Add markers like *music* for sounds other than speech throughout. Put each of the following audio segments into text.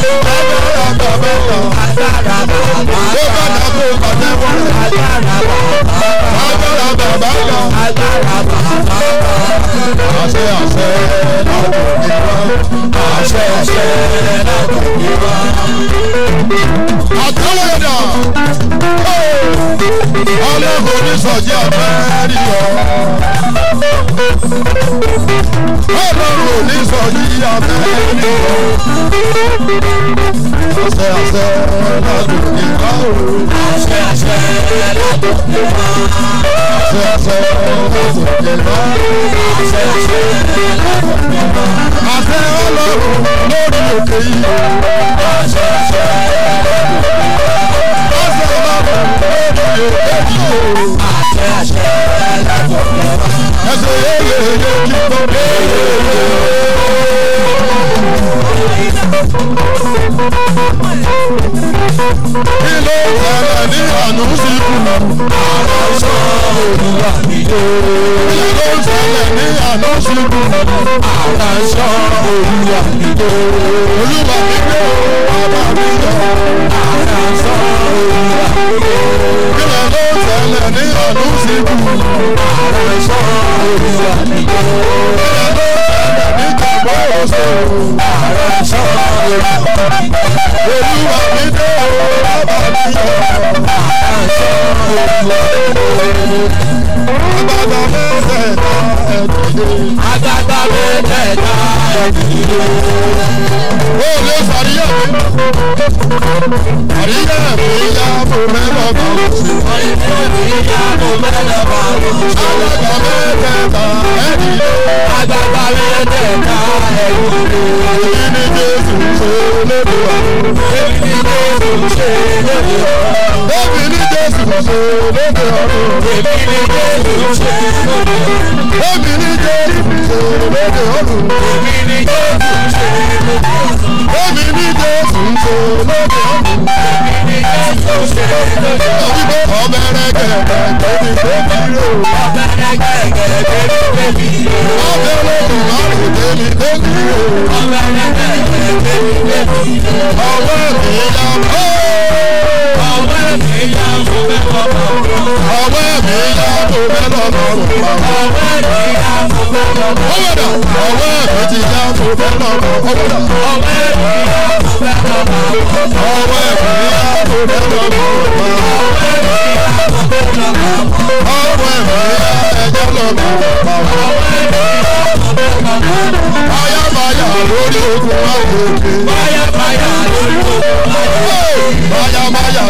agbára bàbá ọ̀ agbára bàbá ọ̀ bó bá dàbò kọ̀tẹ́ wọn agbára bàbá ọ̀ agbára bàbá ọ̀ agbára bàbá ọ̀ àṣẹ àṣẹ lákòókè wá àṣẹ àṣẹ lákòókè wá. àtàwọn ẹ̀dá ọlọ́run sọ jẹ́ ọ̀fẹ́ rí ọ. Ọlọ́run ò ní sọ yí afẹ́ rí ọ. Àṣẹ àṣẹ ládùn ní ọ̀run. Àṣẹ àṣẹ ládùn ní ọ̀run. Àṣẹ àṣẹ ládùn ní ọ̀run. Àṣẹ àṣẹ ládùn ní ọ̀run. Àṣẹ ọlọ́run lórí òkè yìí. Àṣẹ àṣẹ ládùn ní ọ̀run. Àṣẹ ọlọ́run lórí òkè yìí àṣẹ alákọ̀ọ́kọ́. ẹsẹ̀ yẹ́yẹ́ yẹ́ kí n bọ̀. Ilé ìtẹ̀lẹ̀ ní àánú sí kù. Àròsọ òdùwà nílé. Ilé ìtẹ̀lẹ̀ ní àánú sí kù. Àròsọ òdùwà nílé. Olúwa mi gbé bàbá mi yọ. Àròsọ òdùwà nílé. Ilé ìtẹ̀lẹ̀ ní àánú sí kù. Àròsọ òdùwà nílé gbọ́dọ̀ sọ ààrẹ sọ́wọ́ ìwà olúwa mi dé o bàbá mi yọ ààrẹ sọ́wọ́ ìwà olúwa mi dé o. Àgbàgbà mẹ́tẹ̀ẹ̀ta ẹ̀dìde. Àgbàgbà mẹ́tẹ̀ẹ̀ta ẹ̀dìde. Ó lè sàríyá mi. Àríyá mi yá mo mẹ́lọ̀ bá wò sí. Àríyá mi yá mo mẹ́lọ̀ bá wò sí. Àgbàgbà mẹ́tẹ̀ẹ̀ta ẹ̀dìde. Àgbàgbà mẹ́tẹ̀ẹ̀ta ẹ̀dìde. Èyí ni Jésù ṣe lébi wa. Èyí ni Jésù ṣe lébi wa. Èyí ni Jésù ṣe lébi wa. Èyí ni olùṣe èmi ní jésù ṣèlédè ọdún. èmi ní jésù ṣèlédè ọdún. èmi ní jésù ṣèlédè ọdún. èmi ní jésù ṣèlédè ọdún. ìbò ọbẹ̀rẹ̀ gẹ̀gẹ̀ tẹ̀lé tẹ̀lé o. ọbẹ̀rẹ̀ gẹ̀gẹ̀ tẹ̀lé tẹ̀lé o. ọbẹ̀rẹ̀ ìwádìí tẹ̀lé tẹ̀lé o. ọbẹ̀rẹ̀ gẹ̀gẹ̀ tẹ̀lé tẹ̀lé o. ọwọ́ mi yá ọwọ́ mi yá mo fẹ́ lọ́nà ọ̀run. ọwọ́ mi yá mo fẹ́ lọ́nà ọ̀run. ọwọ́ mi yá mo fẹ́ lọ́nà ọ̀run. ọwọ́ mi ti yá mo fẹ́ lọ́nà ọ̀run. ọwọ́ mi yá mo fẹ́ lọ́nà ọ̀run. ọwọ́ mi yá mo fẹ́ lọ́nà ọ̀run. ọwọ́ mi yá mo fẹ́ lọ́nà ọ̀run. ọwọ́ mi yá ẹjọ́ lọ́nà ọ̀run. ọwọ́ mi yá mo fẹ́ lọ́nà ọ̀run. Fáyàfáyà lórí ogun máa ń wò ó. Fáyàfáyà lórí ogun máa ń wò ó. Fáyàfáyà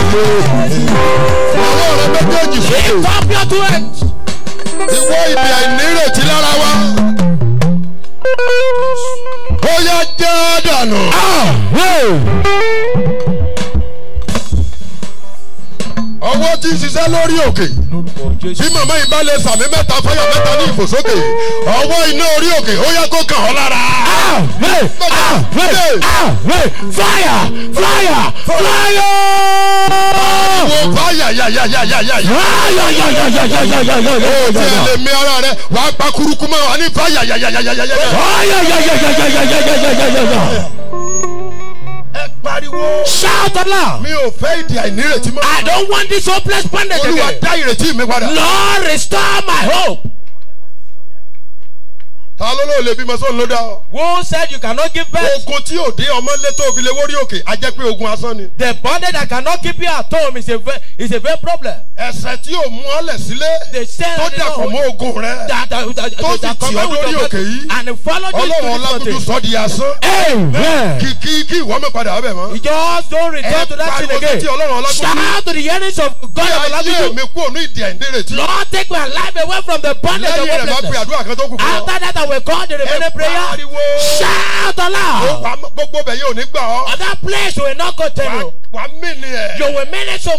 ọwọ́ rẹ méjèèjì sókè. Tap your two hands. Ìwọ ìbí àìnírètí lára wa. Ó yá jẹ́ dànù. Ọwọ́ ti ń ṣiṣẹ́ lórí òkè bí màmá yìí bá lè sàmì mẹ́ta fọyọ̀ mẹ́ta ní ìfòsókè ọwọ́ iná orí òkè ó yẹ kó kàn ọ́ lára. àwẹ̀ àwẹ̀ àwẹ̀ fáyà fáyà fáyà. wo fáyà yàyàyàyàyà. yàyàyàyàyàyàyàyà. o ti ẹ̀ lè mi ara rẹ wàá pa kurukuma wa ní fáyà yàyàyàyàyà. fáyà yàyàyàyàyàyà out of love. mi ò fẹ́ ìdí àìnírètí mọ́. I don't want this hopeless bondage again. olúwa dá ìrètí mi padà. Lord restore my hope ta ló lò lè bímọ sóun ló dá ọ. who said you cannot give birth. ogun tí ò dé ọmọ lé tó fi lè wórí òkè a jẹ́ pé ogun asán ni. the body that cannot keep you at home is a very is a very problem. ẹsẹ̀ tí ò mú ọlẹ̀ sílé. the sin tó dàpọ̀ mọ́ ogun rẹ. tó sì tì ọ́ lórí òkè yìí. and follow this to the mountain. ọlọ́run ọlágùdù sọ di asán. amen. kì kí kí ìwọ mi padà ọbẹ̀ mọ́. just don't return to that sin again. ẹ pariwo sí ti ọlọ́run ọlágùdù. shout to the hearings of God of ọlágùdù. ayé mi kú òun ìdí ẹ̀ ń dé were call the reverend prayer shout aloud. gbogbo bẹ̀ yóò ní gbà place will not go tell you. wàá mìíní ẹ̀. you will mean it so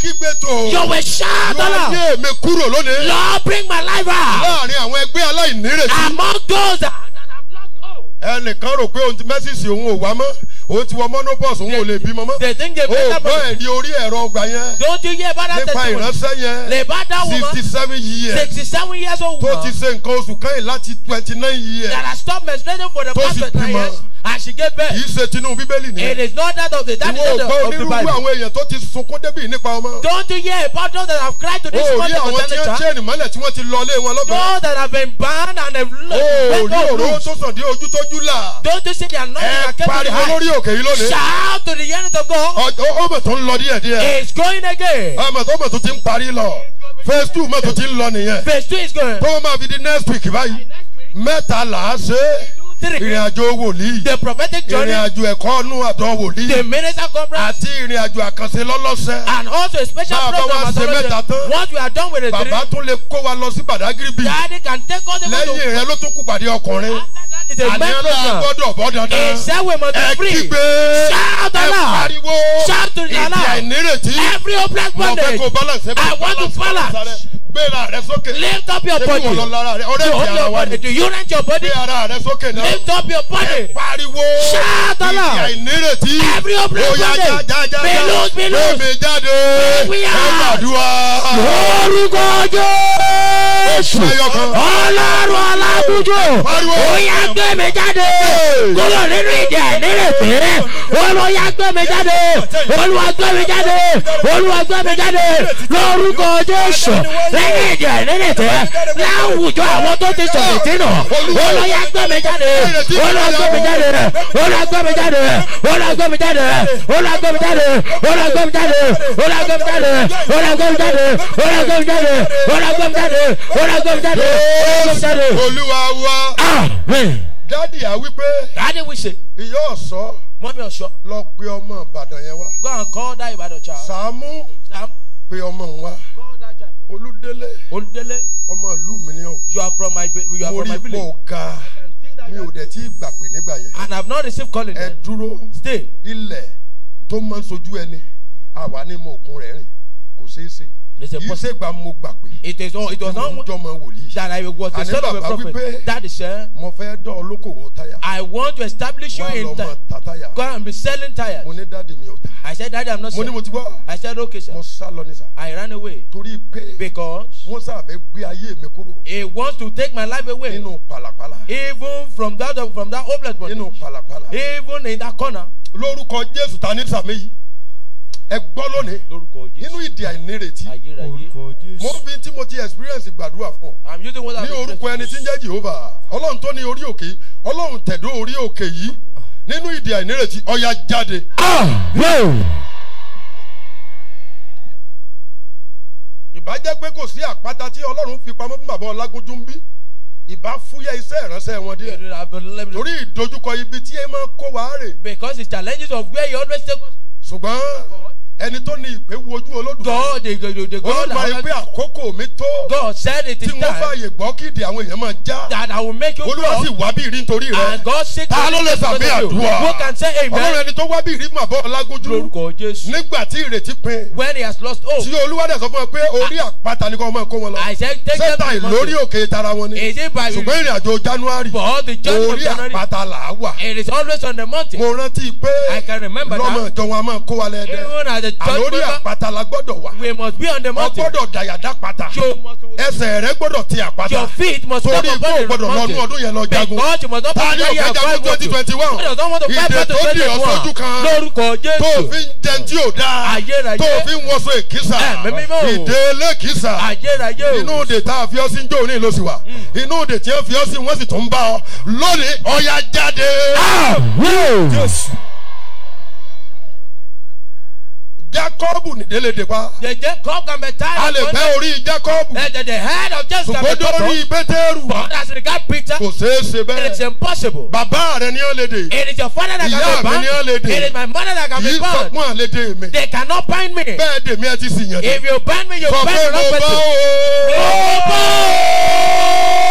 kígbe tó. you will shout aloud. yóò yé mi kúrò lónìí. lord bring my life out. láàrin àwọn ẹgbẹ́ aláìnírètí. among those that. ẹnìkan rò pé mẹ́sìsì òun ò wá mọ́ o ti wọ monopause òun ò lè bímọ mọ́. they think they better bọ́. o gbọ́ ẹ̀rí orí ẹ̀rọ ọgbà yẹn. don't you hear about that testimony. nípa ìránṣẹ́ yẹn. lè sixty seven years. sixty years old. tó ti ṣe nǹkan oṣù kan yìí láti twenty nine years. that has stopped menstruating for the past years and she gave birth. ṣe tinú bíbélì ni. it is not that of the that is not the of the bible. ìwọ gbọ́ onírúurú àwọn èèyàn tó ti sunkún débì nípa ọmọ. don't you hear about those that have cried to this oh, morning concerning child. o rí àwọn tí wọ́n chain mọ́lẹ̀ tí wọ́n ti lọ ilé wọn lọ́gbọ̀n. those that have been banned and have left no room. o rí òróró tó sàn dé ojú tójú là. don't you see their knowledge that came ẹ pariwo lórí òkè yìí lónìí. shout to the end of God. ọmọ tó ń lọ díẹ̀ díẹ̀. it's going again. ọmọ tó ọmọ ti ń parí lọ. phase two mọ̀ tó ti ń lọ nìyẹn. phase two is going. tó máa fi di next week báyìí. mẹ́ta là á ṣe é ìrìnàjò wòlíì ìrìnàjò ẹ̀kọ́ ọ̀nù àtọ̀ wòlíì àti ìrìnàjò àkànṣe lọ́lọ́sẹ̀ bàbá wa ṣe mẹ́ta tán bàbá tún lè kó wa lọ sí Badagry bíi lẹ́yìn rẹ ló tún kú pàdé ọkùnrin is a member. gbọ́dọ̀ bọ́ dandan. ìṣẹ́ we must be free. shout aloud. shout to the aloud. every hopeless bondage. I want to balance. gbéra rẹ lift up your body. èmi wò lọ lára do you rent your body. lift up your body. shout aloud. ìdí àìnírètí. every hopeless bondage. oya jajaja. belus belus. èmi jáde. we are. ẹ gbàdúrà. orúkọ jésù. ọlọ́run alábùjọ gbé mi jáde kúrò nínú ìdè nírètí olùyà gbé mi jáde olùwà gbé mi jáde olùwà gbé mi jáde lórúkọ jésù nínú ìdè nírètí láwùjọ àwọn tó ti sọ̀rọ̀ tìǹà olùyà gbé mi jáde olùwà gbé mi jáde olùwà gbé mi jáde olùwà gbé mi jáde olùwà gbé mi jáde olùwà gbé mi jáde olùwà gbé mi jáde olùwà gbé mi jáde olùwà gbé mi jáde olùwà gbé mi jáde olùwà gbé mi jáde olùwà gbé mi jáde olùwà wá. amen dádì á wí pé. dádì will say. ìyá ọ̀ṣọ́. mọ́mí ọ̀ṣọ́. lọ pe ọmọ ìbàdàn yẹn wa. go and call that ìbàdàn child. sàámú. sàámú. pe ọmọ òun wá. call that child. olúdélé. olúdélé. ọmọ ìlú mi ni o. you are from my you are from my village. mo rí ipò ga mi ò dẹ̀ tí ì nígbà yẹn. and I have not received calling. ẹ dúró. stay. ilẹ̀ tó máa ń sojú ẹni àwa ní mọ òkun rẹ̀ rìn kò ṣeé ṣe kì í ṣe gba mo gbà pé it is not it was not jọmọ wòlíì that I was the son of a prophet that is mo fẹ́ dán olókòwò táyà I want to establish you in ta go and be selling tires mo ní dáàdi mi ò ta I said dáàdi I'm not sure mo ní mo ti gbọ́ I said okay sir mo sá lọ ní sir I ran away torí pé because wọ́n sábẹ́ gbé ayé mi kúrò he wants to take my life away nínú pàlàpàlà even from that from that hopeless body nínú pàlàpàlà even in that corner lórúkọ Jésù ta ní sàmì yìí ẹ gbọ́ lónìí nínú ìdí àìnírètí mo fi tí mo ti experience gbàdúrà fún ọ ní orúkọ ẹni tí ń jẹ́ Jehovah ọlọ́run tó ní orí òkè yìí ọlọ́run tẹ̀dó orí òkè yìí nínú ìdí àìnírètí ọya jáde. ìbá jẹ́ pé kò sí àpáta tí ọlọ́run fi pamọ́ fún bàbá ọlágúnjú ń bí ìbá fúyẹ́ iṣẹ́ ìránṣẹ́ wọn díẹ̀ torí ìdojúkọ ibi tí ẹ máa ń kó wàá rè. because the challenges of where you always take us. ṣùgbọ́n ẹni tó ní ìpè wojú olódùmarè. God the àkókò mi tó. said it is time. tí mo fààyè gbọ́ kí àwọn èèyàn máa já. that I will make you olúwa sì wá bí ìrí nítorí rẹ. and God seek you. ta ló lè sàmì àdúrà. who can say ọlọ́run ẹni tó wá bí ìrí màbọ̀ ọlágójú. nígbà tí ìrètí pin. when he has lost hope. tí olúwa dẹ̀ sọ fún ẹ pé orí ah. àpáta ni kò máa kó wọn lọ. I said take them to the mountain. sẹ́tà ìlórí òkè tara wọn ni. ṣùgbọ́n ìrìn àjò January. orí àpáta là á wà. it is always on the mountain. mo rántí pé. I can remember that. lọ́mọ ìjọ wọn a máa kó wa lẹ́ẹ̀dẹ́ the church member. àlórí àpáta la gbọ́dọ̀ wà. we must be on the mountain. o gbọ́dọ̀ dàyàdá pata. ẹsẹ̀ rẹ gbọ́dọ̀ ti àpáta. your feet must stop upon the mountain. torí kó o gbọ́dọ̀ lọ́nu ọdún yẹn lọ jagun. because you must not pass by your five twenty twenty one. ìdè tó di ọ̀sọ́jú kan. lórúkọ jésù. tó fi ń jẹun tí ò dáa. ayérayé. tó fi ń wọṣọ èkìsà. Eh, ìdè elékìsà. ayérayé o. inú de tá a fi ọ́ sí njó ní ìlú sì wà. Hmm. inú de tí a fi ọ́ sí wọ́n sì tún bá ọ. lónìí ọ̀ya jáde. ah wíwò. jésù. Jacob nídélé de pa. The Jacob can be tied. A lè fẹ́ orí Jacob. The the head of Jesus can be tied. Ṣùgbọ́n lórí But as regard Peter. Kò ṣeé ṣe bẹ́ẹ̀. It is impossible. Bàbá rẹ̀ ni ó lè It is your father that can be bound. Ìyá mi ni ó It is my mother that can be bound. Yìí sọ̀kún àlédè mi. They cannot bind me. Bẹ́ẹ̀ dè mí ẹ ti sìn yẹn. If you bind me, you so bind me. Sọ pé mo bá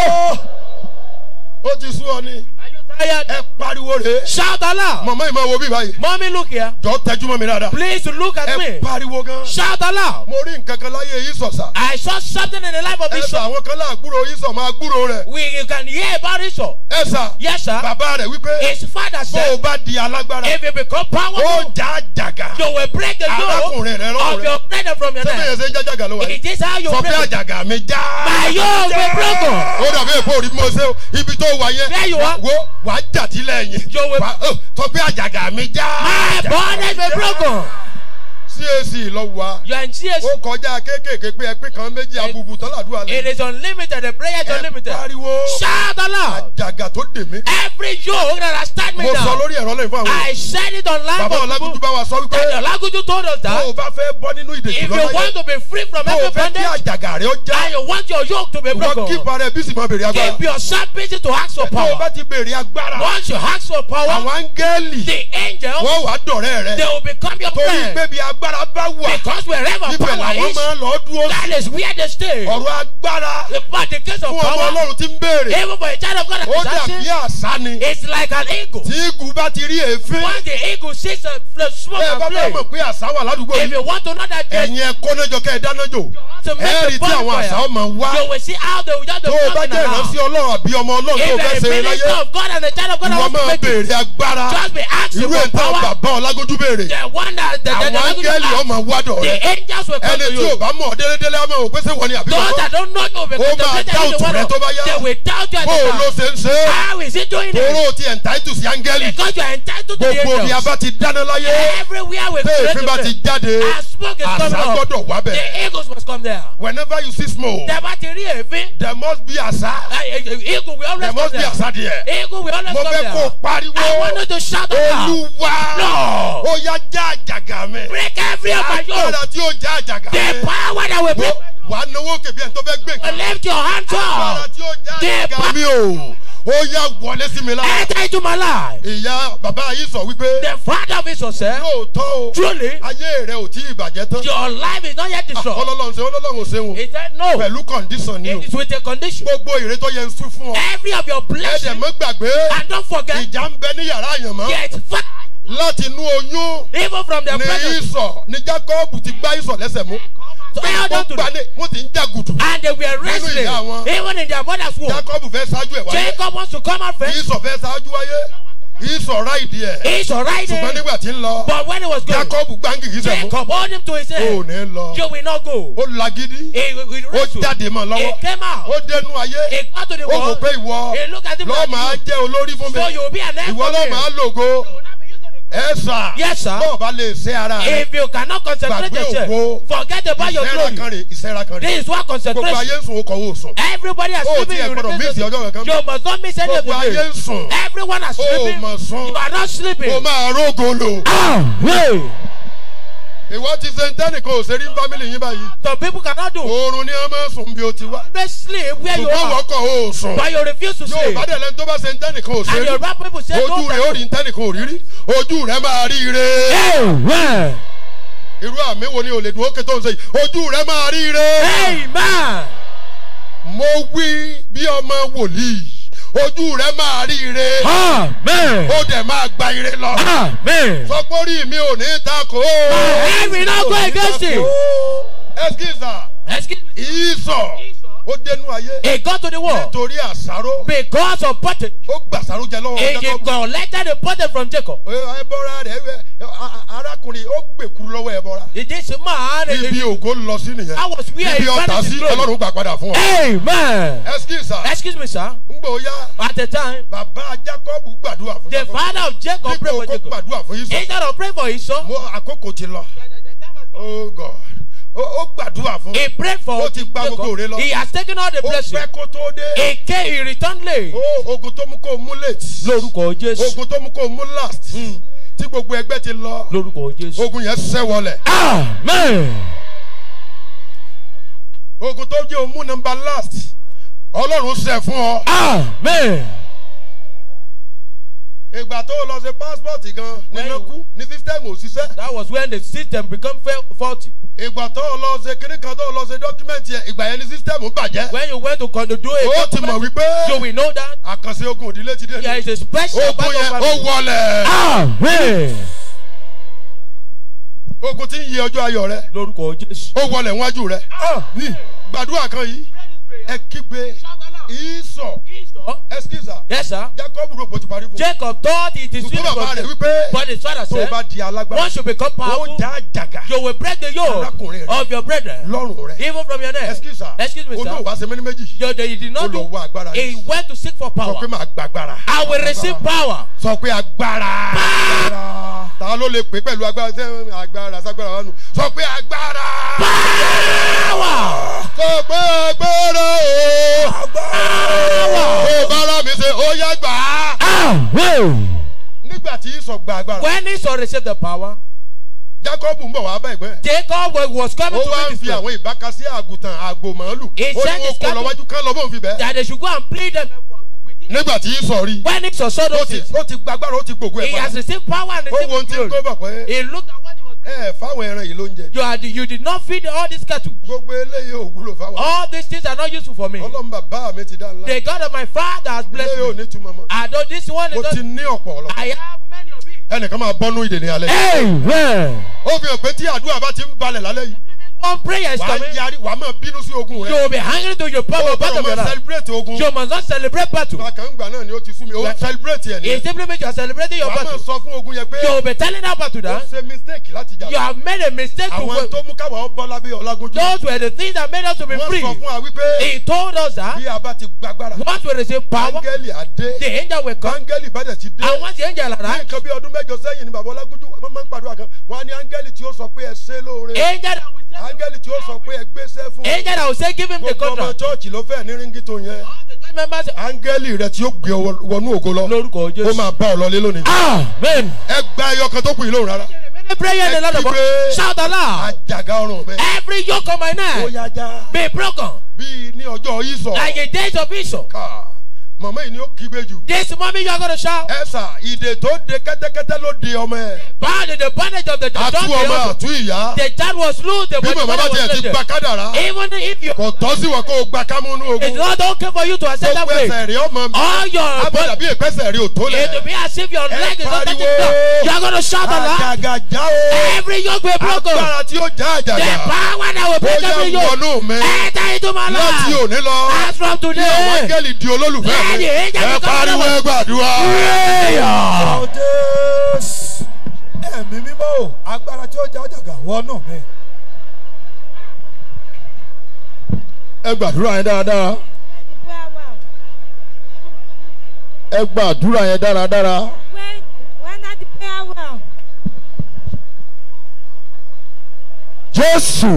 o. o. ti sú ọ ní tired. ẹ pariwo re. shout aloud. mọ̀mọ́ ìmọ̀ wo bí báyìí. mọ́mí look here. jọ tẹ́jú mọ́ mi dáadáa. please look at me. ẹ pariwo gan. shout aloud. mo rí nǹkan láyé yíṣọ sá. I saw something in the life of Bishop. ẹ sà àwọn kan láàgbúrò yíṣọ máa gbúrò rẹ. we you can hear about yíṣọ. ẹ sà. yes sir. bàbá rẹ wípé. his father said. bó o bá di alágbára. if you become powerful. ó já jàgà. you will break the law. arákùnrin rẹ lọ́wọ́ rẹ. of your brother from your neck. sẹ́mi yẹn ṣe ń já jàgà ló it is how you break. sọ àjàgà mi já. my yóò gbé broken. ó dàbí èpo òrí bí ṣe ibi tó wà yẹn. there you are. wo wàá jàdílẹ̀ yẹn oh, tọ́pẹ́ àjàgà mi já. my body be broken. CAC lọ wá. You are Ó kọjá kéékèèké pé ẹpín kan méjì abubu tán làdúrà lẹ́yìn. It is unlimited the prayer is unlimited. Ẹ pariwo. Shout Àjàgà tó dè mí. Every yoke that has start me now. Mo sọ lórí ẹ̀rọ lẹ́yìn fún àwọn. I said it online for people. Bàbá Ọlágúnjú bá wa sọ wípé. Daniel Ọlágúnjú told us that. Mo bá fẹ́ bọ́ nínú ìdè jùlọ If you want to be free from every bondage. And you want your yoke to be broken. Wọ́n kí parẹ́ busy to ask for power. Once you ask for power. The angels. They will become your friend agbára bá wà. because wherever power is. ibẹ̀ làwọn máa lọ dúró sí. that is where they stay. ọ̀rọ̀ agbára. the part the case of power. fún ọmọ Ọlọ́run ti ń béèrè. even for a child of God that is asking. ó dàbí àṣà ni. it's like an eagle. tí eagle bá ti rí èéfín. once the eagle sees a small and flame. ẹ bá bá mọ̀ pé àṣà wà ládùúgbò yìí. if you want to know that. ẹ̀yin ẹ̀ kọ́nẹ́jọ kẹ́ ẹ dánájò. you will a minister of God and a child of God to make it. ìwọ just be asking for power. irú ẹ̀ tán bàbá Ọlágójú béèrè. the one that the the the áńgẹ́lì ọmọ wádọ̀ rẹ ẹni tí o bá mọ̀ délédélé ọmọ òpin sí wọn ni àbí wọn o máa dáùtù rẹ tó bá yá bó o ló ṣe ń ṣe toró ti ẹ̀ńtáìtù sí áńgẹ́lì gbogbo bí a bá ti dáná láyé bẹ́ẹ̀ fi bá ti jáde àṣà gbọ́dọ̀ wá bẹ̀. whenever you see smoke there must be àṣà there must be àṣà there mo fẹ́ kó pariwo olúwa ó yá já àjàgà mi every of my yoke. the power that will bring. wà á náwó kèbí ẹni tó fẹ́ gbé nǹkan. lift your hands up. agbára tí ó já àjàgà mi o ó yá wọlé sí mi la. enter into my life. ìyá bàbá yìí sọ wípé. the father of Esau said. lóòótọ́ o. truly. ayé rẹ ò tí ì bàjẹ́ tán. your life is not yet ah, destroyed. ọlọ́lọ́run ṣe ọlọ́lọ́run ṣe wọn. he said no. pẹ̀lú condition ni o. it is with a condition. gbogbo ìrè tó yẹ ń fún fún ọ. every of your blessings. ẹ̀dẹ̀ mọ́ gbàgbé. and don't forget. ìjà ń bẹ ní yàrá àyànmọ́. get fat láti inú oyún. even from their presence. ni isọ ni jacob ti gbá isọ lẹ́sẹ̀ mú. bẹ́ẹ̀ wọ́n gbalẹ̀ wọ́n ti ń jagudu. and they were wrestling even in their mother's womb. jacob fẹ́ ṣáájú ẹ̀ wáyé. jacob wants to come out first. isọ fẹ́ ṣáájú wáyé. isọ ráìdì ẹ̀. isọ ráìdì ẹ̀. ṣùgbọ́n nígbà tí ń lọ. but when he was going. jacob gbangi kìí sẹ́mu. jacob hold him to his head. o ní lọ. you will not go. ó lagidi. he will wrestle. ó jáde mọ́ lọ́wọ́. he came out. ó dénú ayé. he come to the world. ó wò pé ìwọ. he look at him like you. lọ́ọ́ máa jẹ́ olórí fún mi. so you be an elder. ìwọ lọ́ọ́ máa lògo. Yes, sir. Yes, sir. lè ṣe ara rẹ̀. If you cannot concentrate yourself, forget about your glory. This is what concentration. Everybody has oh, sleeping. O ti ẹ̀ gbọ́dọ̀ You must not miss any of the day. Everyone has sleeping. You are not sleeping. O máa rógo ìwọ ti ṣe ntẹ́nìkan ò ṣe rí fámìlì báyìí. the people cannot do. oorun ni wọn sùn bí o ti wá. they sleep where you are. ṣùgbọ́n o sùn. but you refuse to sleep. yorùbá dẹ̀ lẹ́nu tó bá ṣe ntẹ́nìkan ò ṣe rí. and yorùbá people say no. ojú rẹ̀ ó rí ntẹ́nìkan ò rí rí ojú rẹ̀ máa rí ire. irú àmì wo ni o lè dùn ókè tó ń ṣe yìí ojú rẹ̀ máa rí ire. mo wí bí ọmọ wòlíì ojú rẹ máa rí ire. amen. ó dẹ̀ máa gba ire lọ. amen. sọ pé orí mi ò ní takò. my head will not go against it. excuse me. excuse ó dénú ayé. he got to the wall nítorí àṣàrò. because of pottage. ó gbà àṣàrò jẹ lọ́wọ́ jacob. he collected the pottage from jacob. ẹbọra rẹ arákùnrin ó gbèkú lọ́wọ́ ẹbọra. ìdí sí máa rẹ lè. ibi ògo lọ sí nìyẹn. I was where he wanted to go. ibi ọ̀tá sí ọlọ́run gbà padà fún ọ. amen. excuse sir. excuse me sir. n gbọ́ ya. at the time. bàbá jacob gbàdúrà fún jacob. the father of jacob pray for jacob. dípò kó gbàdúrà fún yín instead of praying for his son. mo àkókò ti lọ. oh god ó gbàdúrà fún. he prayed for ó ti gba gbogbo rẹ lọ. he has taken all the blessings. ó pẹ́ kó tó dé. he came he returned late. ó ogun tó mú kó mú late. lórúkọ jésù. ogun tó mú kó mú last. Hmm. tí gbogbo ẹgbẹ́ ti lọ. lórúkọ jésù. ogun yẹn sẹ́ wọlẹ̀. amen. ogun tó jẹ́ òmù nọmba last ọlọ́run sẹ̀ fún ọ. amen. Ìgbà tó lọ ṣe passport gan-an nínú kú ní system ò ṣiṣẹ́. That was when the system become faulty ìgbà tó o lọ ṣe kíní kan tó o lọ ṣe dọ́kímẹ́ǹtì yẹn ìgbà yẹn ni sísítẹ́ẹ̀mù bàjẹ́. when you went to kọ̀dọ̀dọ̀ èyí. o ti mọ̀ wípé. so we know that. àkànṣe ogun òdílé ti dé. there is a special part of our. ogun yẹn ó wọlẹ̀. amen. ogun ti ń yí ọjọ́ ayọ̀ rẹ. lórúkọ jésù. ó wọlẹ̀ wájú rẹ. gbàdúrà kan yìí ẹ kígbe. Esau. Esau. Excuse her. Yes sir. Jacob rò pé ó ti parí Jacob thought it is finished for him. But his father said. Tó di alágbára. Once you become powerful. You will break the yoke. Of your brethren. Lọ́rùn Even from your neck. Excuse Excuse me sir. Olú wa ṣe méní méjì. Yo they did not do. He went to seek for power. I will receive power. Sọ pé agbára. Power ta ló lè pè pẹ̀lú agbára ṣé agbára sagbára wa nù sọ pé agbára. báwa. sọ pé agbára o. agbára. o bára mi ṣe ó yá gbà nígbà tí Esau gba agbára. when Esau received the power. Jacob ń bọ̀ wá bá ẹ̀gbẹ́. Jacob was coming to meet ó wá ń fi àwọn ìbákasí àgùntàn àgbò màálù. he said he is ó ní kò lọ wájú kán lọ bẹ́ẹ̀. that they should nígbà tí sọ rí. when he saw so those things. ti gbàgbára ó ti gbogbo ẹ̀ padà. he has received power and received glory. ó wo ohun tí ó pé. he looked at what he was doing. ẹ fáwọn ẹran yìí ló ń jẹ. you are you did not feed all these cattle. gbogbo eléyìí ò wúlò fáwọn. all these things are not useful for me. ọlọ́run bàbá mi ti dá ńlá. the God of my father has blessed me. eléyìí ò ní túmọ̀ mọ́. I don't this one. mo ti ní ọ̀pọ̀ ọ̀lọ́. I have many of it. ẹnìkan máa bọ́nú ìdè ní alẹ́. amen. ó fi hàn pé tí àdúrà bá ti ń balẹ̀ lálẹ́ yìí one prayer is coming. wàá yari wàá máa bínú sí ogun you will be hungry to your power part of your celebrate ogun. you must not celebrate battle. celebrate yẹn. it simply means you are celebrating your battle. you will be telling that battle that. o ṣe mistake you have made a mistake to. àwọn those were the things that made us to be free. he told us that. bí a once we receive power. the angel will come. and once the angel arrives. angel that will say áńgẹ́lì tí ó sọ pé ẹ gbéṣẹ́ fún. angel that will say give him the contract. gbogbo ọmọ chọ́ọ̀chì ló fẹ́ ní ringitun yẹn. áńgẹ́lì rẹ tí ó gbé wọnú ògo lọ. lórúkọ jésù. ó máa bá ọ lọ lé lónìí. amen. ẹ gba ẹyọ kan tó kù yìí lóhùn rárá every prayer in the Lord of God. Shout Every yoke of my neck be broken. Like the days of Esau mama yìí ni ó kígbe jù. this mommy you are gonna shout. ẹ sà ìdè tó de kẹ́tẹ́kẹ́tẹ́ ló de ọmọ ẹ. báwo ni the bondage of the dog. atu ọmọ atu ìyá. the child was loose the body was loose. bí mama bá tiẹ̀ ti gba kádàrá. even if you. kò tọ́ sí wa kó o gba kámúnú ogun. it's not okay for you to accept that way. gbogbo ẹsẹ̀ rí ọmọ mi. all your body. abọ́dà bí ìpẹ́sẹ̀ rí òtó lẹ̀. it be as if your leg is not touching down. you are gonna shout aloud. o. every yoke will broken. agbára tí ó já àjàgà. the power that will break every yoke. bóyá wọnú mi. enter into my life. láti òní lọ. as from today. bí ọmọ gẹ́lì di olólùfẹ́ ẹ pariwo ẹ gbàdúrà. Ah. Oh, ẹ̀mí mímọ́ o agbára tí ó já ọjàgà wọnú mi. ẹ gbàdúrà yẹn dáradára ẹ gbàdúrà yẹn dáradára. Jésù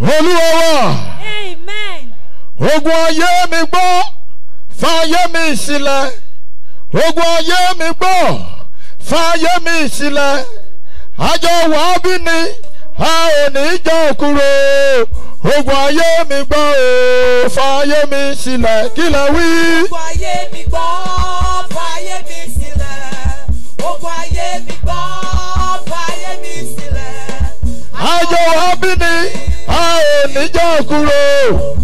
Olúwa wá. Amen. Ogun ayé mi gbọ́ fàyè mi sílẹ̀ ogun ayé mi gbọ́ fàyè mi sílẹ̀ àjọ wàá bí ni a ò ní jọ kúrò ogun ayé mi gbọ́ o fàyè mi sílẹ̀ kí lẹ wí. ogun ayé mi gbọ́ fàyè mi sílẹ̀ ogun ayé mi gbọ́ fàyè mi sílẹ̀. àjọ wàá bí ni a ò ní jọ kúrò.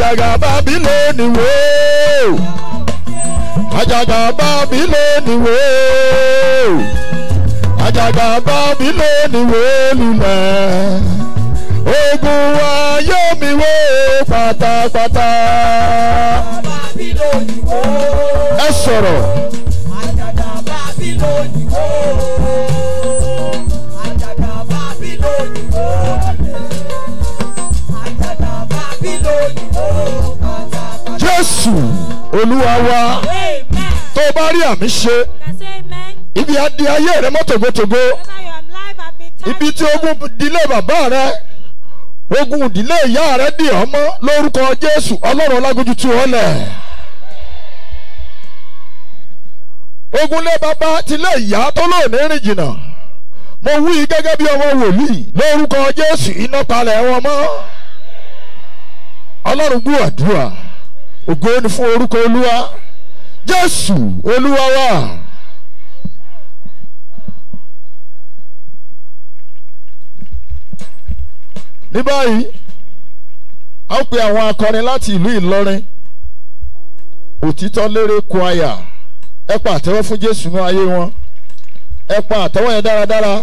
àjàgà bábílónì wò àjàgà bábílónì wò àjàgà bábílónì wò lulẹ̀ ogun wa yóò mi wó pátápátá. ẹ sọ̀rọ̀. àjàgà bábílónì wó. Jésù Olúwa wa tó o bá rí àmì ṣe ibi adi ayé rẹ mọ́ ibi tí ogun ìdílé bàbá rẹ ogun ìdílé ìyá rẹ dì Jésù ọlágójú ogun bàbá ìyá tó jìnnà mo wí gẹ́gẹ́ bí ọmọ wòlíì lórúkọ Jésù iná palẹ̀ wọn mọ́ ògo fún orúkọ olúwa jésù olúwa ní báyìí a ó pe àwọn akọrin láti ìlú ìlọrin òtítọ́ lérè kwaya ẹ pa àtẹ́wọ́ fún jésù ní ayé wọn ẹ pa àtẹ́wọ́ yẹn dáradára.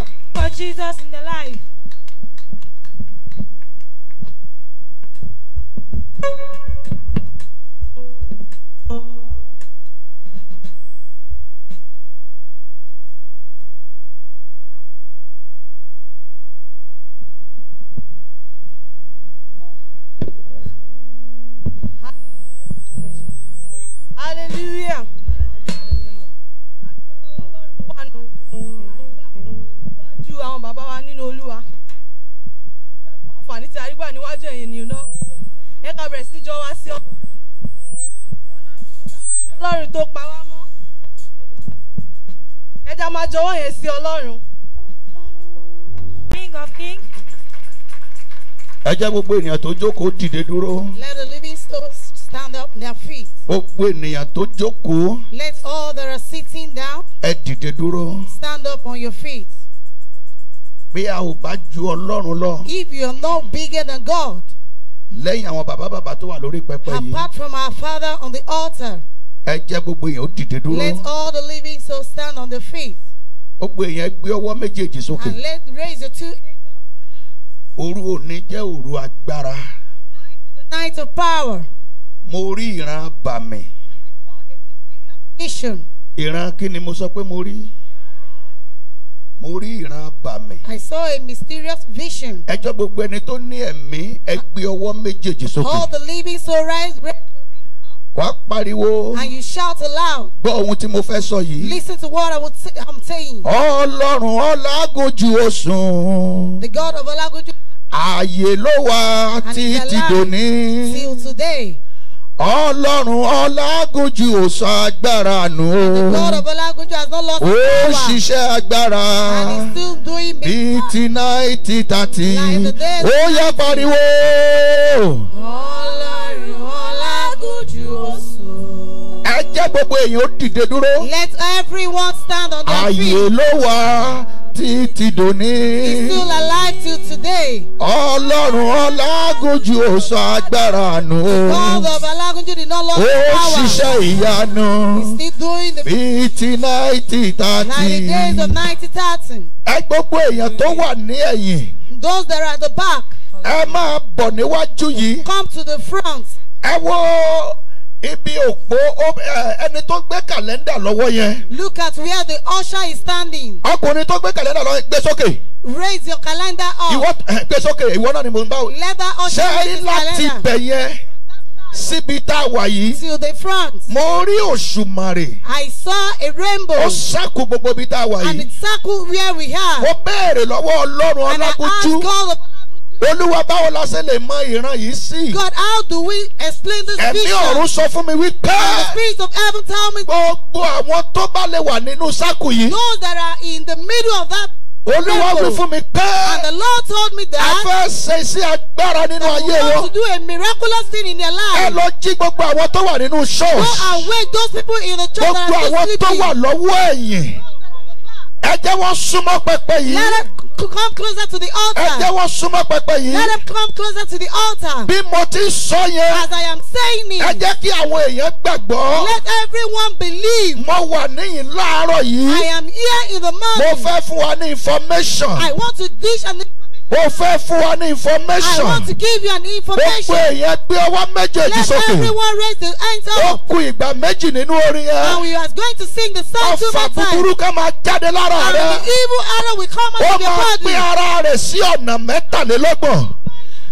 tó pa wá mọ́ ẹ já máa jọ̀wọ́ yẹn sí Ọlọ́run. King of Kings. ẹ jẹ́ gbogbo ènìyàn tó jókòó dìde dúró. Let the living stand up their feet. gbogbo ènìyàn tó jókòó. Let all that are sitting down. ẹ dìde dúró. Stand up on your feet. bí a ò bá ju Ọlọ́run lọ. If you are not bigger than God. lẹ́yìn àwọn bàbá bàbá tó wà lórí pẹpẹ yìí. Apart from our father on the altar ẹ jẹ́ gbogbo èèyàn ó dìde dúró. let all the living souls stand on their feet. gbogbo èèyàn gbé ọwọ́ méjèèjì sókè. and let raise your two. òru òní jẹ́ òru agbára. night of power. mo rí ìran àbàmì. vision. ìran kí ni mo sọ pé mo rí? mo rí ìran àbàmì. I saw a mysterious vision. ẹjọ́ gbogbo ẹni tó ní ẹ̀mí ẹ gbé ọwọ́ méjèèjì sókè. all the living souls rise wàá pariwo. and you shout aloud. gbọ́ ohun tí mo fẹ́ sọ yìí. listen to what I will t- I'm saying. ọlọ́run ọlágójú òsùn. the God of ọlágójú. ààyè ló wà títí dòní. till today. Ọlọ́run Ọlágúnjú ò sọ agbára nù o. Ó ṣiṣẹ́ agbára bíi ti náìtì tàtì. Ó yá pariwo. Ọlọ́run. jẹ́ gbogbo èèyàn dìde dúró. let everyone stand on their feet. ààyè ló wà títí dòní. he's still alive till today. ọlọ́run ọlágúnjú oṣù agbára nù. the God of Alágúnjú did not lost power. ó ṣiṣẹ́ ìyanu. he's still doing the. fifty ninety thirty. ninety days of ninety thirty. ẹ gbogbo èèyàn tó wà ní ẹ̀yìn. those that are at the back. ẹ máa bọ̀ níwájú yìí. come to the front. ẹ wo ibi òpó ẹni tó gbé kàlẹ́ndà lọ́wọ́ yẹn. look at where the usher is standing. ọkùnrin tó gbé kàlẹ́ndà lọ́wọ́ yẹn gbé sókè. raise your calendar up. ìwọ gbé sókè ìwọ náà ni mo ń bá o. let usher raise his calendar. ṣé láti bẹ̀ yẹn síbi tá a wà yìí. till the front. mo rí òṣùmàrè. I saw a rainbow. ó sákò gbogbo ibi tá a wà yìí. and it circle where we are. mo béèrè lọ́wọ́ ọlọ́run ọlágúnjú. and I asked God olúwa báwo la ṣe lè mọ ìran yìí sí. God how do we explain this vision. ẹ̀mí ọ̀run sọ fún mi wípé. and the spirit of heaven tell me. gbogbo àwọn tó bá lè wà nínú sákò yìí. those that are in the middle of that Olúwa wí fún mi pé. And the Lord told me that. A fẹ́ ṣe iṣẹ́ agbára nínú ayé wọn. That we want to do a miraculous thing in their lives. Ẹ lọ jí gbogbo àwọn tó wà nínú church. Go and wake those people in the church that are still sleeping. Gbogbo àwọn tó wà lọ́wọ́ ẹ̀yìn ẹ jẹ́ wọ́n súnmọ́ pẹpẹ yìí. let them come closer to the altar. ẹ jẹ́ wọ́n súnmọ́ pẹpẹ yìí. let them come closer to the altar. bí mo ti sọ yẹn. as I am saying it. ẹ jẹ́ kí àwọn èèyàn gbàgbọ́. let everyone believe. mo wà níyìn láàárọ̀ yìí. I am here in the morning. mo fẹ́ fún wa ní information. I want to dish an information ó fẹ́ fún wa ní information. I want to give you an information. ó pe èèyàn gbé ọwọ́ méjèèjì sókè. Let everyone raise their hands up. ó ku ìgbà méjì nínú orin yẹn. and we are going to sing the song two more times. ọfà búburú kan máa jáde lára rẹ. and the evil arrow will come out of your body. ó máa pín ara rẹ̀ sí ọ̀nà mẹ́tàlélọ́gbọ̀n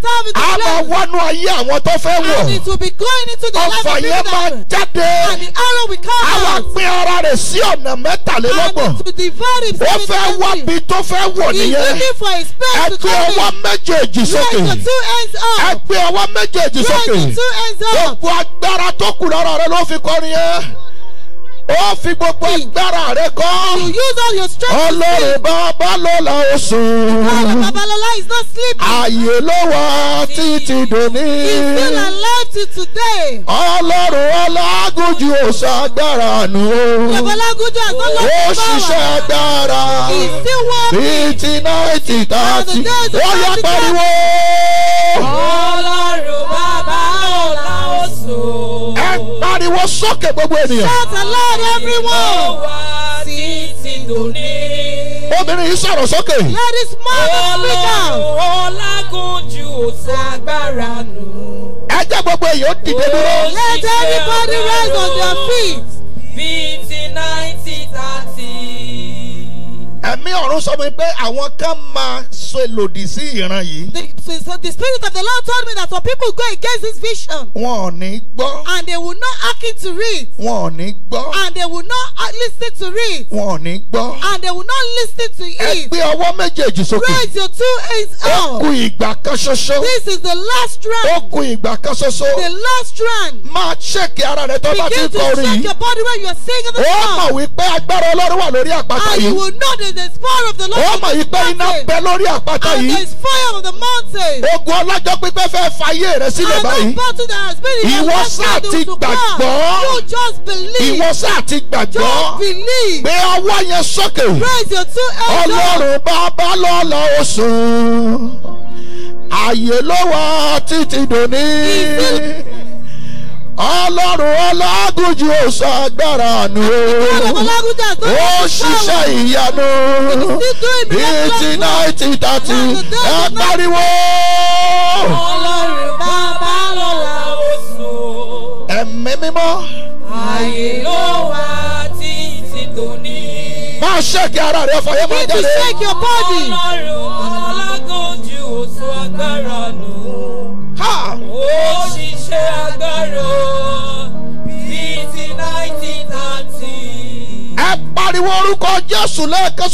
yourself a máa wọnú ayé àwọn tó fẹ́ wọ̀. and will be going into the life of people that will. ọ̀fọ̀ yẹn máa jáde. and the arrow will come out. a wà pín ara rẹ̀ sí ọ̀nà mẹ́tàlélọ́gbọ̀n. will divide himself into three. ó fẹ́ wá bí tó fẹ́ wọ̀ nìyẹn. he ọwọ́ méjèèjì sókè. raise ọwọ́ méjèèjì sókè. gbogbo agbára tó kù lọ́rọ̀ rẹ ló fi kọrin yẹn ó fi gbogbo agbára rẹ kọ́. you use all your strength. ọlọ́run babalọ́la ó sùn. ọlọ́run babalọ́la is not sleeping. ààyè ló wà títí dòní. still alive today. ọlọ́run ọlágójú ò ṣàgbára nù. babalágójú àgbọ̀lọ́ ti bá ó ṣiṣẹ́ agbára. he is still working. fifty ó yá pariwo. ọlọ́run pariwo sókè gbogbo ènìyàn. shout aloud everyone. obìnrin yìí sọ̀rọ̀ sókè. ladies mother speak out. ọlágunjú ṣàgbára nù. ẹ gbogbo èyí ó dìde dúró. let everybody rise on their feet. Fifty, ninety thirty ẹ̀mí ọ̀run sọ mi pé àwọn kan máa ṣe lòdì sí ìran yìí. the so the spirit of the Lord told me that some people go against this vision. wọn ò ní gbọ́. and they will not hearken to it. wọn uh, ò ní gbọ́. and they will not listen to read, wọn ò ní gbọ́. and they will not listen to eat, ẹ gbé ọwọ́ méjèèjì sókè. raise your two hands up. ó ìgbà kan ṣoṣo. this is the last round. ó ìgbà kan ṣoṣo. the last round. máa ṣèkì ara rẹ tó bá ti kọrin begin to shake your body when you are singing the song. ó mọ̀ wípé agbára Ọlọ́run wà lórí àpáta yìí. and you will know the ó mọ̀ yìí pé iná bẹ lórí àpáta yìí ogun ọlọ́jọ́ pípẹ́ fẹ́ fayé rẹ sílẹ̀ báyìí ìwọ sáà ti gbàgbọ́ ìwọ sáà ti gbàgbọ́ pé ọwọ́ yẹn sókè ọlọ́run bá bá lọ́lọ́ oṣù ààyè ló wà títí dòní ọlọ́run ọlágùnjù ó sọ agbára àánú ó ṣiṣẹ́ ìyanu bíi ti náìtì tàtì ẹ pariwo. ọlọ́run bàbá lọ́la ó sùn. ẹ̀mí mímọ́. ààyè ló wà tí ti tòní. má ṣèkì ara rẹ fọyẹ́ má jáde. you shake your body. ọlọ́run ọlágùnjù ó sọ agbára àánú ó ṣiṣẹ́ agbára bíi ti nineteen ẹ pariwo orúkọ Jésù lẹ́ẹ̀kan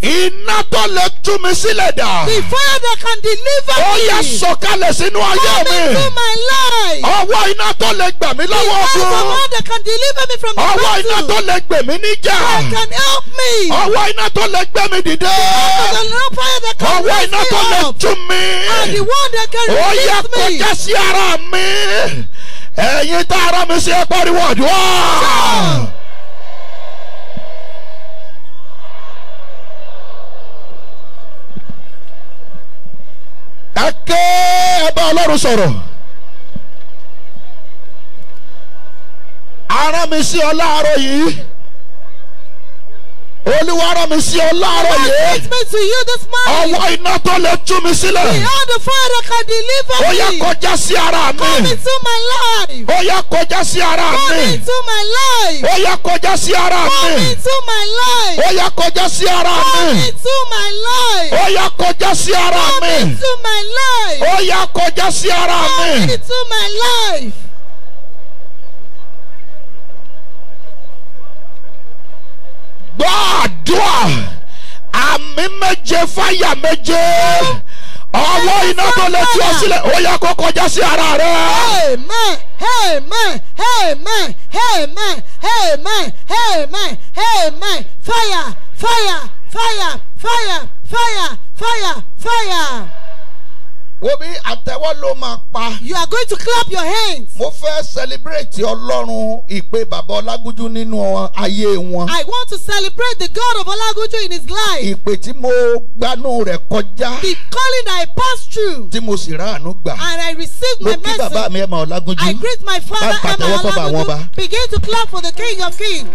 iná tó lè tú mi sílẹ̀ dà. the fire that can deliver me. ó yẹ sọ̀kalẹ̀ sínú ayé mi. come into my life. ọwọ́ iná tó lè gbà mí lọ́wọ́ ogun. the fire that can deliver me from the battle. ọwọ́ iná tó lè gbè mí níjà. that can help me. ọwọ́ iná tó lè gbé mi dìde. the fire that can ọwọ́ iná tó lè tú mi. and the one that can release me. ó yẹ kọjá sí ara mi. ẹ̀yin tá ara mi ṣe é pariwo àdúrà. ká ké ẹ bá Ọlọ́run sọ̀rọ̀. ara mi sí ọ yìí olúwa rán mi sí ọ láàárọ̀ yìí ọwọ́ iná tó lè tú mi sílẹ̀ ó yá kọjá sí ara mi ó yá kọjá sí ara mi ó yá kọjá sí ara mi ó yá kọjá sí ara mi ó yá kọjá sí ara mi ó yá kọjá sí ara mi. gbọ́ àdúrà àmì méje fáyà méje ọwọ́ iná tó lè tú ọ sílẹ̀ ó yẹ kó kọjá sí ara rẹ. amen amen amen amen amen amen amen fire fire fire fire fire fire fire wo bí àtẹ́wọ́ ló máa pa. you are going to clap your hands. mo fẹ́ celebrate ọlọ́run ìpè bàbá ọlágúnjú nínú ayé wọn. I want to celebrate the God of Ọlágúnjú in his life. ìpè tí mo gbanú rẹ̀ kọjá. the calling I passed through. tí mo sì ráàánú gbà. and I received my message. mo kí bàbá mi Emma Ọlágúnjú. I greet my father Emma Ọlágúnjú. begin to clap for the king of kings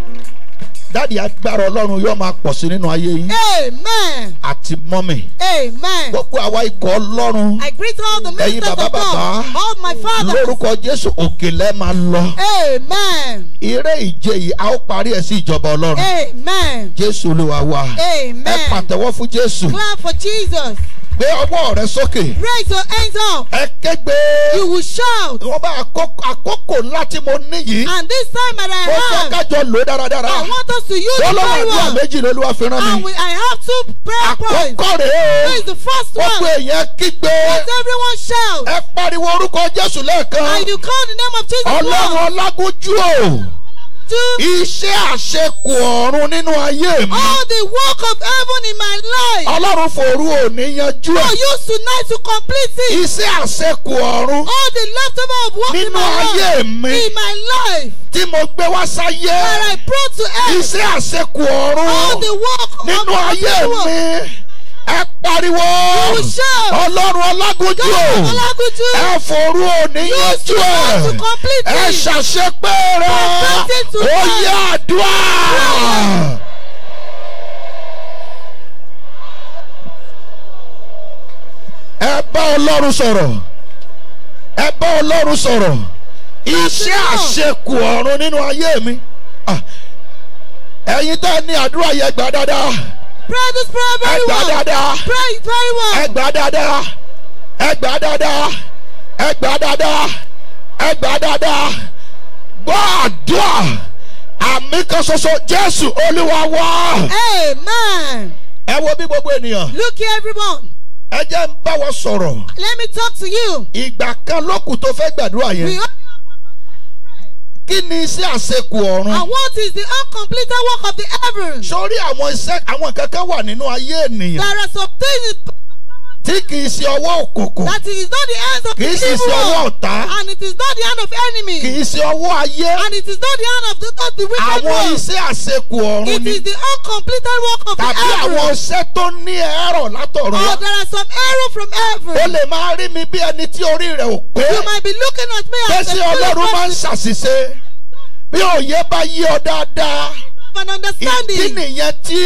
dáàdi agbára ọlọ́run yóò máa pọ̀ sí nínú ayé yín. amen. àti mọ́mì. amen. gbogbo àwa ikọ̀ ọlọ́run. I greet all the ministers of God. ẹ̀yin bàbá bàbá. all my fathers. lórúkọ Jésù òkè lẹ́ máa lọ. amen. eré ìje yìí a ó parí ẹ̀ sí ìjọba ọlọ́run. amen. Jésù Olúwa wa. amen. ẹ pàtẹ́wọ́ fún Jésù. clap for Jesus. Gbé ọwọ́ rẹ sókè. Raise your hands up. Ẹ kégbe. You will shout. Ọba àkókò ńlá mo ní yìí. And this time that I have. Mo fẹ́ kájọ lò dáradára. I want us to use the very well. Olúwa méjì lolúwa fi rán mi. And we, I have two prayer points. Àkókò rèé. This is the first one. Gbogbo èèyàn kígbe. Let everyone shout. Ẹ pariwo orúkọ Jésù lẹ́ẹ̀kan. And you call the name of Jesus. Ọlọ́run ọlágójú o do. Iṣẹ́ àṣekù ọ̀run nínú ayé mi. All the work of heaven in my life. Ọlọ́run fòru òní yanjú ẹ̀. For use tonight to complete it. Iṣẹ́ àṣekù ọ̀run. All the leftover of work in my life. In my life. Tí mo gbé wá sáyé. That I brought to earth. Iṣẹ́ àṣekù ọ̀run. All the work of my life. Nínú ayé mi ẹ pariwo ọlọ́run ọlágúnjú ẹ forú òní yíjú ẹ ẹ ṣàṣepé rẹ ó yẹ àdúrà. ẹ bá ọlọ́run sọ̀rọ̀ ẹ bá ọlọ́run sọ̀rọ̀ iṣẹ́ àṣekù ọ̀run nínú ayé mi ah. ẹ̀yin tẹ́ ní àdúrà yẹn gbà dáadáa pray this prayer very well. ẹgbà dáadáa. pray it very well. ẹgbà dáadáa. ẹgbà dáadáa. ẹgbà dáadáa. ẹgbà dáadáa. gbọ́ àdúrà àmì kan ṣoṣo Jésù Olúwa wá. amen. ẹ wo bí gbogbo ènìyàn. look here everyone ẹ jẹ́ ń bá wa sọ̀rọ̀. let me talk to you. ìgbà kan ló kù tó fẹ́ gbàdúrà yẹn. we all Kí ni iṣẹ́ àṣekù ọ̀run? And what is the uncompleted work of the heavens? Sórí àwọn iṣẹ́ àwọn kankan wà nínú ayé ènìyàn. There are some things tí kì í ṣe ọwọ́ òkùnkùn. that is not the end of the evil. kì í ṣe ọwọ́ ọ̀tá. and it is not the end of enemy. kì í ṣe ọwọ́ ayé. and it is not the end of the of the wicked world. àwọn iṣẹ́ àṣekù ọ̀run ni. it is the uncompleted work of Tàbí the error. tàbí àwọn iṣẹ́ tó ní ẹ̀rọ látọ̀run or there are some error from heaven. o lè máa rí mi bí ẹni tí orí rẹ̀ ò pé. you might be looking at me as a foolish person. ọlọ́run máa ń ṣàṣìṣe bí òye bá yí ọ dáadáa and understanding. Ìdí nìyẹn tí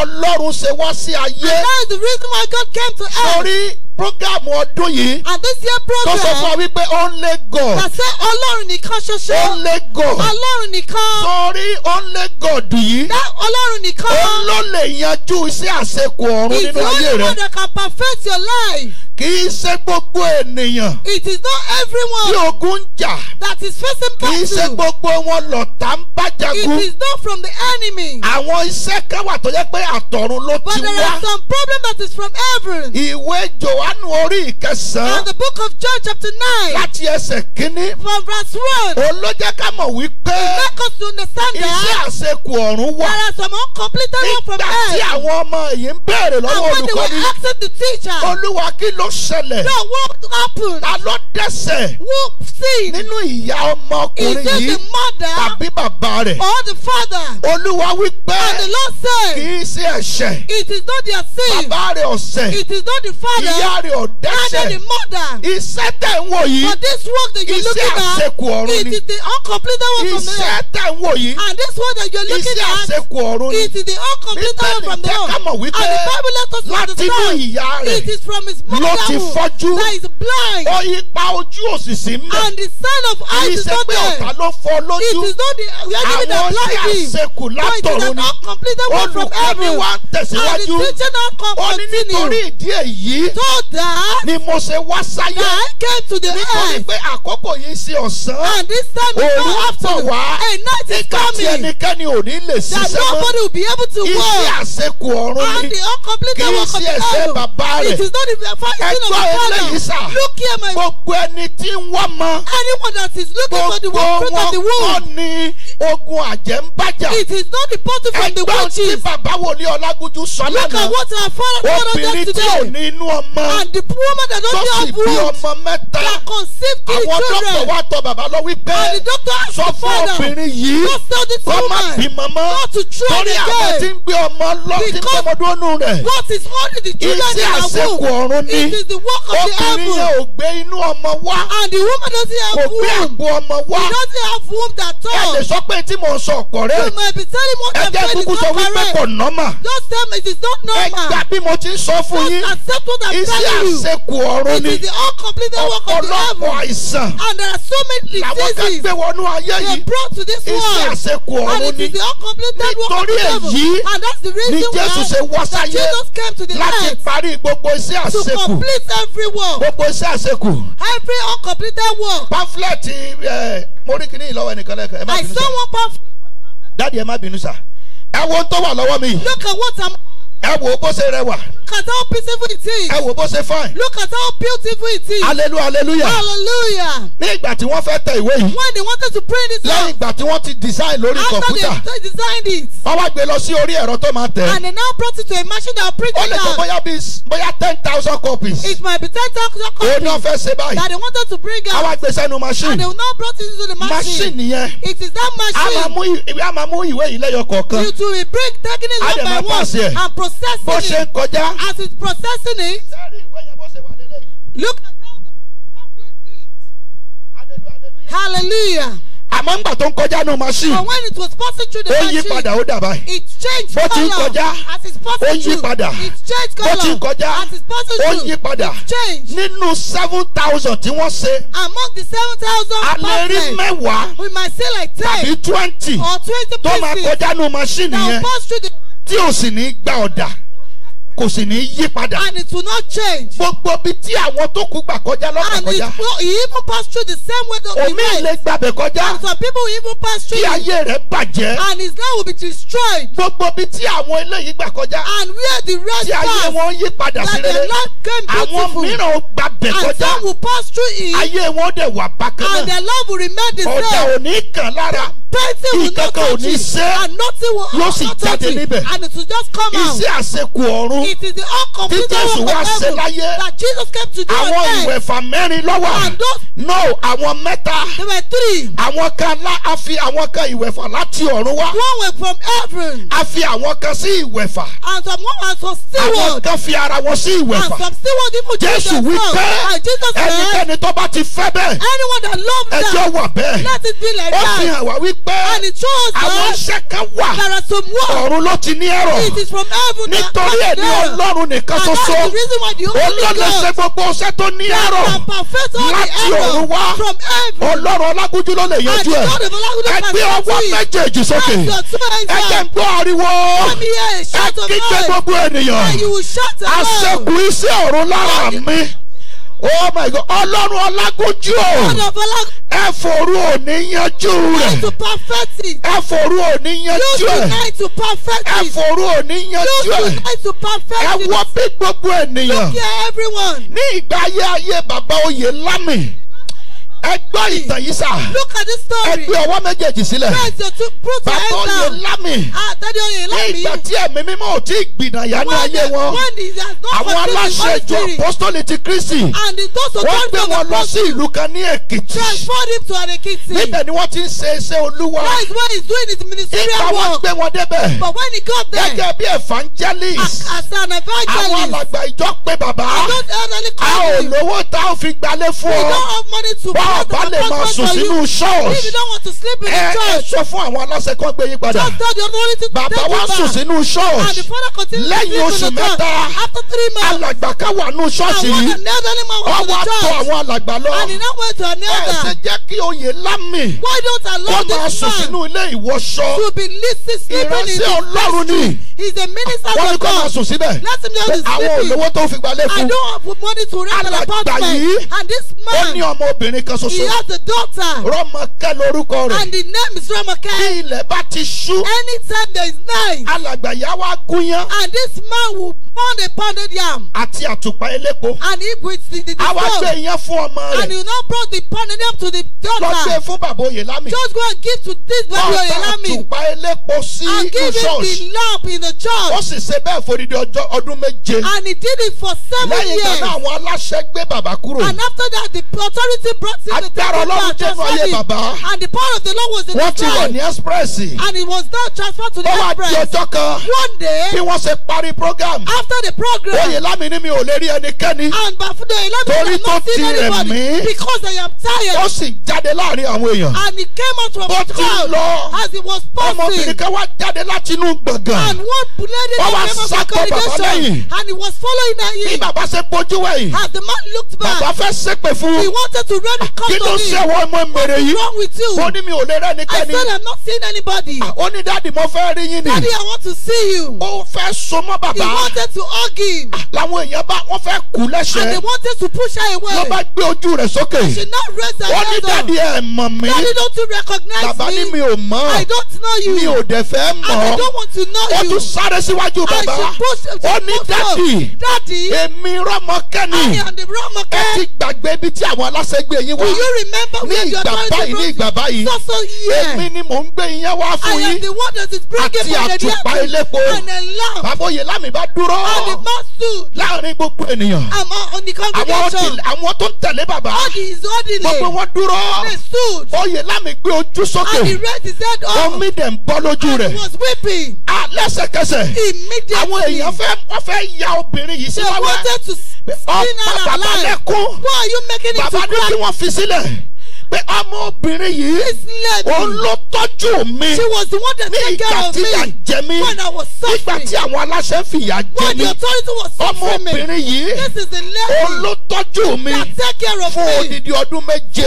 Ọlọ́run ṣe wá sí ayé. And that is the reason why God came to earth. Sori programu ọdún yìí. And this year program. Tó sọ fún wa wípé only God. That say Ọlọ́run nìkan ṣoṣo. Only God. Ọlọ́run nìkan. Sori only God yìí. That Ọlọ́run nìkan. Ó ló lè yanjú iṣẹ́ àṣekù ọ̀run nínú ayé rẹ̀. It's the only one perfect your life kì ṣe gbogbo ènìyàn. it is not everyone. tí ogun jà. that is facing battle. kì ṣe gbogbo wọn lọ̀tá ń bá jagun. it is not from the enemy. àwọn iṣẹ́ kan tó yẹ pé àtọ̀run ló ti wá. but there is some problem that is from heaven. ìwé johannu orí ìkẹsàn and the book of John chapter nine. láti ẹsẹ̀ kínní. from verse one. olójẹ́ ká mọ̀ wípé. to make us to understand that. iṣẹ́ àṣekù ọ̀run wà. there are some uncompleted work from earth. nígbà tí àwọn ọmọ yìí ń béèrè lọ́wọ́ olùkọ́ni. and when they were asking the teacher. olúwa kí ló ló ṣẹlẹ̀? No, what happened? Ta ló dẹ́sẹ̀? Who sinned? Nínú ìyá ọmọkùnrin yìí. Is it the mother? Tàbí bàbá rẹ̀? Or the father? Olúwa wí And the Lord said. Kì í ṣe ẹ̀ṣẹ̀. It is not their sin. Bàbá rẹ̀ ọ̀sẹ̀. It is not the father. Ìyá rẹ̀ ò Rather the mother. Iṣẹ́ tẹ̀ ń wò yìí. For this work that you're looking at. Iṣẹ́ àṣekù ọ̀run ni. It is the uncompleted work from man. Iṣẹ́ tẹ̀ ń wò yìí. And this work that you're looking at. Iṣẹ́ àṣekù ọ̀run ni. It is the uncompleted work from the Lord. And the Bible let us know Látinú ìyá It is from his mother láti fọ́jú. that is blind. ó ipa ojú òṣìṣì ń bẹ̀. and the sign of eyes is not there. ìṣe pé ọ̀tá ló fọ́ lójú. it is not the enemy that blind him. àwọn tí a ṣekù látọ̀run ni. olùkọ́ ni wà ń tẹ̀síwájú. and the teacher now come continue. ó ní nítorí ìdí èyí. so that. ni mo ṣe wá sáyé. that I came to the earth. nítorí pé àkókò yìí ṣe ọ̀sán. and this time is not after òru àpọ̀ a night is coming. ìgbà tí ẹnikẹ́ni ò ní lè ṣiṣẹ́ mọ́. that nobody will be able to work. iṣẹ́ àṣekù ọ̀run ni. and the uncompleted work of the kì í ṣe ẹsẹ̀ bàbá rẹ̀. it is not the fire ẹgbọ́ eléyìí sà gbogbo ẹni tí ń wá mọ gbogbo wọn kọ́ ni ogun àjẹ́ ń bàjá ẹgbẹ́ tí bàbá wòlíì ọlágúnjú sọ lánàá obìnrin tí ò ní inú ọmọ tó sì bí ọmọ mẹ́ta àwọn dókítà wa tọ bàbá lọ wípé sọ fún obìnrin yìí kọ́ má bímọ mọ́ torí àwọn tí ń gbé ọmọ lọ tí ń gbọmọdún rẹ̀ iṣẹ́ àṣekù ọ̀run ni is the work of the devil. obìnrin yẹn gbé inú ọmọ wá. and the woman doesn't have womb. kò gbé àgbo ọmọ wá. he doesn't have womb at all. ẹ lè sọ pé tí mò ń sọ ọkọ rẹ. you might be telling what I'm saying is not correct. ẹ kúkú sọ wípé kò nọ́mà. just tell me it is not normal. ẹ bí mo ti ń sọ fún yín. just accept what I'm telling you. iṣẹ́ àṣekù ọ̀run ni. it is the uncompleted work of the devil. ọ̀pọ̀lọpọ̀ àìsàn. and there are so many diseases. làwọn kan gbé wọnú ayé yìí. they brought to this world. iṣẹ́ àṣekù ọ̀run ni. and it the uncompleted work of the apple. nítorí èyí ni Jésù complete every work. gbogbo iṣẹ́ àṣekù. every uncompleted work. pamphlet eh, mo rí kìíní ìlọ́wọ́ ẹnìkan lẹ́kọ̀ọ́ ẹ má bínú sá. I saw one pamphlet. dáàdi ẹ má bínú sá. ẹ wo tó wà lọ́wọ́ mi. look at what I'm ẹ wò bó ṣe rẹwà. look at how beautiful it is. ẹ wò bó ṣe fine. look at how beautiful it is. hallelujah hallelujah. hallelujah. ní ìgbà tí wọ́n fẹ́ tẹ ìwé yìí. when they wanted to print this out. lẹ́yìn ìgbà tí wọ́n ti design lórí kọ̀ǹpútà. after they designed it. wọ́n wá gbé lọ sí orí ẹ̀rọ tó máa tẹ̀. and they now brought it to a machine that will it out. ó lè tó bóyá bí bóyá ten thousand copies. it might be ten thousand copies. òun náà fẹ́ ṣe báyìí. that they wanted to bring out. àwa gbé sẹ́nu machine. and they now brought it into the machine. machine nìyẹn. it is that machine. a máa mú ìwé yìí lẹ́yọ kọ̀ọ̀kan. you to bring technique one by one processing it. bó kọjá. as it's processing it. sẹ́rí ìwé yẹn bó wà lélẹ̀. look at how the template is. hallelujah. hallelujah. àmọ́ ńgbà tó ń kọjá nù machine. but when it was passing through the machine. ó yí padà ó dà báyìí. it changed colour. bó ti ń kọjá. as it's passing through. ó yí padà. it changed colour. bó ti ń kọjá. as it's passing through. ó yí padà. it changed. nínú seven thousand tí wọ́n ṣe. among the seven thousand partners. a lè rí mẹ́wàá. we might say like ten. tàbí twenty. or twenty pieces. tó máa kọjá nù machine yẹn. that will pass through the tí ò sì ní gbà ọ̀dà kò sì ní yí padà. and it will not change. gbogbo bí tí àwọn tó kú gbà kọjá lọ́kàn kọjá. and it will even pass through the same way that he went. omi lè gbàbẹ̀ kọjá. and some people will even pass through. kí ayé rẹ̀ bàjẹ́. and his life will be destroyed. gbogbo bí tí àwọn eléyìí gbà kọjá. and where the rest pass. tí ayé wọn yí padà sí like the land came beautiful. àwọn mìíràn ó kọjá. and some will pass through it. ayé wọn dẹ̀ wà bákan náà. and their love will remain the same. ọ̀dà ò ní kàn lára person will not touch it and nothing will not touch it and it will just come out. iṣẹ́ àṣekù ọ̀run it is the uncomplete work that Jesus came to do on earth. àwọn ìwẹ̀fà mẹ́rin lọ́wọ́ no àwọn mẹ́ta àwọn kan lá a fi àwọn kan ìwẹ̀fà láti ọ̀run wá. one way from heaven. a fi àwọn kan sí ìwẹ̀fà. and some women for steward. àwọn kan fi ara wọn sí ìwẹ̀fà. and some even Jesus Jésù wí pé ẹnikẹ́ni tó bá ti fẹ́ bẹ́ẹ̀. anyone that love that. ẹjọ́ wà bẹ́ẹ̀. let it be like that. ó fi hàn wá wípé. and it shows that. àwọn iṣẹ́ kan wà. there are some work. ọ̀run ló ti ní ẹ̀rọ. it is from heaven. nítorí ọlọ́run nìkan ṣoṣo ó lọ́lẹ̀ ṣe gbogbo iṣẹ́ tó ní ẹ̀rọ láti òru wá ọlọ́run ọlágúnjú ló lè yanjú ẹ̀ ẹgbẹ́ ọwọ́ méjèèjì sókè ẹgbẹ́ ń gbọ́ ariwo ẹgbẹ́ gbogbo ènìyàn àṣekù iṣẹ́ ọ̀run lára mi oh my god ọlọ́run ọlágójú o ẹ fòru òní yanjú rẹ̀ ẹ fòru òní yanjú ẹ̀ ẹ fòru òní yanjú ẹ̀ ẹ wọ bí gbogbo ènìyàn ní ìgbà ayé ayé bàbá oyè lámì ẹ gbọ́ ìtàn yìí sà. look at this story. ẹ gbé ọwọ́ méjèèjì sílẹ̀. press your two proof to enter. bàbá olè lámì. àtàdé ah, olè lámì. ní ìgbà tí ẹ̀mí mímọ́ ò tí ì gbìnàyà ní ayé wọn. àwọn aláṣẹ ìjọ apostoli ti kristi. and those who turn to the wọ́n gbé wọn lọ sí ìlú kan ní èkìtì. transfer him to an èkìtì. níbẹ̀ ni wọ́n ti ń ṣe iṣẹ́ olúwa. that is where he is doing his ministerial work. ìgbà wọn gbé wọn débẹ̀. but when he got there. gẹ́gẹ́ bí evangelist. as an evangelist. àwọn alàgbà ìjọ pé bàbá. I don't earn any company. a ò lówó tá a fi gbalẹ̀ fún ọ. we don't have money to buy bá lè máa sùn sínú ṣọ́ọ̀ṣì ẹ ẹ sọ fún àwọn aláṣẹ kan gbé yín padà bàbá wa sùn sínú ṣọ́ọ̀ṣì lẹ́yìn oṣù mẹ́ta alàgbà ká wà nù ṣọ́ọ̀ṣì yìí ọwọ́ àtọ̀ àwọn alàgbà lọ ẹ ṣe jẹ́ kí oyè lámì kó máa sùn sínú ilé ìwọṣọ ìránṣẹ́ ọlọ́run ni wọ́n ní kó máa sùn síbẹ̀ àwọn olówó tó fi gbalẹ̀ fún alàgbà yìí ó ní ọmọbìnrin kan sọ soso. He has a daughter. Rọ́mọkẹ́ lorúkọ rẹ̀. And the name is Rọ́mọkẹ́. Bí ilẹ̀ bá ti ṣú. Anytime there is night. Alàgbà yà wá gúnyán. And this man will upon the pounded yam. Àti àtùpà elépo. And he with the the stone. Àwa gbé iyán fún ọmọ rẹ̀. And you now brought the pounded yam to the daughter. Lọ gbé e fún bàbá Oyèlámì. Just go and give to this bàbá Oyèlámì. Ọ̀tá àtùpà elépo sí inú church. And give him the lamp in the church. Ó sì ṣe bẹ́ẹ̀ fòdìdí ọdún méje. And he did it for seven years. Lẹ́yìn náà àwọn aláṣẹ gbé bàbá kúrò. And after that the authority brought him the temple and transferred him. And the power of the Lord was in the church. Wọ́n ti wọ̀ ní express. And he was now transferred to the express. Ó di ọjọ́ kan. One day. Bí wọ́n ṣe parí program. After after the program. Oyèlámi ni mi ò lè rí ẹnikẹ́ni. and Bafudo Oyèlámi torí tó ti rẹ̀ mí. because I am tired. ó sì jáde láàrin àwọn èèyàn. and he came out from the crowd. ó lọ. as he was passing. ọmọbìnrin kan wá jáde láti inú gbọ̀ngàn. and one lady came out from the congregation. and he was following her in. bí bàbá ṣe gbójú wẹ̀yìn. as the man looked back. bàbá fẹ́ ṣépè fún. he wanted to run the company. kí ló ṣe wọ́n mọ́ yìí. what's wrong with you. ó ní mi ò lè rẹ́ ẹnikẹ́ni. I said I'm not seeing anybody. daddy I want to see you to hug ah, him. làwọn èèyàn bá wọn fẹ́ kú lẹ́sẹ̀. and they wanted to push her away. wọ́n bá gbé ojú rẹ̀ sókè. she now raise her head up. wọ́n ní dàdí ẹ̀ mọ̀ mí. daddy don't you recognize Baba me. bàbá ní mi ò mọ̀. I don't know you. mi ò dẹ̀ fẹ́ mọ̀. and I don't want to know you. ó tún sáré síwájú bàbá. and she push she ó ní dàdí. dàdí. èmi rọ́mọkẹ́ni. I am the rọ́mọkẹ́. ẹ ti gbàgbé ibi tí àwọn aláṣẹ́gbé yín wá. do you remember where your daughter brought you? ní ìgbà báyìí ní ìgbà báyìí. so so here. èmi ni mò ń gbé iyán wá fún yín. I am the one that is bringing for the àti àtùpà elépo. and a lamp. bàbá oyè lámì bá dúró and the multitude. láàrin gbogbo ènìyàn. among the congregation. àwọn tó ń tẹ̀lé bàbá. all the his orderly. gbogbo wọn dúró. they stood. oyè lámì gbé ojú sókè. and he raised his head up. omi dẹ̀ ń bọ́ lójú rẹ̀. and he was weeping. ah lẹ́sẹ̀kẹsẹ̀. immediately. àwọn èèyàn fẹ́ wọ́n fẹ́ ya obìnrin yìí sí they wanted to spin her alive. ọ̀pọ̀ bàbá lẹ́kún. why are you making him to cry. bàbá ní kí wọ́n fi sílẹ̀ pé ọmọbìnrin yìí òun ló tọ́jú mi me. ìgbà tí ìyà jẹ mí nígbà tí àwọn aláṣẹ fìyà jẹ mí ọmọbìnrin yìí òun ló tọ́jú mi fún odidi ọdún méje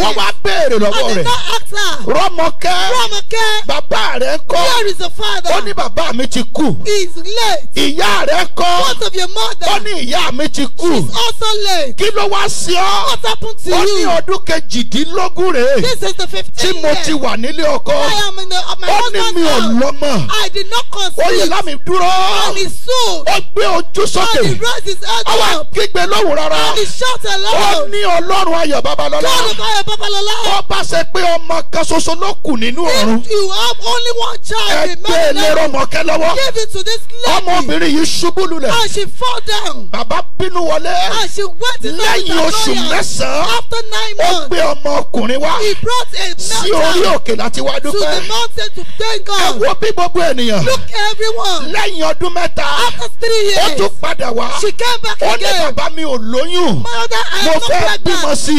wọ́n wá béèrè lọ́wọ́ rẹ̀ rọ́mọkẹ́ bàbá rẹ̀ kọ́ ó ní bàbá mi ti kú ìyá rẹ̀ kọ́ ó ní ìyá mi ti kú kí ló wá sí ọ́ ó ní ọdún kejì kejìdínlógún rèé. this is the fifteen year. tí mo ti wà nílé ọkọ. I am in the my husband house. ó ní mi ò lọ́mọ. I did not conceive. oyè lámì dúró. and he sued. ó gbé ojú sókè. and he raised his head up. àwọn kígbe lóhùn rárá. aloud. ó ní ọlọ́run ayọ̀ babalọ́lá. God of ayọ̀ babalọ́lá. ó bá ṣe pé ọmọ kan ṣoṣo ló kù nínú ọ̀run. if you have only one child in marriage. ẹgbẹ́ elérò mọ̀kẹ́ lọ́wọ́. it to this lady. ọmọbìnrin yìí ṣubú lulẹ̀. and she fall down. bàbá bínú wọlé. and she went into the lẹ́yìn oṣù mẹ́sàn-án. after nine months gbé ọmọ ọkùnrin wá sí orí òkè láti wá dúpẹ́. ẹ wo bí gbogbo ènìyàn lẹ́yìn ọdún mẹ́ta ó tún padà wá ó ní bàbá mi ò lóyún mo fẹ́ bímọ sí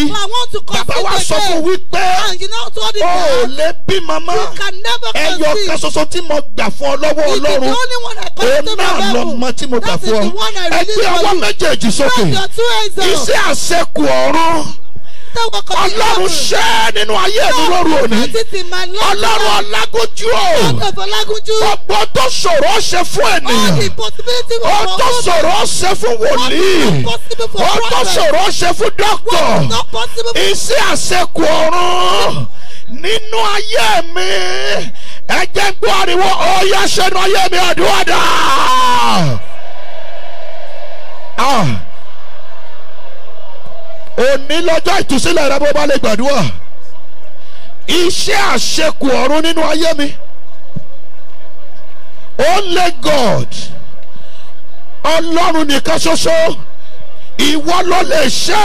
i bàbá wa sọ fún wípé o ò lè bímọ mọ́ ẹyọ kan ṣoṣo tí mo gbà fún ọ lọ́wọ́ ọlọ́run òun náà lọ́mọ tí mo gbà fún ọ ẹgbẹ́ ọwọ́ méjèèjì sókè iṣẹ́ àṣekù ọ̀run ọlọ́run ṣe nínú ayé mi lóru òní ọlọ́run ọlágójú o gbogbo tó ṣòro ṣe fún ènìyàn ó tó ṣòro ṣe fún wòlíì ó tó ṣòro ṣe fún dókítà iṣẹ́ àṣekù ọ̀run nínú ayé mi ẹ jẹ́ gbọ́ ariwo ọ̀ya ṣẹ́nu ayé mi àdúrà òní lọ́jọ́ ìtúsílẹ̀ rẹ bó bá lè gbàdúrà iṣẹ́ àṣekù ọ̀run nínú ayé mi only God ọlọ́run nìkan ṣoṣo ìwọ ló lè ṣe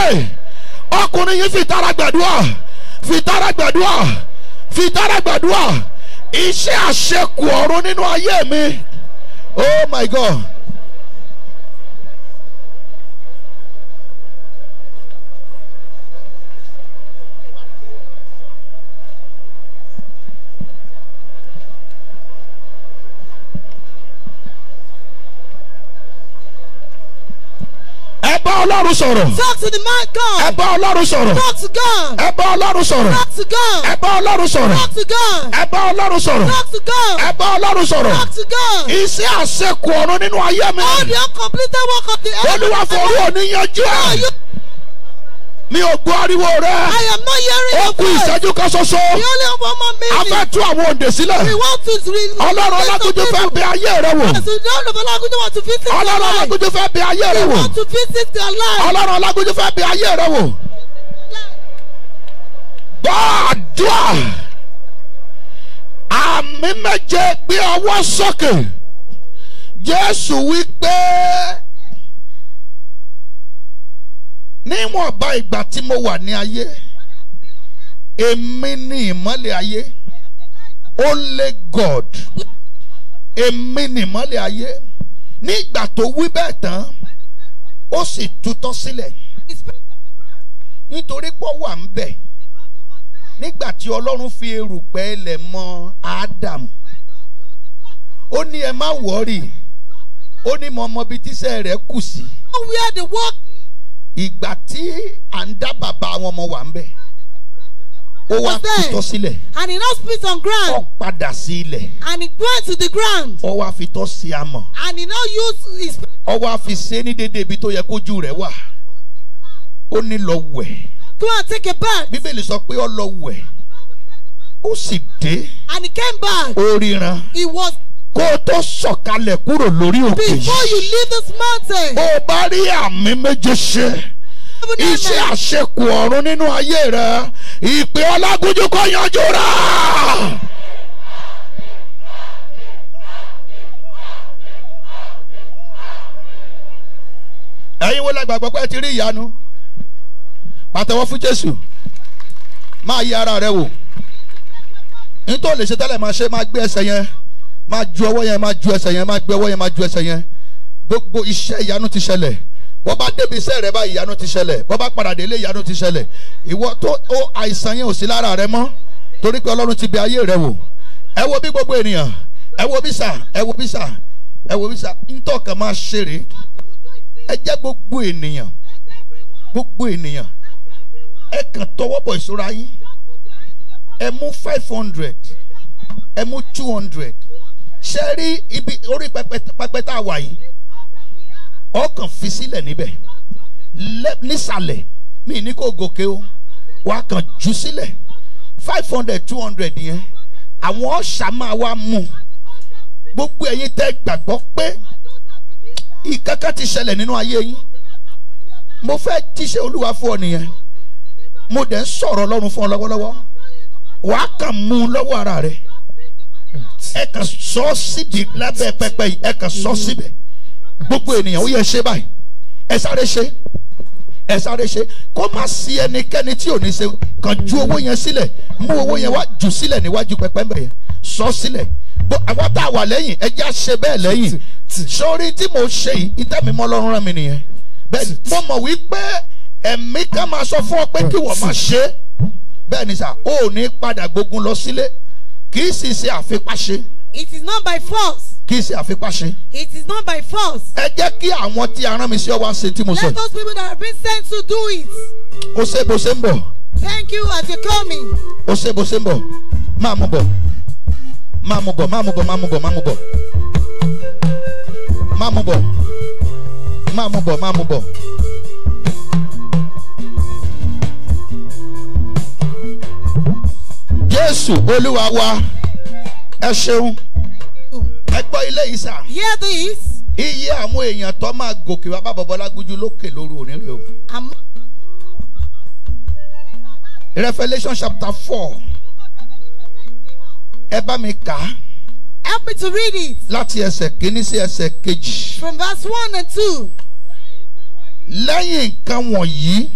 ọkùnrin yìí fi gbàdúrà fi gbàdúrà fi gbàdúrà iṣẹ́ àṣekù ọ̀run nínú ayé mi oh my God. Ọlọ́run sọ̀rọ̀. talk to the man God. ẹ bá Ọlọ́run sọ̀rọ̀. talk to God. ẹ bá Ọlọ́run sọ̀rọ̀. talk to God. ẹ bá Ọlọ́run sọ̀rọ̀. talk to God. ẹ bá Ọlọ́run sọ̀rọ̀. talk to God. ẹ bá Ọlọ́run sọ̀rọ̀. talk to God. iṣẹ́ àṣekù ọ̀run nínú ayé mi. all the uncompleted work of the enemy. olúwa fọwọ́ òní yanjú ẹ̀ mi ò ariwo rẹ. I am not hearing your voice. ìṣẹ́jú kan ṣoṣo. the only one more minute. a fẹ́ tú àwọn òǹdè sílẹ̀. we want to read. ọlọ́run ọlágójú fẹ́ bẹ ayé rẹ wò. as you don't know ọlágójú want to visit your life. ọlọ́run ọlágójú fẹ́ bẹ ayé rẹ wò. we want to visit your life. ọlọ́run ọlágójú fẹ́ bẹ ayé rẹ wò. gbàdúrà àmì méje gbé ọwọ́ sókè jésù wí pé níwọ̀nba ìgbà tí mo wà ní ayé èmi ni ìmọ́lẹ̀ ayé only God èmi ni ìmọ́lẹ̀ ayé nígbà tó wí bẹ́ẹ̀ tán ó sì tutọ́ sílẹ̀ nítorí pé ó wà ń bẹ̀ nígbà tí Ọlọ́run fi erùpẹ̀ ilẹ̀ mọ Ádámù ó ní ẹ má wọ́ọ̀rì ó ní mo mọ ibi tíṣẹ́ rẹ̀ kù sí. where the work ìgbà tí à ń dá bàbá àwọn ọmọ wa ń bẹ̀ ó wá fitọ́ sílẹ̀. and he now spit on ground. ó padà sí ilẹ̀. and he went to the ground. ó wá fitọ́ sí amọ̀. and he now used his. ó wá fi ṣe ní dédé ibi tó yẹ kójú rẹ̀ wà ó ní lọ wẹ̀. go and take a bath. bíbélì sọ pé ó lọ wẹ̀ ó sì dé. and he came back. ó ríran. he was kó o tó sọ̀kalẹ̀ kúrò lórí òkè yìí. before you leave this mountain. bó o bá rí àmì méje ṣe iṣẹ́ àṣekù ọ̀run nínú ayé rẹ ìpè ọlágúnjú kó yanjú rà. ẹ̀yin wo la gbàgbọ́ pé ẹ ti rí ìyanu pàtẹ́wọ́ fún Jésù máa yí ara rẹ wò nítorí lè ṣe tẹ́lẹ̀ máa ṣe máa gbé ẹsẹ̀ yẹn máa ju ọwọ́ yẹn máa ju ẹsẹ̀ yẹn máa gbé ọwọ́ yẹn máa ju ẹsẹ̀ yẹn gbogbo iṣẹ́ ìyanu ti ṣẹlẹ̀ wọ́n bá débi iṣẹ́ rẹ báyìí ìyanu ti ṣẹlẹ̀ wọ́n bá padà délé ìyanu ti ṣẹlẹ̀ ìwọ tó ó àìsàn yẹn ò sí lára rẹ mọ́ torí pé ọlọ́run ti bẹ ayé rẹ wò ẹ wo bí gbogbo ènìyàn ẹ wo bí sà ẹ wo bí sà ẹ wo bí sà ntọ́kàn máa ṣeré ẹ jẹ́ gbogbo ènìyàn gbogbo ènìyàn ẹ kàn tọwọ́ bọ̀ ìṣúra yín ẹ mú five hundred ẹ mú two hundred ṣe rí ibi orí pẹpẹ tá a wà yìí ọkàn fi sílẹ̀ níbẹ̀ nísàlẹ̀ mi ní kò gòkè o wà kàn jù sílẹ̀ five hundred two hundred yẹn àwọn ọ̀ṣà máa wá mú gbogbo ẹ̀yin tẹ́ gbàgbọ́ pé ìkankan ti ṣẹlẹ̀ nínú ayé yín mo fẹ́ tíṣe olúwa fún ọ nìyẹn mo dẹ̀ ń sọ̀rọ̀ ọlọ́run fún ọ lọ́wọ́lọ́wọ́ wàá kàn mú un lọ́wọ́ ara rẹ̀ ẹ kàn sọ síbi lábẹ́ pẹpẹ yìí ẹ kàn sọ síbẹ̀ gbogbo ènìyàn ó yẹ ṣe báyìí ẹ sáré ṣe ẹ sáré ṣe kó má sí ẹnikẹ́ni tí ò ní ṣe kàn ju owó yẹn sílẹ̀ mú owó yẹn wá jù sílẹ̀ níwájú pẹpẹ mbẹ̀ yẹn sọ sílẹ̀ bó àwọn tá a wà lẹ́yìn ẹ já ṣe bẹ́ẹ̀ lẹ́yìn sórí tí mo ṣe yìí ìtẹ́mi mọ́ lọ́rùn rán mi nìyẹn bẹ́ẹ̀ mo mọ̀ wípé ẹ̀mí ká máa sọ fún ọ pé kí wọ́n máa ṣe bẹ́ẹ̀ ni sà ó ní padà gbógun lọ sílé kì sì ṣe àfipáṣe. it is not by force kì ṣe àfipáṣe. it is not by force. ẹ jẹ́ kí àwọn tí a mi sí ọ wá ṣe tí mo sọ. let those people that have been sent to do it. o ṣe bó ṣe ń bọ̀. thank you as you call me. o ṣe bó ṣe ń bọ̀ máa mú bọ̀ máa mú bọ̀ máa mú bọ̀ máa mú bọ̀ máa mú bọ̀ máa mú bọ̀ máa mú bọ̀ máa mú bọ̀. Jésù Olúwa wa ẹ ṣeun ẹ gbọ́ ilé yìí sà. Hear this. Iye àwọn èèyàn tó máa gòkè wá bá Bọ́lá Gújú lókè lóru òní rè o. Revelation chapter four ẹ bá mi kà á. Help me to read it. Láti ẹsẹ̀ kìíní sí ẹsẹ̀ kejì. From verse one and two. Lẹ́yìn nǹkan wọ̀nyí,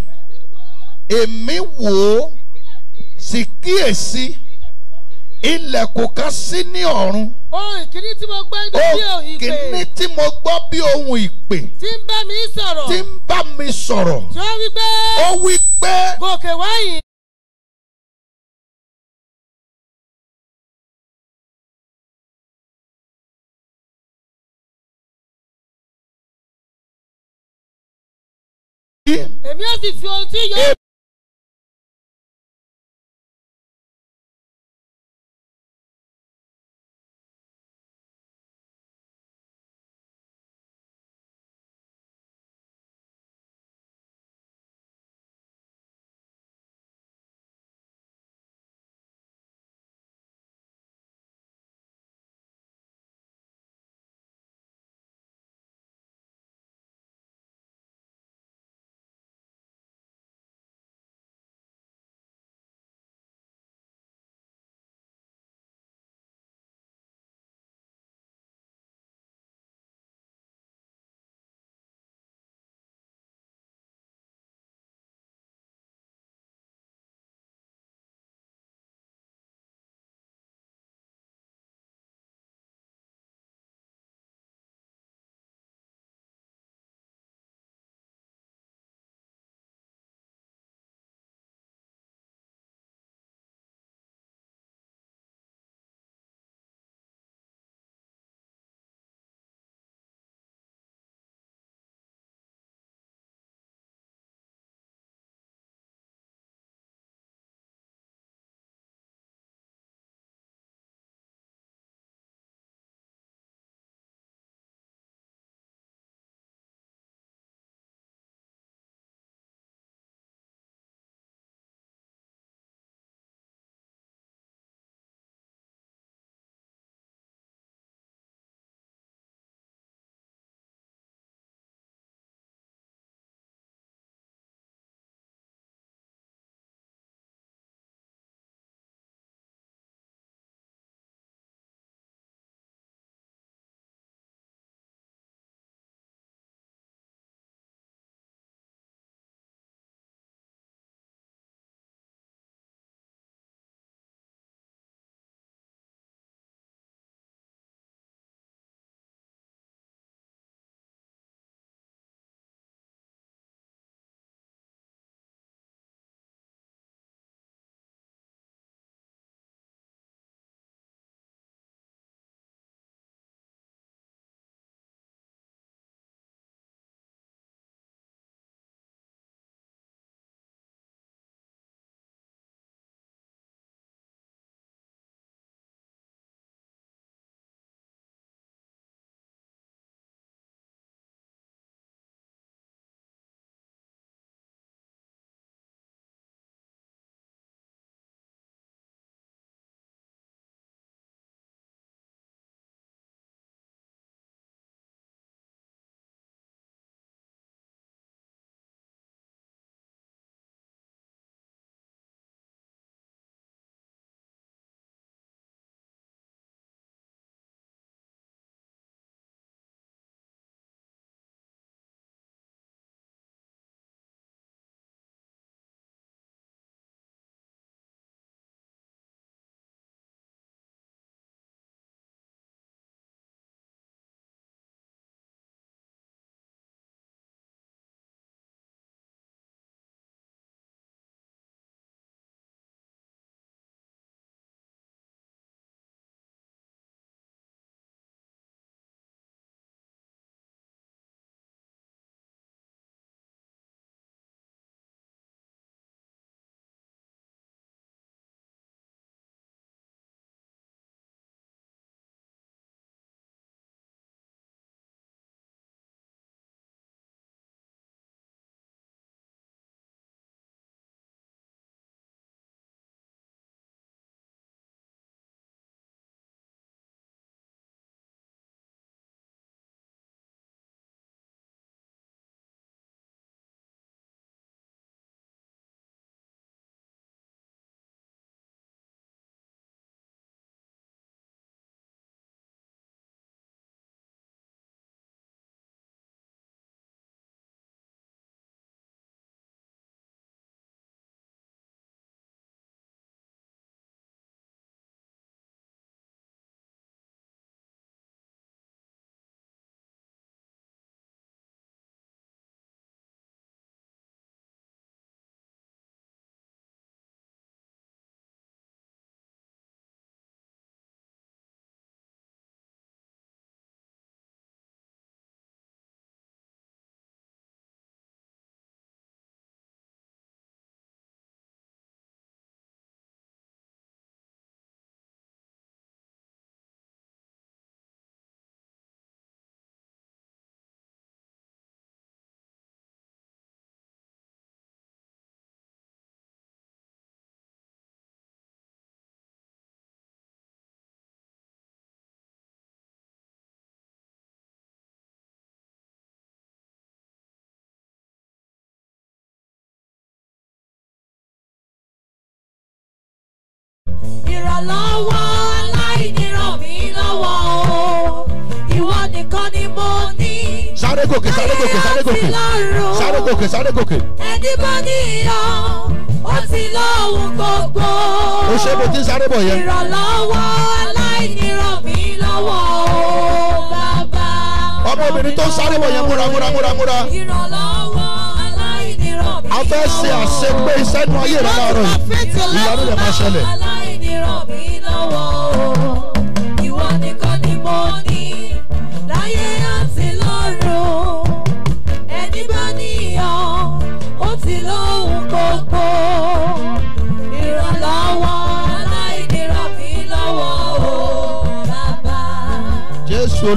èmi wò ó sì kíyèsí ilẹ̀kùn kan sí ní ọ̀run. ohun ìkíní tí mo gbọ́ bí ohun ìpè. ohun ìkíní tí ń bá mi sọ̀rọ̀. tí ń bá mi sọ̀rọ̀. tí ó ó wí pé. gòkè wáyé. èmi ó sì fi ohun tí yóò. ìrànlọ́wọ́ aláìní ràn mí lọ́wọ́ o ìwọ nìkan ni mo ní. sáré gòkè sáré gòkè sáré gòkè sáré gòkè sáré gòkè. ẹni bá níyàn ó ti lóhun gbogbo. ó ṣe bó ti sáré bọ̀ yẹn. ìrànlọ́wọ́ aláìní ràn mí lọ́wọ́ o bàbá. ọmọbìnrin tó sáré bọ̀ yẹn múra múra múra múra. ìrànlọ́wọ́ aláìní ràn mí lọ́wọ́. a fẹ́ ṣe àṣepé iṣẹ́ inú ayé rẹ̀ láàárọ̀ yìí ìyanu rẹ̀ máa ṣẹlẹ̀ ràn mí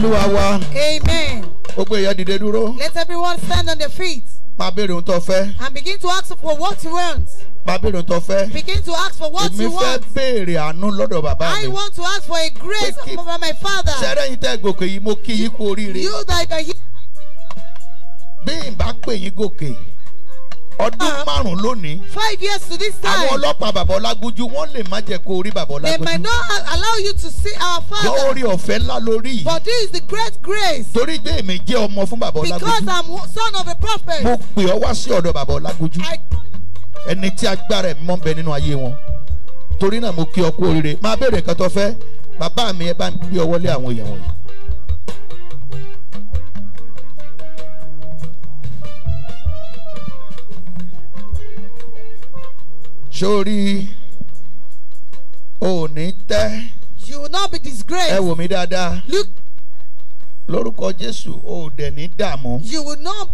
lọ́wọ́ Amen. Gbogbo èèyàn dìde dúró. Let everyone stand on their feet. Máa béèrè ohun tó fẹ́. And begin to ask for what you want máa tó fẹ́. begin to ask for what It you want. èmi fẹ́ béèrè àánú lọ́dọ̀ bàbá mi. I want to ask for a grace Wait, from my father. sẹ́rẹ̀yìn tẹ́ gòkè yìí mo kí yín kú oríire. you that can hear. bí n bá pè yín gòkè ọdún uh-huh. márùn lónìí. five years to this time. àwọn ọlọ́pàá bàbá ọlágójú wọ́n lè má jẹ́ kó rí bàbá ọlágójú. they might not allow you to see our father. lọ́wọ́ rí ọ̀fẹ́ ńlá lórí but this is the great grace. torí pé èmi jẹ́ ọmọ fún bàbá ọlágójú. because I'm son of a prophet. mo pè ọ wá sí ọ̀dọ̀ bàbá ọlágójú. I ẹni tí agbára ẹ̀mí mọ́ bẹ nínú ayé wọn torí náà mo kí ọ kú oríire máa béèrè nǹkan tó fẹ́ bàbá mi ẹ bá mi gbé ọwọ́ lé àwọn èèyàn wọ̀nyí. sórí òní tẹ́. you will not be disgraced. ẹ wò mí dáadáa. look. lórúkọ Jésù o ò dẹ̀ ní dààmú. you will not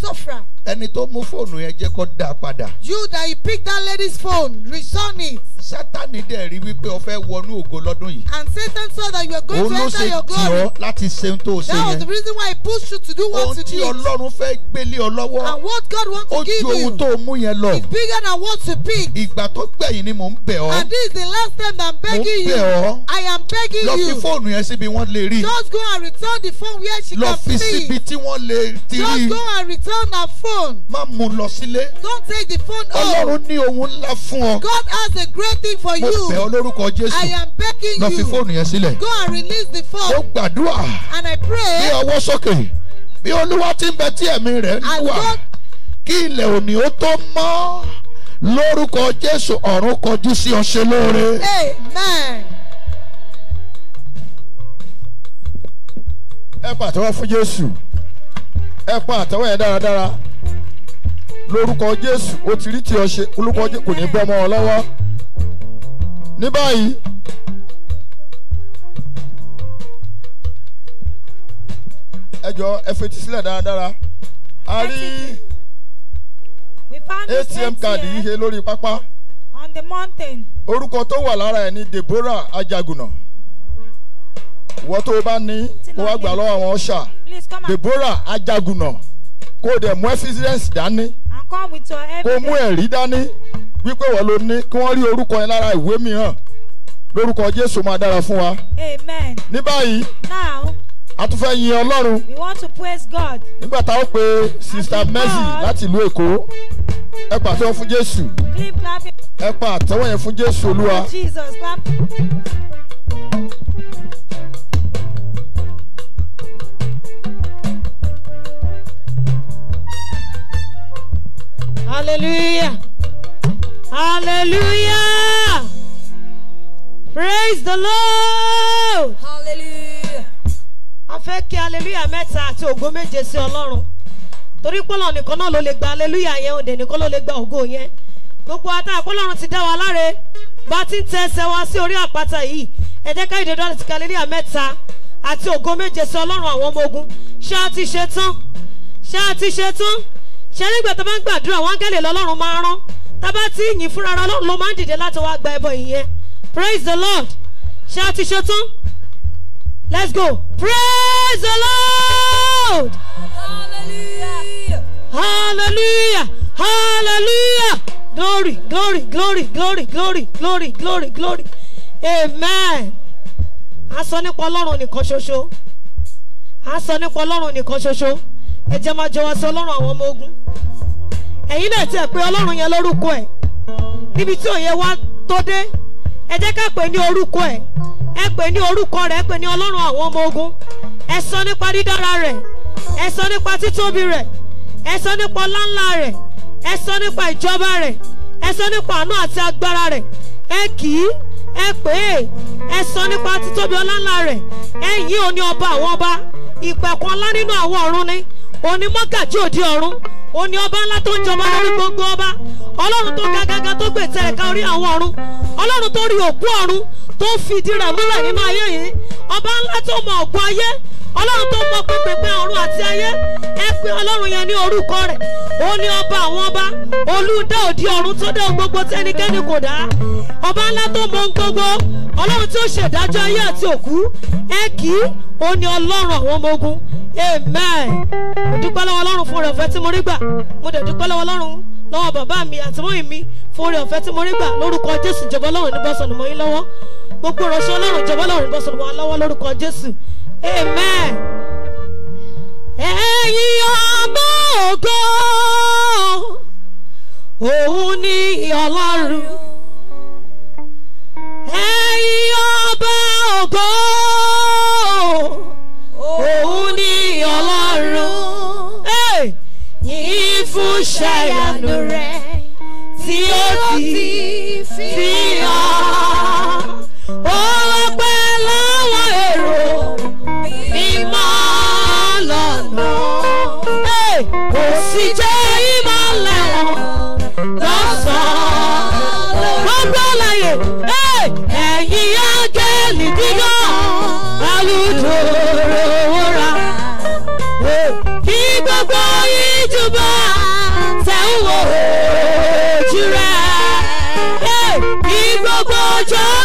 suffer ẹni tó mú fóònù yẹn jẹ́ kó dá padà. you that you pick that lady's phone return it. sátani dẹ̀ rí wípé o fẹ́ wọnú ògo lọ́dún yìí. and satan saw that you were going to enter your glory. òun ló ṣe tì láti ṣe ohun tó o ṣe yẹn. that was the reason why he pushed you to do what you did. ohun tí Ọlọ́run fẹ́ gbélé ọ lọ́wọ́. and what God wants to give you. ó ohun tó o mú yẹn lọ. is bigger than what you pick. ìgbà tó gbẹ̀yìn ni mò ń bẹ̀ ọ́. and this is the last time that I'm begging you. mo ń bẹ̀ ọ́. I am begging you. lọ fi fóònù yẹn síbi wọ́n lè rí. just go and return the phone where she can see. lọ fi síbi tí wọ́n lè ti rí. just go and return her phone phone. Má mú lọ sílé. Don't take the phone off. Ọlọ́run ní ohun ńlá fún ọ. God has a great thing for you. Mo bẹ̀ ọ́ lórúkọ Jésù. I am begging you. Lọ fi fóònù yẹn sílẹ̀. Go and release the phone. Ó gbàdúrà. And I pray. Bí ọwọ́ sókè. Bí Olúwa ti ń bẹ tí ẹ̀mí rẹ̀ ń wà. Kí ilẹ̀ òní ó tó mọ́. Lórúkọ Jésù ọ̀run kọjú sí ọṣẹ lóore. Amen. Ẹ pàtẹ́wọ́ fún Jésù ẹ pa àtẹ́wọ́ yẹn dáradára lórúkọ jésù ó ti rí tí ọ ṣe olúkọ jésù kò ní bọ́ ọmọ ọ lọ́wọ́ ní báyìí ẹ jọ ẹ fetí sílẹ̀ dáradára a rí atm card yìí lórí pápá on the mountain. orúkọ tó wà lára ẹ ní deborah ajagunà ìwọ tó bá ní kó wá gbà lọ́wọ́ àwọn ọ̀ṣà deborah ajagunà kó o dẹ̀ mú ẹ́ fíṣírẹ́ǹsì dání come mú ẹ̀rí dání wípé wọ́n ló ní kí wọ́n rí orúkọ yẹn lára ìwé mìíràn lórúkọ jésù máa dára fún wa. amen. ní báyìí. now. a tún fẹ́ yin ọlọ́run. we want to praise God. nígbà tá ó pe sister mercy láti ìlú èkó ẹ pa àtẹ́wọ́ fún jésù. ẹ pa àtẹ́wọ́ yẹn fún jésù olúwa. jesus Hallelujah. Hallelujah. Praise the Lord. Hallelujah. A fẹ́ kí hallelujah mẹ́ta ati ògo méje sí Ọlọ́run. Torí pọ́lọ̀ nìkan náà ló lè gba hallelujah yẹn, de nìkan ló lè gba ògo yẹn. Gbogbo ata àpọ́lọ́run ti dá wa láre. Bá ti ń tẹ wa sí orí àpáta yìí. Ẹ jẹ́ ká ìdè dọ́là ti hallelujah mẹ́ta àti ògo méje sí Ọlọ́run àwọn ọmọ ogun. Ṣé a ti ṣe tán? Ṣé ti ṣe tán? ṣé tó bá ń gbàdúrà wọn áńgẹ́lì lọ́lọ́run máa rán tá a bá ti yìn fúnra ara lọ́run ló máa ń dìde láti wá gba ẹbọ ìyẹn praise the lord ṣé a ti ṣe tán let's go praise the lord hallelujah hallelujah hallelujah glory glory glory glory glory glory glory glory amen a sọ nípa ọlọ́run nìkan ṣoṣo a sọ nípa ọlọ́run nìkan ṣoṣo ẹ jẹ́ máa jọwọ́ sí ọlọ́run àwọn ọmọ ogun ẹ̀yin náà tiẹ̀ pé ọlọ́run yẹn lórúkọ ẹ̀ níbi tí òye wa tó dé ẹ jẹ́ ká pè ní orúkọ ẹ̀ ẹ pè ní orúkọ rẹ̀ ẹ pè ní ọlọ́run àwọn ọmọ ogun ẹ sọ nípa dídára rẹ̀ ẹ sọ nípa títóbi rẹ̀ ẹ sọ nípa ọláńlá rẹ̀ ẹ sọ nípa ìjọba rẹ̀ ẹ sọ nípa àánú àti agbára rẹ̀ ẹ kì í ẹ pè é ẹ sọ nípa títóbi ọláńlá rẹ̀ ẹ yìn òní ọba àwọn ọba ìpẹ̀kun ọlá nínú àwọn ọ̀run ni òní mọ́gàjí òde ọ̀run òní ọba ńlá tó ń jọba lórí gbogbo ọba ọlọ́run tó ga gaga tó gbèsè ẹ̀ka orí àwọn ọ̀run ọlọ́run tó rí òkú ọ̀run tó fìdí rẹ̀ múlẹ̀ nínú ayé yìí ọba ńlá tó mọ ọ̀gbọ́n ayé ọlọ́run tó mọ pínpín ọ̀run àti ayé ẹ fi ọlọ́run yẹn ní orúkọ rẹ̀ ó ní ọba àwọn ọba olùdá òdi ọ̀run tó dá gbogbo tẹ́nikẹ́ni kò dá ọba ńlá tó mọ gbogbo ọlọ́run tí ó ṣèdájọ́ ayé àti òkú ẹ kì í ó ní ọlọ́run àwọn ọmọ ogun amen mo dúpẹ́ lọ́wọ́ ọlọ́run fún ọ̀rẹ́ ọ̀fẹ́ tí mo rí gbà mo dẹ̀ dúpẹ́ lọ́wọ́ ọlọ́run lọ́wọ́ bàbá mi àti mọ́yìn mi fún oore ọ̀fẹ́ tí mo rí gbà lórúkọ jésù jọ̀bọ́ lọ́rùn níbọ̀sán ni mo yín lọ́wọ́ gbogbo ìránṣẹ́ ọlọ́run jọ̀bọ́ lọ́rùn níbọ̀sán ni mo lọ́wọ́ lórúkọ jésù amen. ẹ̀yin ọmọ ògo òun ni olaru. ẹ̀yin ọba ògo ni olaru. Hey, fún ṣàyànú rẹ̀ tí ó ti fi hàn ó lọ pẹ́ lọ́wọ́ ẹ̀. lọ. kò sì jẹ́ ìmọ̀lẹ̀ lọ́sàn-án. gbogbo láyè ẹ̀yìn áńgẹ́lì dídọ́ alùpùpù wúra. kí gbogbo ìjùbọ̀ tẹ̀ ojú rẹ̀. kí gbogbo ọjọ́.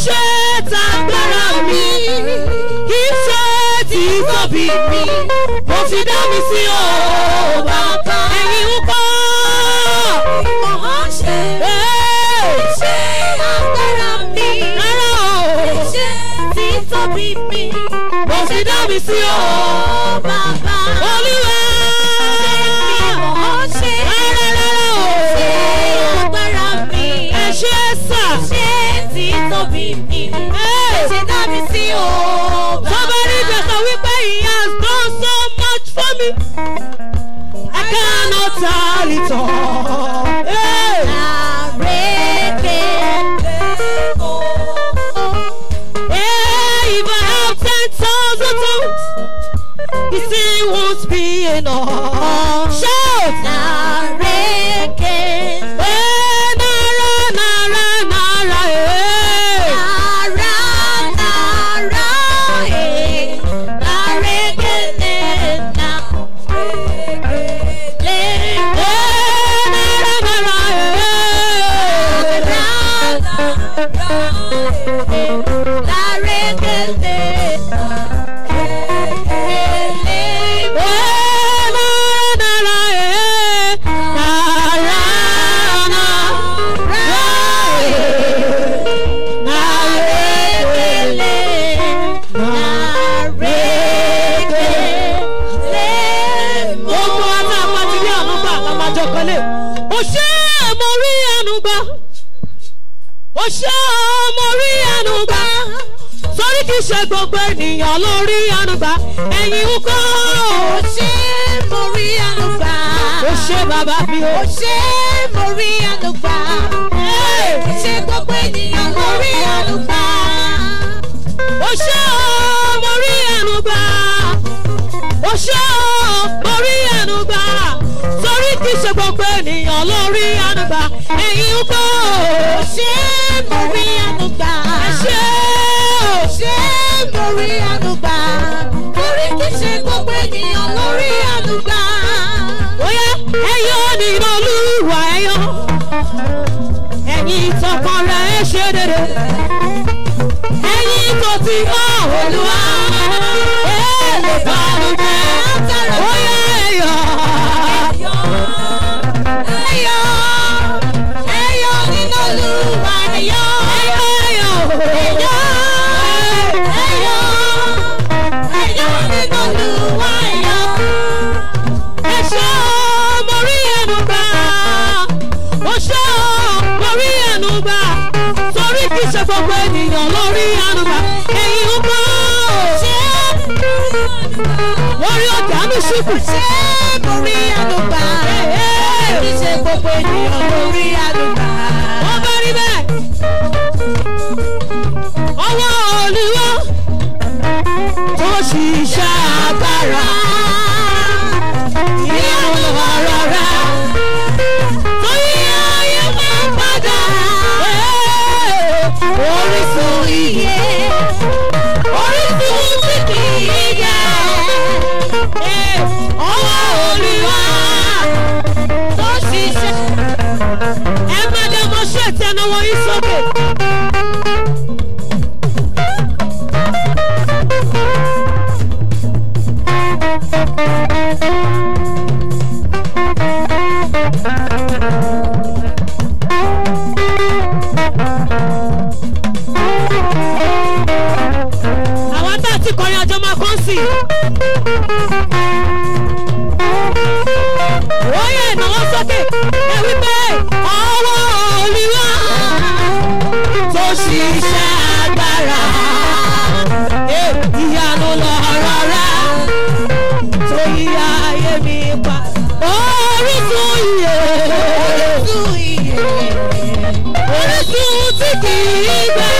ṣe tagbára mi kì í ṣe tí tóbi mi mo fi dá mi sí ọba kan ẹ̀yin ń kọ́. ìmọ̀ ọ́n ṣe ṣe agbára mi rárá o ṣe tí tóbi mi mo fi dá mi sí ọba. ṣe gbogbo ènìyàn lórí ànúgbà ẹ̀yin ń kọ́. ó ṣe mo rí ànúgbà. ó ṣe bàbá mi o. ó ṣe mo rí ànúgbà. ó ṣe gbogbo ènìyàn lórí ànúgbà. ó ṣe mo rí ànúgbà. ó ṣe mo rí ànúgbà. torí kì í ṣe gbogbo ènìyàn lórí ànúgbà ẹ̀yin ń kọ́. ó ṣe mo rí ànúgbà ṣe mo rí àánú gbà torí kì í ṣe gbogbo ènìyàn ló rí àánú ẹyọ nínú olúwa ẹyọ ẹ̀yin ìtọkàn rẹ ṣe dédé ẹ̀yin tó ti hàn olúwa. tí kì í gbà.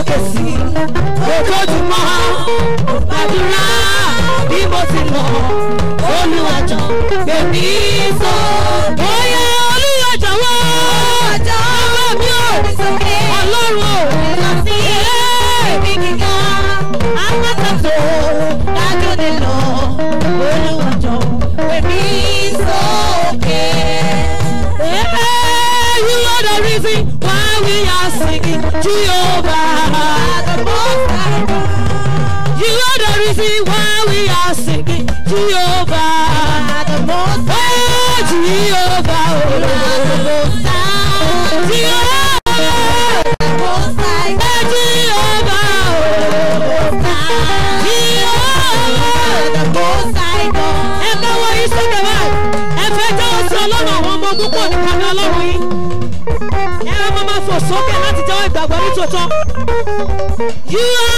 sókè sí ojoojúmọ́ àdúrà bí mo ti lọ olùwàjọ gbèmí sókè. singing Jehovah the Most High, Jehovah the Most High, Jehovah the Jehovah the Jehovah wọ iṣẹ́ kẹ̀wá, ẹ jẹ́ oṣù ọlọ́run àwọn ọmọ ogun nípa ní ọlọ́run yìí. Ẹ máa máa fò sókè láti jẹ́wọ́ ìgbàgbọ́ nítòótọ́. Yíyá.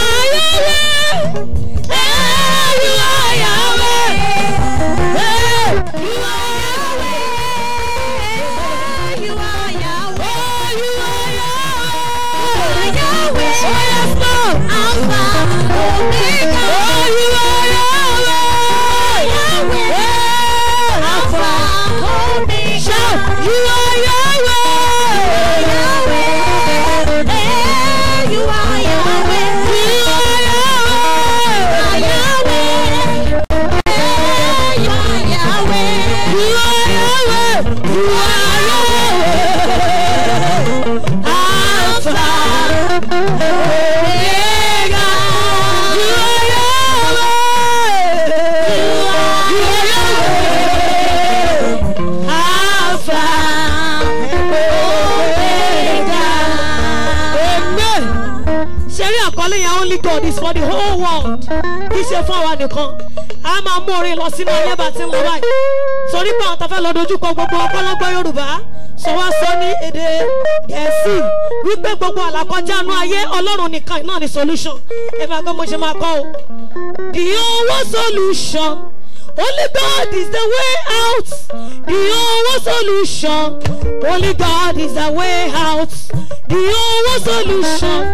wa nìkan a máa mú orin lọ sínú ayé bá ti ń lọ báyìí torí pé àwọn tó fẹ́ lọ dojúkọ gbogbo ọpọlọpọ Yorùbá sọ wá sọ ní èdè Gẹ̀ẹ́sì wípé gbogbo àlàkọjá inú ayé Ọlọ́run nìkan náà ni solution ẹ máa gbọ́ mo ṣe máa kọ́ o the only solution only God is the way out. The only solution, only God is the way out. The only solution,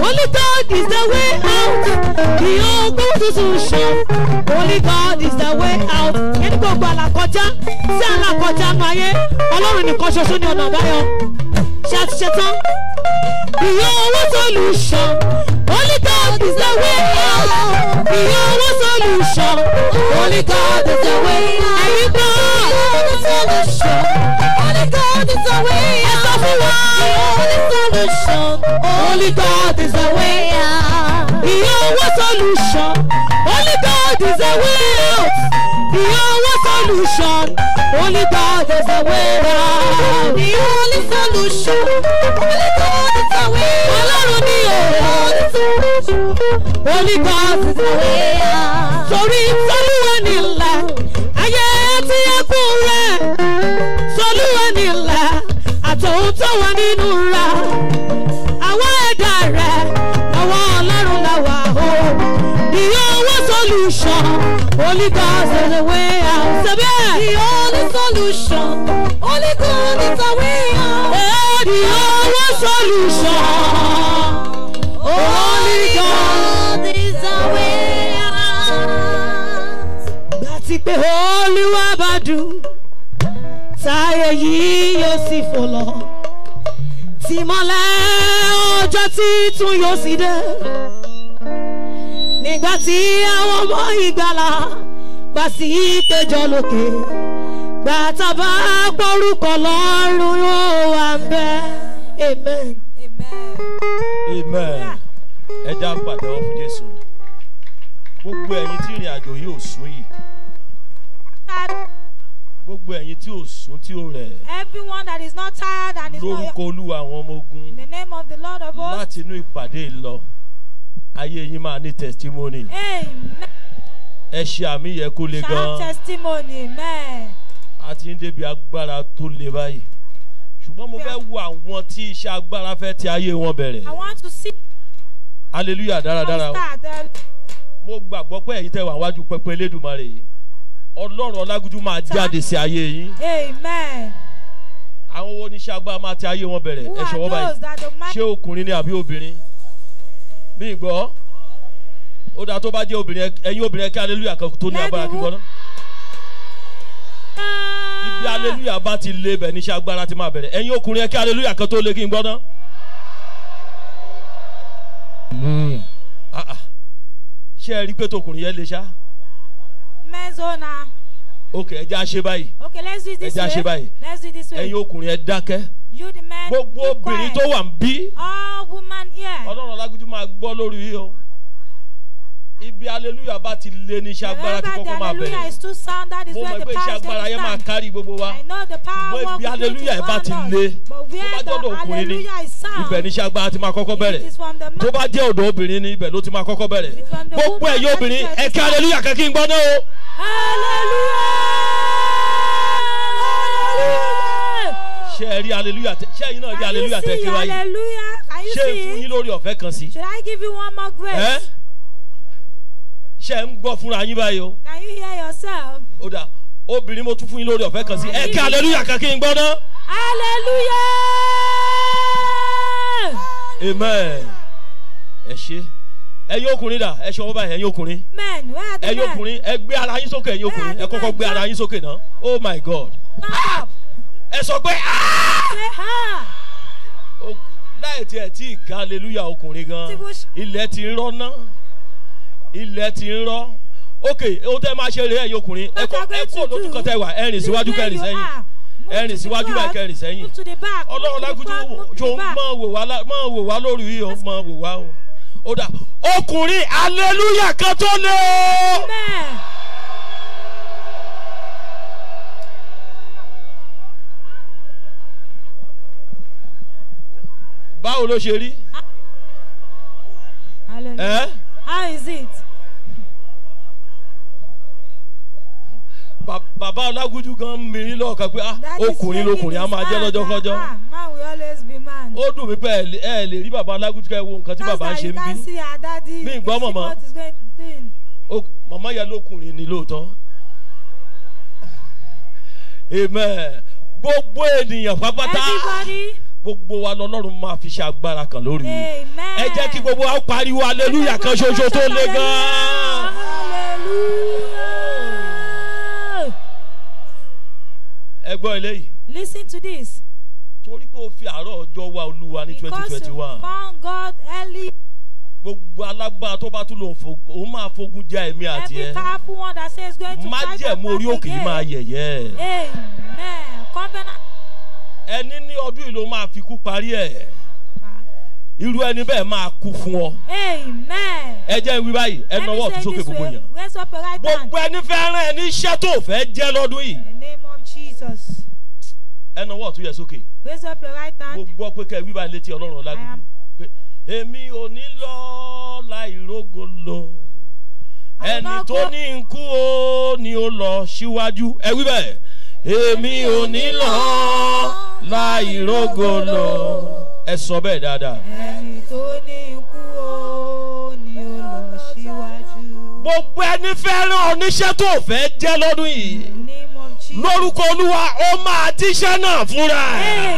only God is the way out. The only solution, only God is the way out. Ẹni gbogbo àlàkọjá sí àlàkọjá nu ayé, Ọlọ́run nìkan ṣoṣo ni ọ̀nà àbáyọ. Ṣé a ti ṣe tán? The only solution, only God is the way out. The only solution, only God is the way out. Only God is the way out. The only solution. Only God is the way out. The only solution. Only God is the way out. The only solution. Only God is the way out. The only solution. Only God is the way out. Sorry, Olúwa ni ńlá. tó wà nínú ra àwọn ẹ̀dá rẹ̀ ọwọ́ ọlọ́run la wà o the only solution only God is the way out sẹ́bẹ̀. the only solution only God is the way out. Hey, eh, the only solution only God is the way out. gbàtí pé olúwa bá dùn táyé yìí yóò sì fò lọ ìmọ́lẹ̀ ọjọ́ títun yóò sì dé nígbà tí àwọn ọmọ ìgbàlà bá sì péjọ lókè gbàtà bá pọ́rúkọ lọ́rùn ó wà ń bẹ́ amen. amen. ẹ já pàtẹ́wọ́ fún Jésù gbogbo ẹ̀yin tí ìrìn àjò yìí sún yìí gbogbo ẹ̀yin tí ò sùn tí ò rẹ̀. everyone that is not tired and is not. lórúkọ olúwa àwọn ọmọ ogun. in the name of the lord of hosts. láti inú ìpàdé lọ ayé yín máa ní testimony. amen. ẹ ṣe àmì yẹ kó le gan. shout testimony amen. a ti ń débi agbára tó le báyìí ṣùgbọ́n mo fẹ́ wo àwọn tí iṣẹ́ agbára fẹ́ ti ayé wọn bẹ̀rẹ̀. i want to see. hallelujah dáradára o mo gbàgbọ́ pé ẹ̀yin tẹ́ wà wájú pẹpẹ elédùnmarè yìí ọlọ́run ọlágúnjú máa jáde sí ayé yín. amen. àwọn wo oníṣẹ́ agbára máa ti ayé wọn bẹ̀rẹ̀ ẹ ṣọwọ́ báyìí ṣé ọkùnrin ni àbí obìnrin mi gbọ́ ó dáa tó bá jẹ́ obìnrin ẹ̀yin obìnrin ẹ̀ka aleluya kan tó ní agbára kí wọ́n ná. ibi aleluya bá ti lé bẹ̀ níṣẹ́ agbára ti máa bẹ̀rẹ̀ ẹ̀yin ọkùnrin ẹ̀ka aleluya kan tó lé kí n gbọ́ ah, ah. ṣé ẹ rí pé tọkùnrin yẹn le ṣá mẹ́zọ́nà. ok ẹ jẹ́ àṣẹ báyìí. ok let's do this way. ẹ jẹ́ àṣẹ báyìí. let's do this way. ẹyin ọkùnrin ẹ dákẹ́. you the man. be quiet. gbogbo obìnrin tó wà ń bí. all woman here. ọlọ́run ọlágúnjú máa gbọ́ lórí yìí o ibi aleluya bá ti lé ní iṣẹ́ agbára tí kọ́kọ́ máa bẹ̀rẹ̀ mo mọ̀ pé iṣẹ́ agbára yẹn máa kárí gbogbo wa mo ibi aleluya yẹn bá ti lé tó bá jẹ́ ọ̀dọ̀ ọkùnrin ni ibẹ̀ ní iṣẹ́ agbára ti máa kọ́kọ́ bẹ̀rẹ̀ tó bá jẹ́ ọ̀dọ̀ obìnrin ni ibẹ̀ ló ti máa kọ́kọ́ bẹ̀rẹ̀ gbogbo ẹ̀yin obìnrin ẹ kí hallelujah. kẹ́kí ń gbọ́ náà o. ṣé ẹ rí aleluya tẹ ṣé ẹ̀yin náà rí aleluya tẹ kí wáyé ṣé ìfún yín lórí ọ̀fẹ́ kan sí. should I give you one more grace? Eh? ṣe ń gbọ́ fúnra yín báyìí o. can you hear yourself. ó dà obìnrin mo tún fún yín lórí ọ̀fẹ́ kan sí ẹ kí hallelujah kan kí n gbọ́ ná. hallelujah. amen. ẹ ṣe ẹyin ọkùnrin dà ẹ ṣe ọwọ́ báyìí ẹyin ọkùnrin. men where are the men. ẹyin ọkùnrin ẹ gbé ara yín sókè ẹyin ọkùnrin ẹ kọ́kọ́ gbé ara yín sókè náà oh my god. Stop! ẹ sọ pé ah! Ah! láì tiẹ̀ tí ì ká hallelujah ọkùnrin gan ilẹ̀ ti rọ́ná ilẹ̀ ti ń rọ́ ok ohun tẹ́ máa ṣe rèé ẹ̀yin ọkùnrin ẹ kó lójú kan tẹ́ wà ẹ rìn síwájú kẹ́ rìn sẹ́yìn ẹ rìn síwájú bá kẹ́ rìn sẹ́yìn ọlọ́run lágùjú jò ń máa wò wá máa wò wá lórí yìí ó máa wò wá o ó dà ọkùnrin hallelujah kan tó lé o. báwo ló ṣe rí. how is it. bàbá ọlágúnjú gan mìírí lọ́ọ̀kan pé ah, ọkùnrin lọkùnrin a máa jẹ́ lọ́jọ́ kọjọ́ ah, ó dùn mí pé ẹ lè rí bàbá ọlágúnjú ká ẹ wo nǹkan tí bàbá ń ṣe ń bí mí gbọ́ mọ̀mọ́ màmá yẹn lọkùnrin ni lóòótọ́ amen gbogbo ènìyàn pápátá gbogbo wa lọlọ́run máa fi ṣe agbára kan lórí ẹ jẹ́ kí gbogbo wa pariwo aleluya kan ṣoṣo tó le gan-an. ẹ gbọ́ eléyìí. listen to this. torí pé o fi àárọ̀ ọjọ́ wa olúwa ní twenty twenty one. because you found God early gbogbo alágbára tó bá tún lò ó máa fogun já ẹ̀mí àti ẹ májẹ̀mú orí òkè yìí máa yẹ̀yẹ́. ẹni ní ọdún yìí ló máa fi kú parí ẹ̀ irú ẹni bẹ́ẹ̀ máa kú fún ọ. ẹ jẹ́ wí báyìí ẹ nawọ́ ọ̀tún sókè gbogbo yẹn. gbogbo ẹni fẹ́ rán ẹ ní iṣẹ́ tó fẹ́ jẹ́ lọ́dún yìí. Jesus. Ẹ nawọ́ ọ̀tún yẹ sókè. Raise up your right hand. Mo gbọ́ pé kẹ́ ẹ wí bá létí Ọlọ́run lágùn. Pé èmi ò ní lọ láì lọ. Ẹni tó ní nkú o ni ó lọ síwájú. Ẹ wí bẹ́ẹ̀. Èmi ò ní lọ láì rógo lọ. Ẹ sọ bẹ́ẹ̀ dáadáa. Ẹni tó ní nkú o ni ó lọ síwájú. Gbogbo ẹni fẹ́ràn oníṣẹ́ tó fẹ́ jẹ́ lọ́dún yìí lórúkọ olúwa ó máa tíṣẹ́ náà fúnra ẹ̀.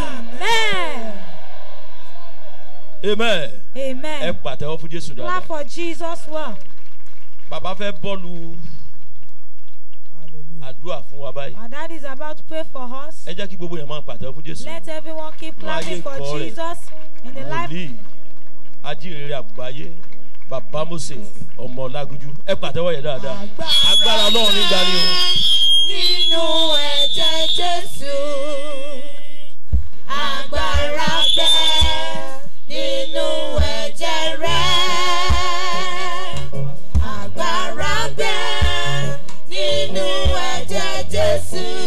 amen. amen. ẹ pàtẹ́wọ́ fún jésù dáadáa. clap for jesus well. bàbá fẹ́ bọ́ọ̀lù àdúrà fún wa báyìí. our daddy is about to pray for us. ẹ jẹ́ kí gbogbo yẹn máa pàtẹ́wọ́ fún jésù. let everyone keep clapping for jesus in the life. wòlíì ajínrere àgbáyé bàbá mose ọmọ lágúnjú ẹ pàtẹ́wọ́ yẹn dáadáa agbára ọlọ́run nígbà ni o. nínú ẹ̀jẹ̀ jésù agbára bẹ́ẹ̀ nínú ẹ̀jẹ̀ rẹ̀. agbára bẹ́ẹ̀ nínú ẹ̀jẹ̀ jésù.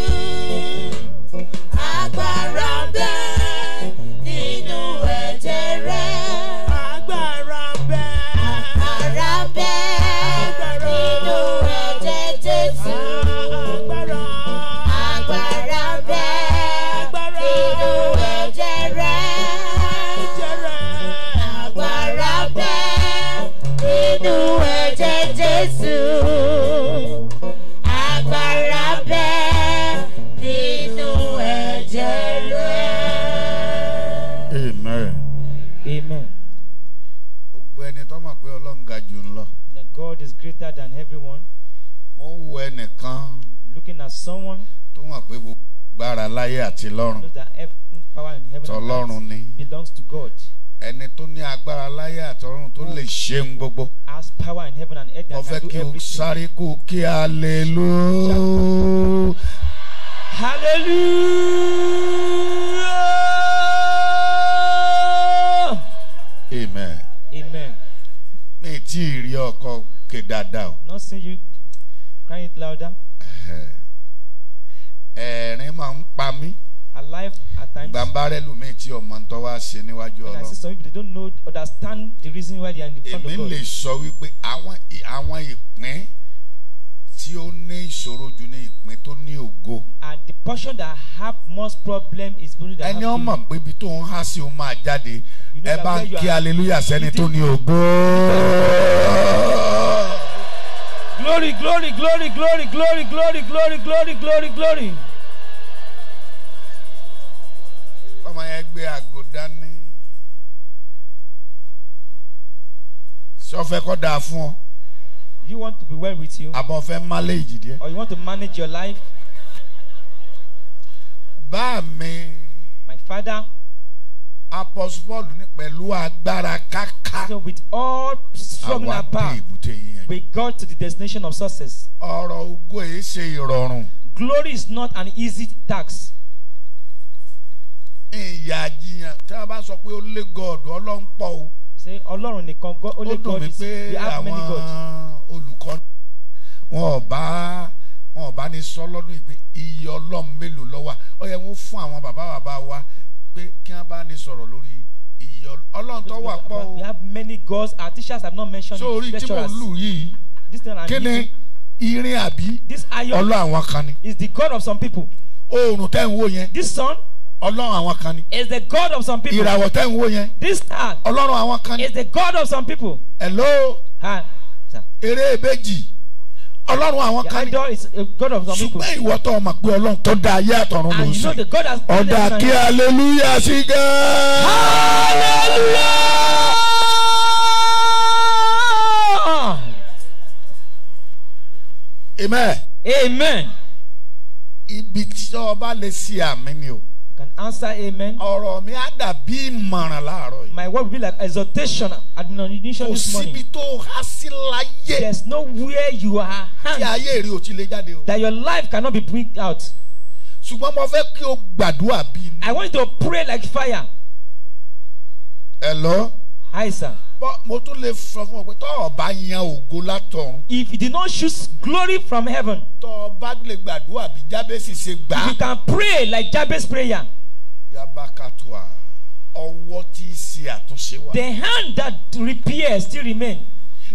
greater than everyone. mo wo ẹnìkan. looking at someone. tó mọ̀ pé gbogbo láyé àti lọ́run. tọlọ́run ni. belongs to God. ẹni tó ní agbára láyé àtọ̀run tó lè ṣeun gbogbo. has power in heaven and earth that can do everything. mo fẹ́ kí o sáré kó kí hallelujah. hallelujah. sókè dáadáa not see you cry it louder. ẹ̀rín máa ń pa mí. alive at times. gbàǹbarẹ́ lùmí tí ọmọ ntọ́ wá ṣe níwájú ọlọ́run. and I see some people they don't know understand the reason why they are in the front of God. èmi lè sọ wípé àwọn àwọn ìpín tí ó ní ìṣòro jù ní ìpín tó ní ògo. and the portion that have most problem is the one that have. ẹni ọmọ pé ibi tó ń há sí o máa jáde ẹ bá ń kí hallelujah sẹ́ni tó ní ògo. glory glory glory glory glory glory glory glory glory glory. ọmọ yẹn gbé àgò dání. sọ fẹ́ dáa fún ọ. You want to be well with you. Àbọ̀ fẹ́ manage díẹ̀. Or you want to manage your life. Bá me, My father. Apostle Paul ní pẹ̀lú agbára So with all strong and power. We got to the destination of success. Ọ̀rọ̀ ògo èé ṣe ìrọ̀rùn. Glory is not an easy task. Ìyà jiyàn tí wọ́n bá sọ pé God ọlọ́run pọ̀ o ṣe ọlọ́run nìkan ó lè God is we have many gods. ó dùn mí pé àwọn olùkọ́ wọn ò wọn ò bá sọ lọ́dún ìpè iye ọlọ́run mélòó lọ́wọ́ ó yẹ wọ́n fún àwọn bàbá bàbá wa pé kí wọ́n bá ní sọ̀rọ̀ lórí iye ọlọ́run tó wà pọ̀ o. we have many gods our teachers have not mentioned so, it so orí tí mo lù yìí kí irin àbí ọlọ́ àwọn kan ni. is the God of some people. oòrùn tẹ́ ń wò yẹn. this sun Ọlọ́run àwọn kan ni. is the God of some people. Ìràwọ̀ tẹ̀ ń wò yẹn. this star. Ọlọ́run àwọn kan ni. is the God of some people. hello. hi sir. eré ìbejì. Ọlọ́run àwọn kan ni. is a God of some people. ṣùgbọ́n ìwọ tó ọmọ pé Ọlọ́run tó dá ayé àtọ̀run ló ń sìn. you know the God has created man. ọ̀dà kí hallelujah sí gan. hallelujah. Amen. Amen. Ibi tí ọba lè ṣe àmì ni o can answer amen. ọ̀rọ̀ mi á dàbí ìmọ̀ràn láàárọ̀ yìí. my word will be like exhortation admonition this morning. kò síbi tó há sí láyé. there is nowhere you are. tí ayé rẹ ò ti lè jáde o. that your life cannot be bring out. ṣùgbọ́n mo fẹ́ kí o gbàdúrà bí. I want you to pray like fire. hello. hi sir mo tún lè sọ fún ọ pé tọ́ ọba yan ògo látọ̀run. if he did not choose glory from heaven. tọ́ ọba lè gbàdúrà bí jábẹ́sì ṣe gbà. you can pray like Jabez prayer. yabakatua ọwọ́ tí í ṣe àtúnṣe wa. the hand that repairs still remain.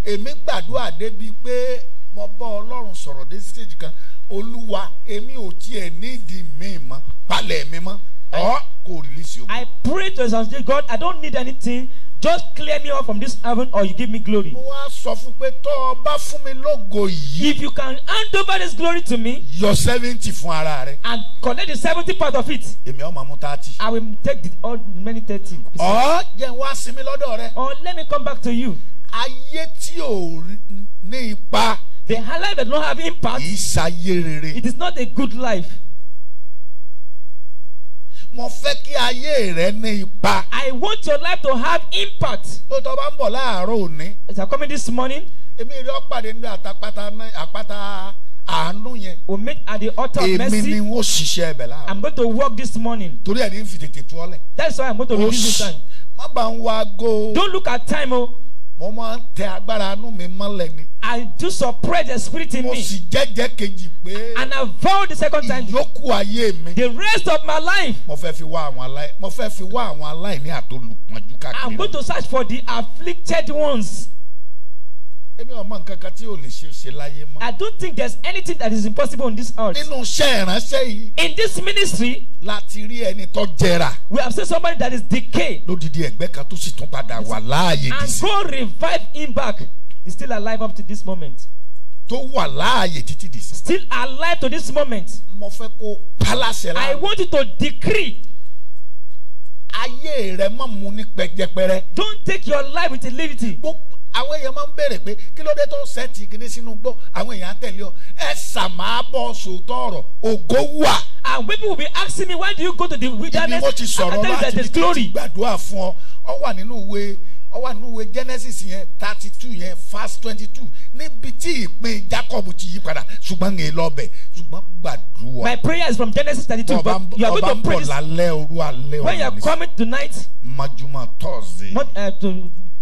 èmi gbàdúrà débi pé mo bá ọlọ́run sọ̀rọ̀ dé stage kan olúwa èmi ò tiẹ̀ nídìí mi mọ́ palẹ̀ mi mọ́ ọ̀ kò release you. I pray to the God I don't need anything just clear me off from this heaven or you give me glory. mo wá sọ fún pé tó o bá fún mi lógo yìí. if you can hand over this glory to me. your seventy fún ara rẹ. and collect the seventy part of it. èmi ọmọ mú thirty. I will take the all many thirty. ọ̀ jẹ́ wá sinmi lọ́dọ̀ rẹ. or let me come back to you. ayé tí ò ní ipa. the life that don't have impact. kì rere. it is not a good life mo fẹ́ kí ayé rẹ ní ipa. I want your life to have impact. ó tọ́ bá ń bọ̀ láàárọ̀ òní. As I come this morning. èmi rí ọ́pàdé nínú àtàpátá àpáta àánú yẹn. we meet at the altar of mercy. èmi ni wọ́n ṣiṣẹ́ ẹ̀bẹ̀ láàárọ̀. I'm going to work this morning. torí ẹ̀ ní fi tètè tú ọ́lẹ̀. that's why I'm going to reduce the time. má bàa ń wo aago. don't look at time o. Oh mo máa ń tẹ agbára inú mi mọ́lẹ̀ ni. I do suppress the spirit in me. mo sì jẹ́jẹ́ kejì pé. and I vow the second time. ìyókù ayé mi. the rest of my life. mo fẹ́ fi wá àwọn aláì mo fẹ́ fi wá àwọn aláìní àtolùpọ̀njú káàkiri. I'm going to search for the afflicted ones èmi ò mọ nǹkan kan tí ò lè ṣe ṣe láyé mọ́. I don't think there's anything that is impossible in this house. nínú iṣẹ́ ìránṣẹ́ yìí. in this ministry. láti rí ẹni tó jẹrà. we have seen somebody that is decay. lódìdí ẹgbẹ́ kan tó sì tún padà wà láàyè dì and go revive him back He's still alive up to this moment. tó wà láàyè títí dì sí. still alive to this moment. mo fẹ́ kó paláṣẹ láàyè. I want you to decree ayé rẹ mọ̀ mu ní pẹ̀jẹpẹrẹ. don't take your life with a levity àwọn èèyàn máa ń béèrè pé kí ló dé tó sẹ́ẹ̀tì gíní sínú gbọ́ àwọn èèyàn á tẹ̀lé ọ ẹ sàmà bọ̀ sòótọ́ ọ̀rọ̀ ògo wà. and people will be asking me why do you go to the wilderness and tell them, that there is glory. gbàdúrà fún ọ ọ wà nínú ìwé ọ wà nínú ìwé Genesis yẹn thirty two yẹn verse twenty two níbi tí ìpín Jacob ti yí padà ṣùgbọ́n ń lọ ṣùgbọ́n gbàdúrà. my prayer is from Genesis thirty two but you are going to pray this when you are coming tonight. majuma thursday. Uh,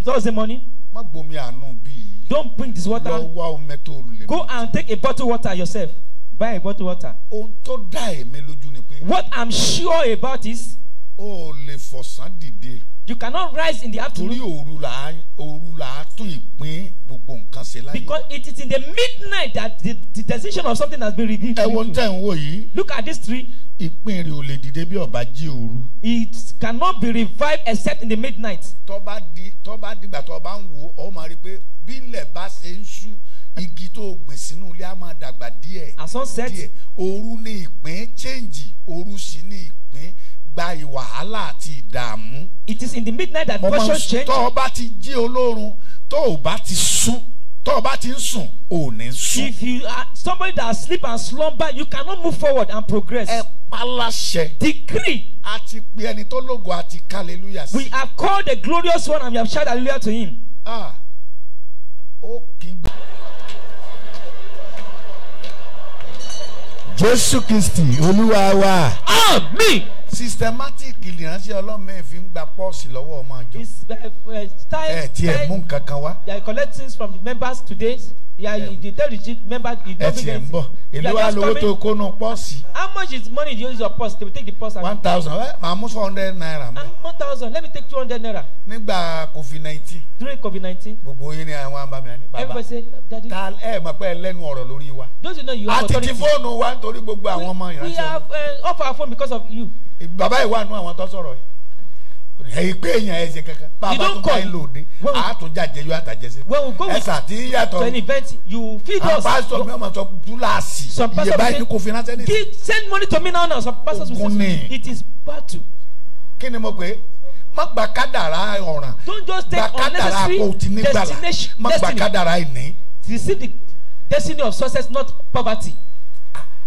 thursday morning má gbomi àánú bíi. don't bring this water. lọ wá omi tó lè. go and take a bottle water yourself buy a bottle water. ohun tó dá èmi lójú ni pé. what i'm sure about is. o lè fọ̀sán dìde. you cannot rise in the afternoon. torí òru là òru là tún ìpín gbogbo nǹkan ṣe láyé. because it is in the midnight that the, the decision of something has been revealed. ẹ wo ń tẹ̀ ń wò yìí. look at these three ìpín rẹ̀ ò lè dìde bí ọba jí òru. it cannot be revived except in the midnight. tó di tó dìgbà tó ń wò ó máa rí i pé bí ilẹ̀ bá ṣe ń ṣú igi tó gbìn sínú ilé á máa dàgbà díẹ̀ díẹ̀ òru ni ìpín change òru sì ni ìpín gba ìwàhálà àti ìdààmú. it is in the midnight that portion change. tó o bá ti jí olórun tó o bá ti sùn tó o bá ti ń sùn ò ní sùn. if you are somebody that sleep and slumber you cannot move forward and progress. ẹ paláṣẹ. decree. a ti pe ẹni tó lógo a ti hallelujah we have called the glorious one and we have shouted hallelujah to him. ah ó kì í bá. jésù kristi olúwa wa. àmín. Ah, systematic ìrìnàṣẹ́ ọlọ́mọ fi ń gba pọ́ọ̀sì lọ́wọ́ ọmọ àjọ. Uh, uh, ẹ tiẹ̀ mú nǹkan kan wá. they are collecting from the members today yeah, yeah. the third rich member is not being anything. bọ̀ èlò wa lówó tó kónú how much is money you use your purse they take the purse. one thousand ẹ màá mú four hundred naira. Ah, one thousand let me take two hundred naira. nígbà covid nineteen. during covid nineteen. gbogbo yín ni àwọn àbámi àní. everybody say daddy. ta ẹ mọ̀ pé ẹ lẹ́nu lórí wa. don't you know you are. authority. àti ti fóònù wa nítorí gbogbo àwọn ọmọ ìrántí. we have uh, eh, offer our phone because of you. bàbá ìwà nù àwọn tó sọ̀rọ̀ yìí ẹyin pé èèyàn ẹ ṣe kankan bàbá tó bá ń lò dé àtúnjà jẹyọ àtàjẹsẹ ẹsà tí yàtọ̀ àpàṣọ mi ọmọ sọ túláàsì iye báyìí kò fi ránṣẹ́ nìyí. send money to me now now some pastors will say it is battle. kí ni mo pè é má gba kádàrá ọ̀ràn gba kádàrá kò tí ní gbàlà má gba kádàrá ìní. receive the destiny of success not poverty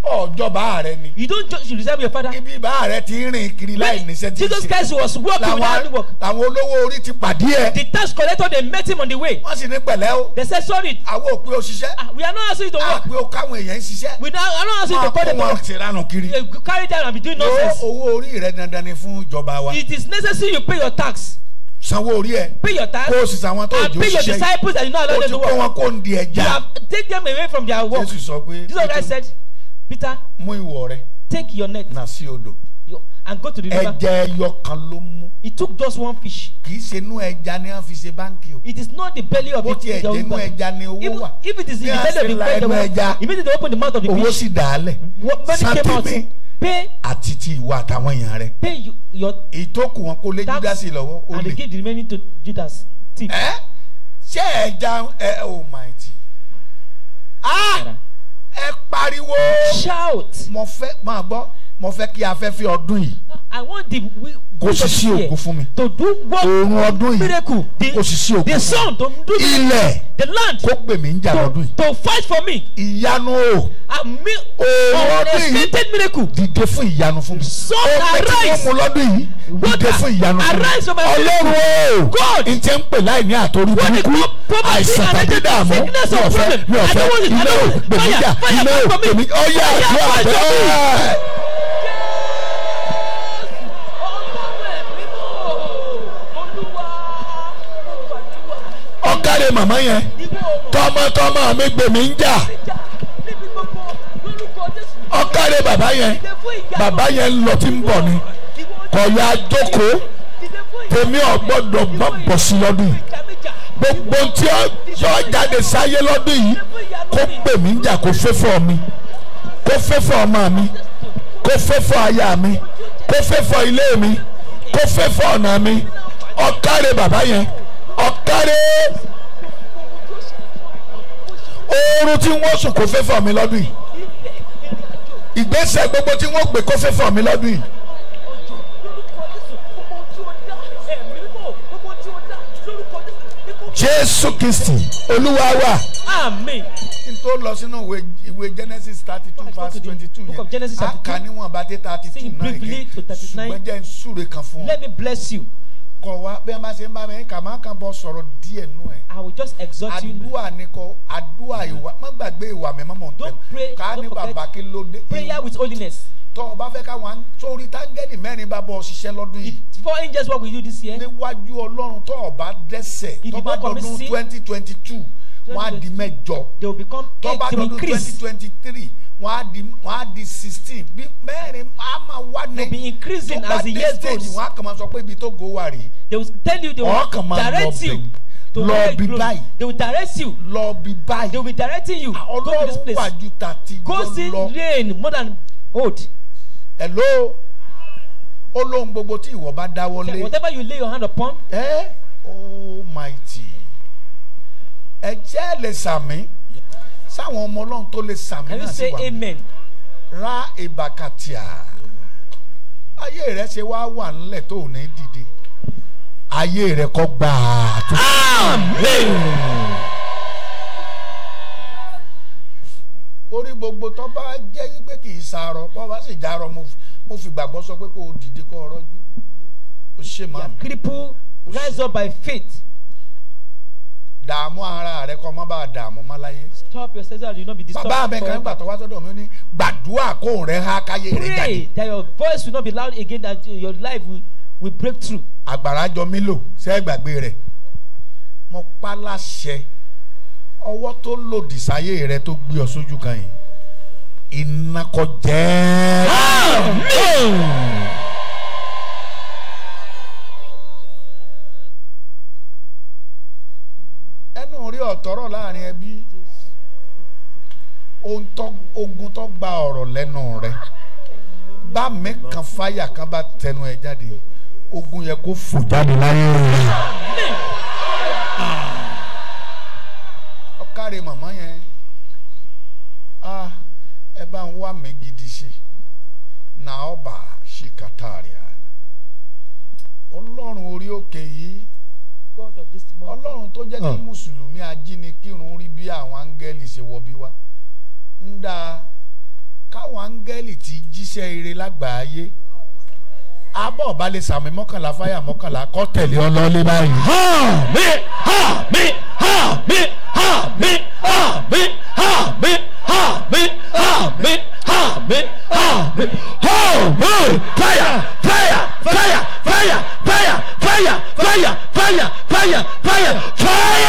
ọjọ́ bá rẹ ni. you don't just resemble your father. ibi bá rẹ ti rìn kiri láì níṣẹ́ ti ṣe. Jesus Christ was working without work. làwọn olówó orí ti pàdé ẹ. the tax collector they met him on the way. wọ́n sì ní pẹ̀lẹ́ o. they said sorry. àwọn ò pé o ṣiṣẹ́. Ah, we are not asking you to work. àpè o káwọn èèyàn ń ṣiṣẹ́. we are not asking you to call them. máa kó wọn ṣèlànà kiri. Eh, carry them and be doing nonsense. yóò owó orí rẹ dandan ni fún ìjọba wa. it is necessary you pay your tax sanwó orí ẹ. pay your tax. kó o sì sàwọn tó ìjọ ṣiṣẹ́ yìí. and pay your disciples that you know how to work. take them away from their work. Jésù sọ pé. Jesus said. Peter. mú ìwọ̀ rẹ. take your net. nà sí odò. and go to the river. ẹja ẹyọ kan ló mú. he took just one fish. kì í ṣe inú ẹja ni wọ́n fi ṣe báńkì o. it is not the belly of the fish. bó ti ẹ̀jẹ̀ inú ẹja ni owó wà. if it is the belly of the fish. ní àṣìlá ẹnu ẹja. immediately open the mouth of the fish. owó sì dà á lẹ̀. Hmm. money came out. pay. àti ti ìwà àtàwọn èèyàn rẹ. pay your. ìtókù wọn kó lé Judas lọ́wọ́ and they give the remaining to Judas. tip. ṣé ẹja ẹ oh my tea. ah ẹ pariwo. shout. mo fẹ́ máa gbọ́ mo fẹ́ kí afẹ́fẹ́ ọdún yìí. I want the wind kò sì sí ògo fún mi. to do work oorun ọdún yìí kò sì sí ògo the sun to do the ilẹ̀ the land kó gbè mí ń jà lọ́dún yìí. to fight for me. ìyanu o. àmì oorun ọdún yìí dìde fún ìyanu fún mi. so arise omi tí mo lọ́dún yìí dìde fún ìyanu fún mi. ọlọ́run o n tẹ́ ń pè láì ní àtọ́rí burúkú àìsàn tàbí dààmú mi ọ̀fẹ́ mi ọ̀fẹ́ ilé o gbèmíjà ilé o gbèmíjà ọ̀yà ìlú àbẹ́ béèrè màmá yẹn tọmọtọmọ mi gbèmí ń jà ọkàrẹ bàbá yẹn bàbá yẹn ń lọ tí ń bọ̀ ni kọ̀yà àjókòó tèmi ọ̀gbọ́dọ̀ gbọ́ bọ̀ sí lọ́dún yìí gbogbo tí ó jáde sáyé lọ́dún yìí kó gbèmí ń jà kó fẹ́fọ́ mi kó fẹ́fọ́ ọmọ mi kó fẹ́fọ́ aya mi kó fẹ́fọ́ ilé mi kó fẹ́fọ́ ọ̀nà mi ọkàrẹ bàbá yẹn ọkàrẹ oorun tí wọ́n sùn kò fẹ́ fà mí lọ́dún yìí ìgbésẹ̀ gbogbo tí wọ́n gbé kó fẹ́ fà mí lọ́dún yìí. jésù kristi olúwa wa. àmín. n tó lọ sínú ìwé genesis thirty two verse twenty two yẹn a kà níwọ̀n dé thirty two náà yẹn ṣùgbọ́n jẹ́ n súre kan fún ọ. let me bless you kọ̀ wá bí wọ́n ṣe ń bá mi kà má kàn bọ̀ sọ̀rọ̀ díẹ̀ nú ẹ̀. I will just exhort you. Àdúrà ni kọ àdúrà ìwà má gbàgbé ìwà mi má mọ̀ n tẹ́lẹ̀. Don't pray ká ní bàbá kí ló dé. Prayer with holiness. Tọ́ ọ bá fẹ́ káwọn sórí táńgẹ́lì mẹ́rin bá bọ̀ ṣiṣẹ́ lọ́dún yìí. If four angels work with you this year. Níwájú Ọlọ́run tọ́ ọ bá dẹ́sẹ̀ tọ́ bá dọdún twenty twenty two wọ́n á di mẹ́jọ. They will become eight to increase. Tọ́ bá dọdún twenty twenty three wọ́n á di wọ́n á di sixteen bí mẹ́rin á máa wá ní. they be increasing as the years go. tó bá dé stage wọ́n kàn máa sọ pé ibi tó go wà rèé. they will tell you they will direct you to lọ bí báyìí they will direct you lọ bí báyìí they will be directing you go to this place ọlọ́run lọ go see rain more than old. hello ó lóhun gbogbo tí ìwọ bá dáwọ́ lé. whatever you lay your hand upon. ẹ eh? oh mighty ẹ jẹ́ lè sàmì sáwọn ọmọ ọlọ́run tó lè sàmì náà sí wa ra ìbàkàtìà ayé rẹ ṣe wá wà ńlẹ̀ tó ò ní dìde ayé rẹ kọ́ gbà amen. orí gbogbo tó bá jẹ́ pé kì í sàárọ̀ bó bá sì járọ̀ mo fi gbàgbọ́ sọ pé kó dìde kó o rọ́jú o ṣe máa mi. your cripple rise up by faith dààmú ara rẹ kọ́ mọ́ bá dààmú má láyé. stop your so that you no be disturbed. bàbá mi kan tó wá sọ́dọ̀ mi ní gbàdúrà kóhùn rẹ há káyé rẹ jáde. pray that your voice will not be loud again that your life will, will break through. àgbàrá jọ mí lò ṣe é rẹ mo pa láṣẹ ọwọ́ tó lòdì sáyé rẹ tó gbé ọ sójú kan yìí iná kọjá. amen. ọ̀tọ́rọ̀ láàrin ẹbí ogun tó gba ọ̀rọ̀ lẹ́nu rẹ bá mi kan fáyà kan bá tẹnu ẹ jáde ogun yẹ kó fò jáde láyé rẹ̀. ọ̀kàrẹ̀ màmá yẹn ẹ bá ń wá mi gidi ṣe na ọba ṣìkàtà rẹ̀ ọlọ́run orí òkè yìí. God of this mountain. Ọlọ́run tó jẹ́ kí hmm. Mùsùlùmí ajínikírun rí bí àwọn áńgẹ́lì ṣe wọ bí wá. Ń dáa káwọn áńgẹ́lì ti jíṣẹ́ ire lágbàáyé abọ́ ọba lè sàmì mọ́kànlá fáyà mọ́kànlá kọ́ tẹ̀lé ọlọ́lé báyìí. ha mi ha mi ha mi ha mi ha mi ha mi ha mi ha mi ha mi ha mi ho ho fire fire fire fire fire fire fire fire fire fire fire fire.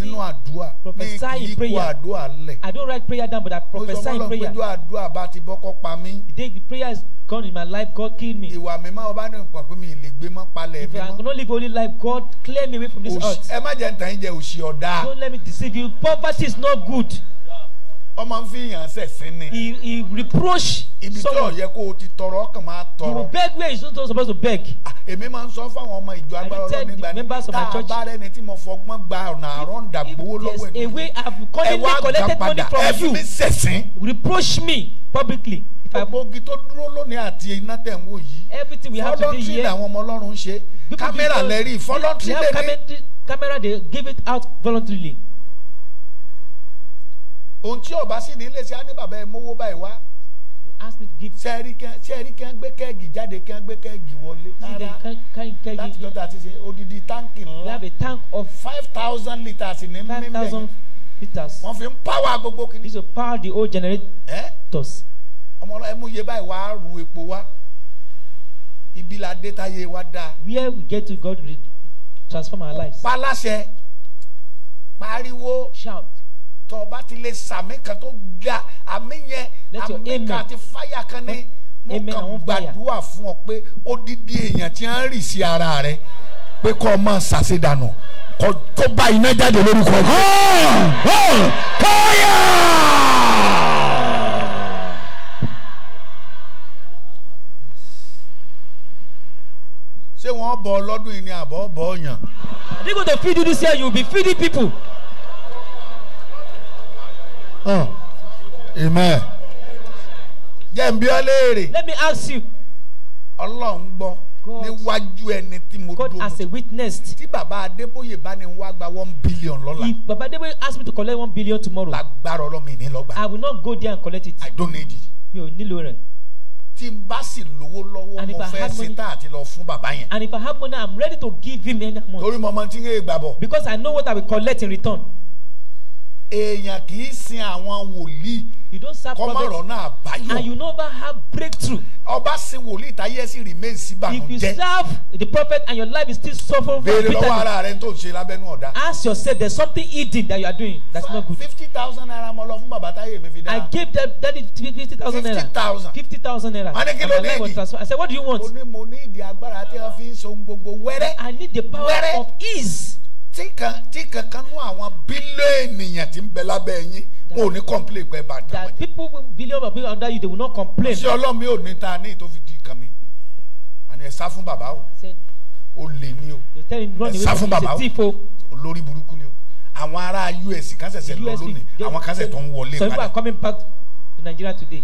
nínú àdúrà ní ìkó àdúrà lẹ̀. I don't write prayer down but I prophesy in prayer. oṣù ọlọ́run péjú àdúrà bá ti bọ́kọ́ pa mí. the day the prayer is gone in my life God kill me. ìwà mi máa bá ní ìpàgọ́ mi lè gbé mọ́ palẹ̀ mi mọ́. if I no live holy life God clear me away from this earth. ẹ má jẹ́ ntàn jẹ́ òṣì ọ̀dà. don't let me deceive you poverty is not good ọmọ ń fi yàn sẹ̀sìn ni. he he reproach. ibi tí ò yẹ kó o ti tọrọ ọkàn máa tọrọ. you beg where you no suppose to beg. Ah, èmi máa ń sọ fáwọn ọmọ ìjọ agbára ọlọ́run nígbà ní tá a bá rẹ ni tí mo fọgbọ́n gba ọ̀nà àrọ́ǹdà gbowó lọ́wọ́ èmi. ewé àbùkọ́lé collected money from you. ẹ fi mi sẹ̀sìn. reproach me publicly. gbogbo tó dúró lónìí àti iná tẹ̀ ń wò yìí. everything we have to do here. fọlọ́ntì làwọn ọmọ ọlọ́run ṣe. kámẹ́rà lẹ́rìí fọlọ́ntì lẹ́rìí. camera they give it out voluntarily ohun tí ọba sì ní iléeṣẹ́ á ní bàbá ẹ mówó báyìí wá sẹ́ẹ̀rí kan gbé kẹ́ẹ̀gì jáde kan gbé kẹ́ẹ̀gì wọlé rárá láti jọta àti ṣe odidi táǹkì ńlá five thousand litres ní mímẹ́ wọ́n fi ń power gbogbo kìíní. this will power the old generators. ọmọ ọlọ́run ẹ mú báyìí wàá ru epo wá ibi la dé táyé wa dáa. where we get to God will transform our lives. paláṣẹ pariwo shout tó o bá ti lè sàmì kan tó ga àmì yẹn àmì kan àti fáyà kan ní mo kàn gbàdúrà fún ọ pé odidi èèyàn tí wọ́n rì sí ara rẹ pé kó o ṣàṣedànù kó bá iná jáde lórúkọ rẹ. kọ́yà. ṣé wọ́n bọ̀ ọ lọ́dún yìí ni àbọ̀ bọ̀ ọ̀yàn. I think with the feed you this year you will be feeding people. Oh, amen. jẹ́ n bí ọ léèrè. let me ask you. ọlọ́run gbọ́ níwájú ẹni tí mo dúró. God as a witness. tí bàbá Adébóyè bá ní wá gba one billion lọ́la. if bàbá Adébóyè ask me to collect one billion tomorrow. lágbára ọlọ́mi ní lọ́gbà. I will not go there and collect it. I don't need it. mi ò nílò rẹ̀. tí n bá sì lówó lọ́wọ́ mo fẹ́ ṣe tá àti lọ fún bàbá yẹn. and if I have money I am ready to give him any money. torí mo mọ tí n yé gbà bọ̀. because I know what I will collect in return èèyàn kì í sin àwọn wòlíì you don't serve kọ́ máa náà àbáyọ. and you never have breakthrough. ọba sin wòlíì táyé ẹ̀ sì remain síbànújẹ́. if you serve the prophet and your life is still suffering from bitterness. béèrè lọ́wọ́ ara rẹ tó ń ṣe lábẹ́nú ọ̀dá. ask yourself there is something hidden that you are doing that is not good. fifty thousand naira mo lọ fún bàbá táyé mi fi dá. I gave them that is fifty thousand naira. fifty thousand. fifty thousand naira. wọ́n ní kí ló ní I said what do you want. mo ní mo ní ìdí agbára tí wọ́n fi ń so gbogbo wẹ́rẹ́. I need the power of ease tí kan àwọn bílíọ̀nù èèyàn tí ń bẹ lábẹ́ yín wọn ò ní complain pé bàtà wọn that people billion of people under you they will not complain. ṣé ọlọ́run mi ò ní ta ní ìtòfi di ìkan mi àní ẹ sá fún bàbá o ó lè ní o ẹ sá fún bàbá o olórí burúkú ni o àwọn ará US kan ṣẹ̀ṣẹ̀ lọ lónìí àwọn kan ṣẹ̀ tó ń wọlé padà. so people are coming back to Nigeria today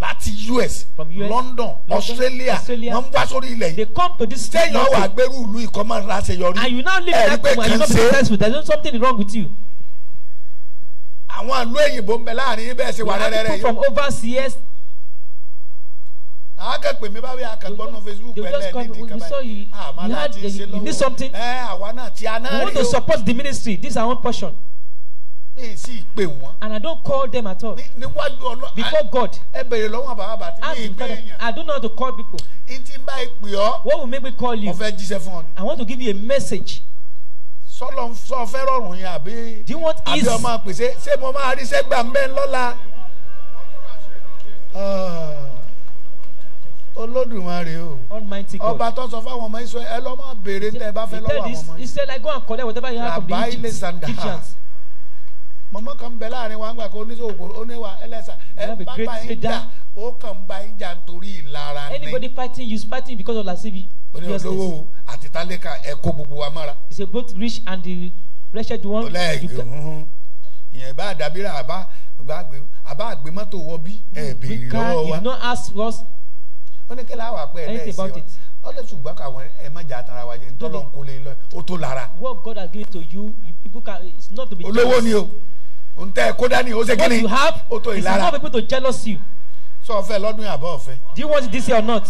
láti US, US London, Australia wọ́n ń wá sórí ilẹ̀ yìí sẹ́yìn ọ̀wà agbẹ́rù ìlú ìkọ́mọ́ aṣeyọrí ẹ̀rí pé kì í ṣe. there is something wrong with you. àwọn ìlú òyìnbó ń bẹ láàrin yín bẹ́ẹ̀ ṣe wà rẹ́rẹ́rẹ́ yìí. from overseas. akẹ́pẹ́ mi bá wí akẹ́gbọ́n nù Facebook ẹ̀lẹ́ nídìí kaba yìí àmàlà ti ṣe lọ́wọ́ ẹ̀ eh, àwa náà ti aná rí o. we want to support the ministry this is our own portion mi sì pè wọ́n. and I don't call them at all. níwájú ọlọ́run before God. ẹ bèrè lọ́wọ́ bàbá bàtí mi ìgbé èèyàn. I don't know how to call people. n ti bá ẹ pè ọ́. what will make me call you. mo fẹ́ jíṣẹ́ fún ọ ni. I want to give you a message. sọlọ sọ fẹ́ rọrùn yẹn àbí. do you want ease. àbí ọmọ àpèsè ṣé mo máa rí sẹ́gbà ń bẹ́ẹ̀ lọ́la. Ah, Olódùmarè o ọba tó sọ fáwọn ọmọ Israẹli ẹ lọ máa béèrè tẹ ẹ bá fẹ́ lọ́wọ́ àwọn ọmọ yìí. He said like go and collect whatever you have from the Egypt. Rabai mọ̀mọ́ kan bẹ láàrin wa ńgbà kan oníṣòwò oníwà ẹlẹ́sà ẹ bá bá yín jà ó kàn bá yín jà nítorí ìlara ni. anybody fighting you fighting because of lascivi. oní olówó àti tálákà ẹ kó gbogbo wa mọ́ra. it's a both rich and the wretched one. ọlẹ́ ìyẹn bá dàbíra àbá àbá àgbé mọ́tò wọ bí ẹ béèrè lọ́wọ́ wa. you no ask us. ó ní kí láwà pẹ́ ẹ lẹ́sìn wa ọlẹ́ ṣùgbọ́n káwọn ẹ má jà tara wa jẹ ntọ́lọ́ nkólé lọ ó tó lára. what God has given to you you people can it's not to be. olówó ni o òun tẹ kó dání ó ṣe kí ni ó what you have is enough for people to jealous you. sọ ọfẹ lọdún yàbọ ọfẹ. do you want this or not.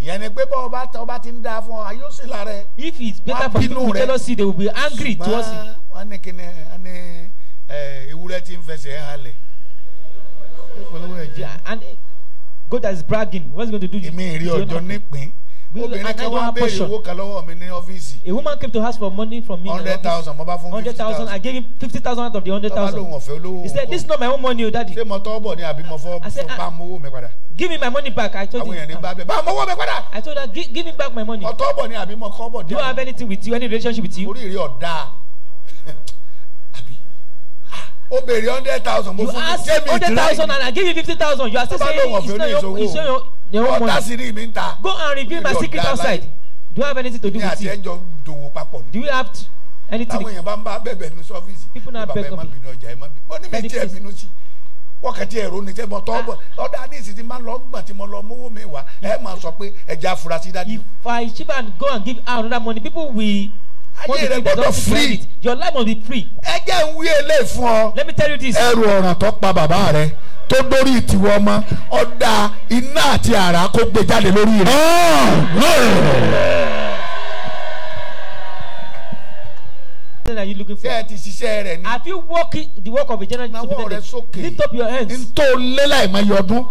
ìyẹn ni pé bọ́ ọba tí ọba ti ń da fún ọ ayé ó sì lára ẹ. if it's better for people to jealous you they will be angry towards you. wọ́n ní kí ni ní ewúrẹ́ tí ń fẹsẹ̀ halẹ̀. and God that is bragging what's he going to do. èmi ìrí ọjọ́ nípìn obìnrin kan wá béèrè owó kan lọ́wọ́ mi ní ọ́fíìsì. a woman came to ask for money from me. hundred thousand mo bá fún fifty thousand. hundred thousand I gave him fifty thousand out of the hundred thousand. tọ́ba lóhùn ọ̀fẹ́ olówó. he said this is not my own money o oh, daddy. ṣé mo tọ́ bọ̀ ni àbí mo fọ́ bá ah, mú owó mi padà. give me my money back I told him. àwọn èèyàn ní ah. bá bẹ bá mú owó mi padà. I told her give, me back my money. mo tọ́ bọ̀ ni àbí mo kọ́ bọ̀ díẹ̀. do I have anything with you any relationship with you. oríire ọ̀dà o béèrè hundred thousand mo fún mi. you ask hundred thousand and I give you fifty thousand you are still saying it's not your it's not your yẹn wọ́n mọ̀ go and reveal my secret outside do you have anything to do with it do you have anything. àwọn èèyàn people now beg of me wọ́n ní ẹ̀rọ ní tẹ́gbọ́n tọ́ bọ̀ ọ̀dà ní ìsìn tí máa lọ gbọ̀n tí mo lọ mówó mi wá ẹ̀ máa sọ pé ẹ̀já afurasí dájú. if I ship go and give out another money people will ayé rẹ gbọ́dọ̀ free. your life must be free. ẹ jẹ́ ń wí eléyìí fún ọ. let me tell you this. ẹrù ọ̀ràn tó pa bàbá rẹ tó dórí ìtìwọ́ ọmọ ọ̀dà iná àti àrá kó gbé jáde lórí rẹ. Oh, ṣé ẹ ti ṣiṣẹ́ rẹ̀ ni. have you worked the work of a general distributor. nawọ́ rẹ sókè lift up your hands. n tó lé láì máa yọdún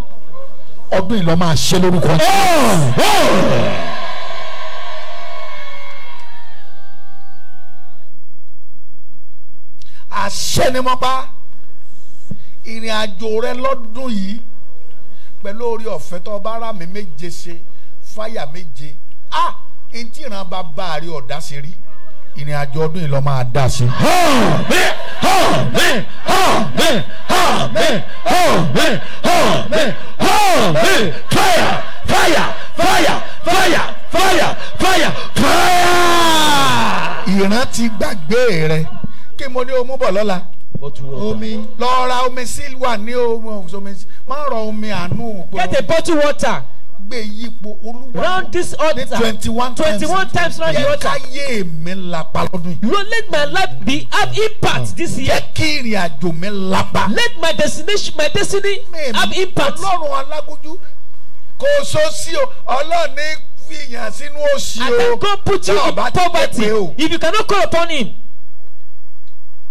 ọdún ìlọ máa ṣe lórúkọ. Oh, àṣẹ ni mo pa ìrìn àjò rẹ lọ́dún yìí pẹ̀lú orí ọ̀fẹ́ tó bá rà mí méje ṣe fáyà méje ah n tí ìran bá bá a rí ọ̀dá ṣe rí ìrìn àjò ọdún yìí lọ máa dá sí. àmín àmín àmín àmín àmín àmín àmín fire fire fire fire fire ìran ti gbàgbé rẹ kí mo ní o bọ̀ lọ́la omi lọ ra omi sílùwà ní omi má rọ omi àánú. get a bottle water gbé yípo olúwa. round this altar twenty one times twenty one times round the altar. yẹ ká yé mi lapa lọ́dún yìí. lord let my life be have impact uh, this year. jẹ́ kí ìrìn àjò mi lapa. let my destination my destiny me, have impact. ọlọ́run alágójú kò sọ́sí o ọlọ́run ní fìyàn sínú òsì o. I can go put you in poverty if you cannot call upon him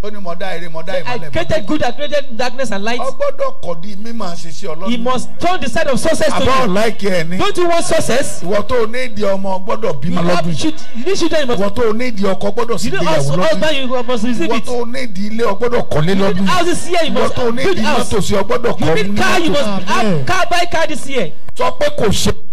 ó ní mo dá ire mo dá ìmọ́lẹ̀. I created good I created darkness and light. ọgbọ́dọ̀ kọ̀ di mímọ̀ ṣiṣẹ́ ọlọ́run. he must turn the side of success to you. àbọ̀ láìkẹ́ ẹ̀ ní. don't you want success. ìwọ tó o ní ìdí ọmọ gbọ́dọ̀ bímọ lọ́dún yìí. you need children you must. ìwọ tó o ní ìdí ọkọ gbọ́dọ̀ sí ìgbéyàwó lọ́dún yìí. you need husband you must receive it. ìwọ tó o ní ìdí ilé ọgbọ́dọ̀ kọ́lé lọ́dún you need houses here you must build house. ìwọ tó o ní ìdí mọ́tò sí ọgbọ́dọ̀ kọ́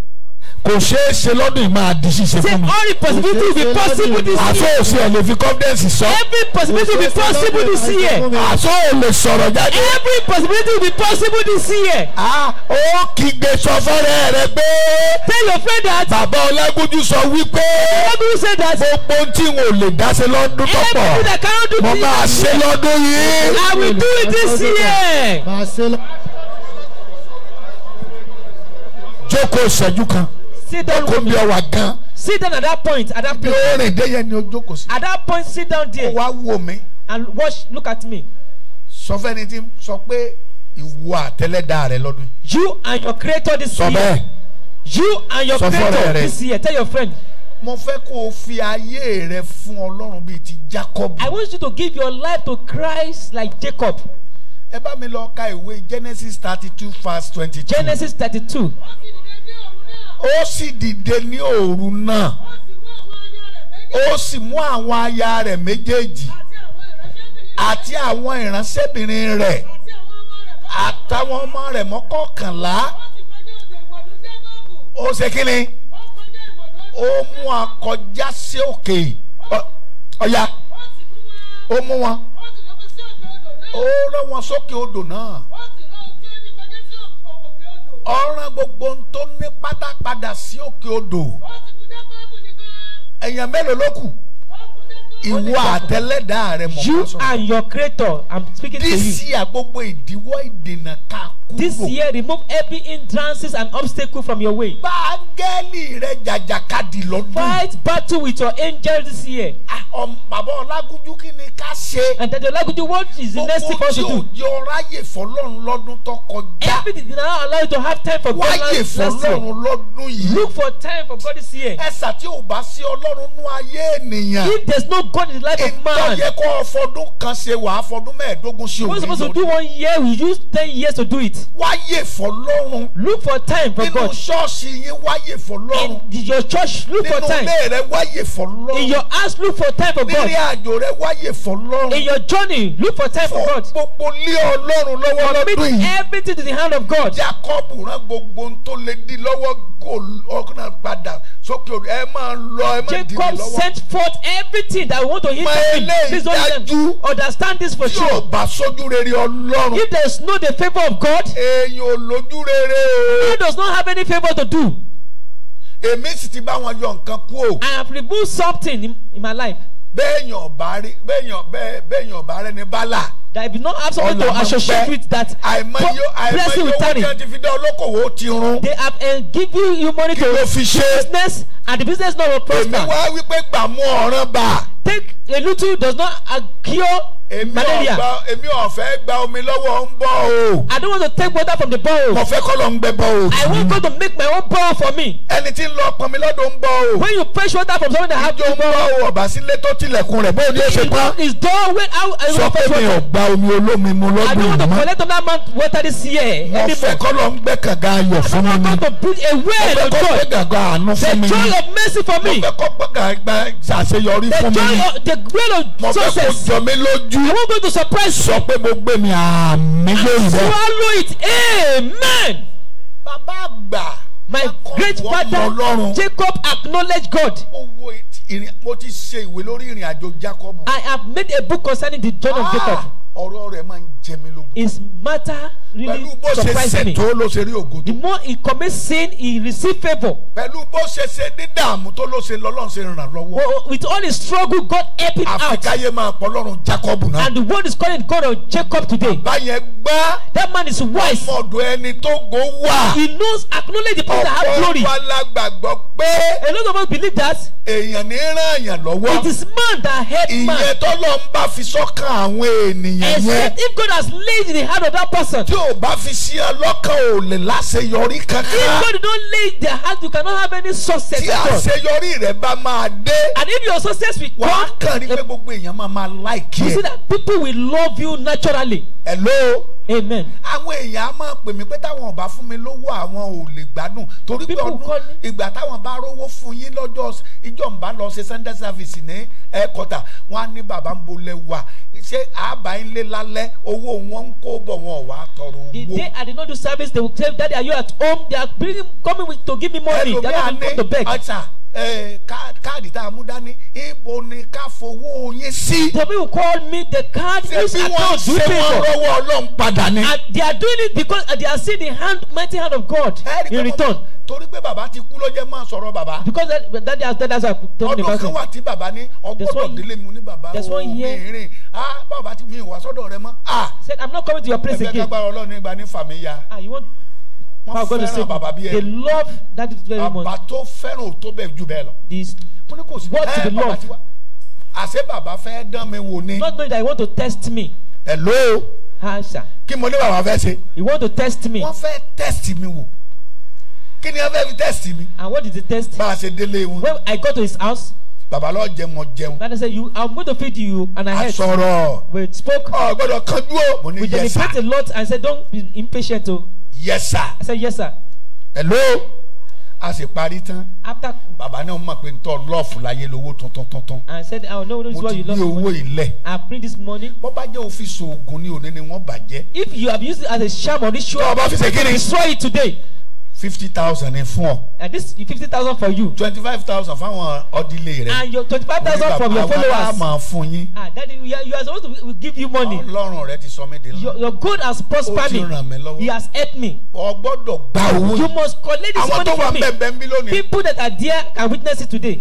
kò ṣeé ṣe lọ́dún yìí máa di ṣíṣe fún mi. say all the possibility be possible this year. àṣọ òsì ẹ̀ lè fi confidence sọ. every possibility be possible this year. àṣọ ò lè sọ̀rọ̀ jáde. every possibility be possible this year. ah ó kígbe sọ fẹ́rẹ́ rẹ pé. tell your friend that. bàbá ọlágójú sọ wípé. ọlágójú said that. gbogbo tí n ò lè dá sí lọ́dún tó pọ̀. everything that cannot do this year. mo máa ṣe lọ́dún yìí. i will do it this year. jókòó ìṣẹ́jú kan sit down with me. sit down at that point at that place. at that point sit down there. and watch look at me. sọ fẹ́ni tí sọ pé ìwọ àtẹlẹ́dà rẹ lọ́dún. you and your creator this year. you and your creator this year tell your friend. mo fẹ́ kó fi ayé rẹ fún ọlọ́run bíi ti jacob. i want you to give your life to christ like jacob. ẹ bá mi lọ ka ìwé genesis 32, verse 22. genesis 32 ó sì dìde ní òru náà ó sì mú àwọn aya rẹ̀ méjèèjì àti àwọn ìránṣẹ́bìnrin rẹ̀ àtàwọn ọmọ rẹ̀ mọ́kọ̀ọ̀kànlá ó ṣe kí ni ó mú wọn kọjá sí òkè ọ̀ya ó mú wọn ó rán wọn sókè odò náà ọ̀ràn gbogbo ohun tó ní pátá sí òkè odò èèyàn mélòó ló kù ìwọ àtẹlẹ́dàá rẹ mọ̀. you and your creator i'm speaking to you. dísí àgbogbo ìdíwọ́ ìdènà ká this year remove every hindrances and obstacle from your way. bá áńgẹ́lì rẹ jàjàkadì lọ́dún. fight battle with your angel this year. bàbá ọlágúnjú kí ni ká ṣe. and daddy ọlágúnjú what is the next thing for us to do. owó tí òjò ráyè fọlọ́run lọ́dún tó kọjá. everything dey now allow you to have time for God last year. wáyè fọlọ́run lọ́dún yìí. look for time for God this year. ẹ̀sà tí ò bá sí ọlọ́run nú ayé ènìyàn. if there is no God in the life of man. ìtọ́ yẹ kó kan ṣe wàá fọdún mẹ́ẹ̀ẹ́dógún ṣe òun. we are supposed to do one year we use ten years to do it. wáyè fọlọ́run. look for time for God. nínú ṣọ́ọ̀ṣì yín wáyè fọlọ́run. in your church look for time. nínú ilé rẹ wáyè fọlọ́run. in your house look for time for God. àjò rẹ wáyè fọlọ́run. in your journey look for time for God. fún gbogbo lé ọlọ́run lọ́wọ́ yìí. everything to the hand of God. Jacob rán gbogbo tó lè di lọ́wọ́ ọkùnrin padà sókè òdu ẹ máa lọ ẹ máa di lọ́wọ́. Jacob sent forth everything that we want to hear from him. please don't understand this for sure. tí bá sójú rere ọlọ́run. if there is no the favour of God. èèyàn ò lójú rere o. God does not have any favour to do. èmi sì ti bá wọn yọ nǹkan kú o. I have removed something in, in my life. bẹ́ẹ̀yàn ọ̀bá rí bẹ́ẹ̀yàn bẹ́ẹ̀yàn ọ̀bá rẹ ní bálà. that if you don't have something to associate with that blessing will tarry. they have uh, eh, given you money to do business and the business no go prosper. èmi wá wípé gbàmú ọ̀ràn bá. take a little does not uh, cure malaria. èmi ọ̀fẹ́ gba omi lọ́wọ́ ń bọ̀ o. I don't want to take water from the bowl. mo fẹ́ kọ́ lọ ń gbẹ bọ̀ o. I want God to make my own bowl for me. ẹni tí ń lọ pọn mi lọ́dọ̀ ń bọ̀ o. when you fetch water from somewhere, that have no bowl. ìjọ ń bọ̀ o ọ̀bà sílé tó tilẹ̀kùn rẹ̀ bóyá ṣe pa. his door wey how I go fetch water. sọ pé mi ò gba omi olómi mu lọ́dọ̀ ìmọ̀. I don't want to collect another amount water this year. mo fẹ́ kọ́ lọ ń gbẹ kàga ayọ̀ fún mi. I want God to build a well of joy. mo fẹ́ kọ́ gbẹ gàgà àánú the joy of mercy for me you. I won't go to surprise you. Sọ pé mo gbé mi àmì yé ìbọn. Swallow it. Amen. Bàbá àgbà. My great father Jacob acknowledged God. Mo ti ṣe ìwé lórí ìrìn àjò Jacob. I have made a book concerning the journey of ah, Jacob. Ọ̀rọ̀ rẹ̀ máa ń jẹ his matter really surprised me. the more he commit sin he receive favour. pẹ̀lú bó ṣe ṣe ní dààmú tó ló ṣe lọ́lọ́run ṣe ràn lọ́wọ́. with all his struggle God help him out. àfikáyé máa pọ̀ lọ́run Jacob náà. and the world is calling God on Jacob today. bàbá gbá. that man is wise. ọmọdé ẹni tó go wà. he knows acknowledge the people that have glory. ọ̀pọ̀ wa pé. a lot of us believe that. èèyàn ní ràn yàn lọ́wọ́. it is man that help man. ìyẹn tọ́lọ́ ń bá fi sọ́kàn àwọn ènìyàn yẹn. except if God has laid in the heart of that person. tí o bá fi sí ẹ lọ́kàn ò lè láṣeyọrí kankan. if God don lay in their heart you cannot have any success. tí àṣeyọrí rẹ bá máa dé. and if your success will come. wàá kàn rí pé gbogbo èèyàn máa máa like you. you see that people will love you naturally. hello amen. àwọn èèyàn á máa pè mí pé táwọn ò bá fún mi lówó àwọn ò lè gbádùn torí pé ọdún ìgbà táwọn bá rówó fún yín lọ́jọ́ ìjọ ń bá lọ ṣe sunday service ní ẹ̀ẹ́kọ́tà wọ́n á ní bàbá ń bolẹ̀ wà ṣé àbá ń lé lálẹ́ owó wọn ń kó bọ̀ wọn ò tọrọ owó. the day I did not do service they will tell me, daddy are you at home they are bringing coming to give me money daddy I did not come to beg. ọ̀sà káàdì tá a mú dání ibo ni ká fowó yín sí. Tobi will call me the card is account do people. ṣé wọ́n rọwọ́ ọlọ́run padà ni. they are doing it because they are seeing the hand mighty hand of God in return. torí pé bàbá ti kú ló máa sọ̀rọ̀ bàbá. because that that that that's why I'm talking about it. ọdún kan wà tí bàbá ní ọgbọ́dọ̀ délé mu ní bàbá o mi rìn ah bàbá mi wà sọ́dọ̀ rẹ mọ́. Ah. said I'm not coming to your place again. ẹgbẹ́ kágbára ọlọ́run ìgbà ní fàmíyà. ah you want wọ́n fẹ́ràn bàbá bí ẹ love that is very much. bàbá tó fẹ́ràn ò tó bẹ́ẹ̀ jù bẹ́ẹ̀ lọ. this what to be loved. àṣé bàbá fẹ́ dán mi wò ni. not knowing that he want to test me. hello. haṣa. kí mo ní bàbá fẹ́ ṣe. he want to test me. wọ́n fẹ́ test mi wò kí ni wọ́n fẹ́ fi test mi. and what did the test. bá a ṣe délé wọn. when I go to his house bàbá lọ jẹ mọ jẹun. Bàbá say you I'm going to feed you and I heard. Asọ̀rọ̀. We spoke. Ọ̀ gbọ́dọ̀ kanjú o. Mo ní yẹ sá. We a lot and said don't be impatient o. Oh yes sir. I said yes sir. hello a sì parí tán. after bàbá náà mọ̀ pé ntọ́ lọ́ọ̀fù láyé lówó tuntun tuntun. I said I oh, know this is what you love. mo ti ní owó ilẹ̀. I print this money. bó bá jẹ́ òfin sòògùn ní òní ni wọ́n bàjẹ́. if you have used it as a sham or ritual. tọ́ ọ bá fi ṣe kí ni. destroy it today fifty thousand ni fún ọ. and this fifty thousand for you. twenty five thousand fáwọn ọdílé rẹ. and your twenty five thousand from your followers. àwọn àmà fún yín. ah daddy you are, you are supposed to give you money. ọlọ́run rẹ ti sọ mí di your God has prospered me. ó ti ràn mí lọ́wọ́. he has helped me. o gba owó. you must collect this money from me. àwọn tó wà bẹ́ẹ̀ bẹ́ẹ̀ ń lónìí. people that are there can witness it today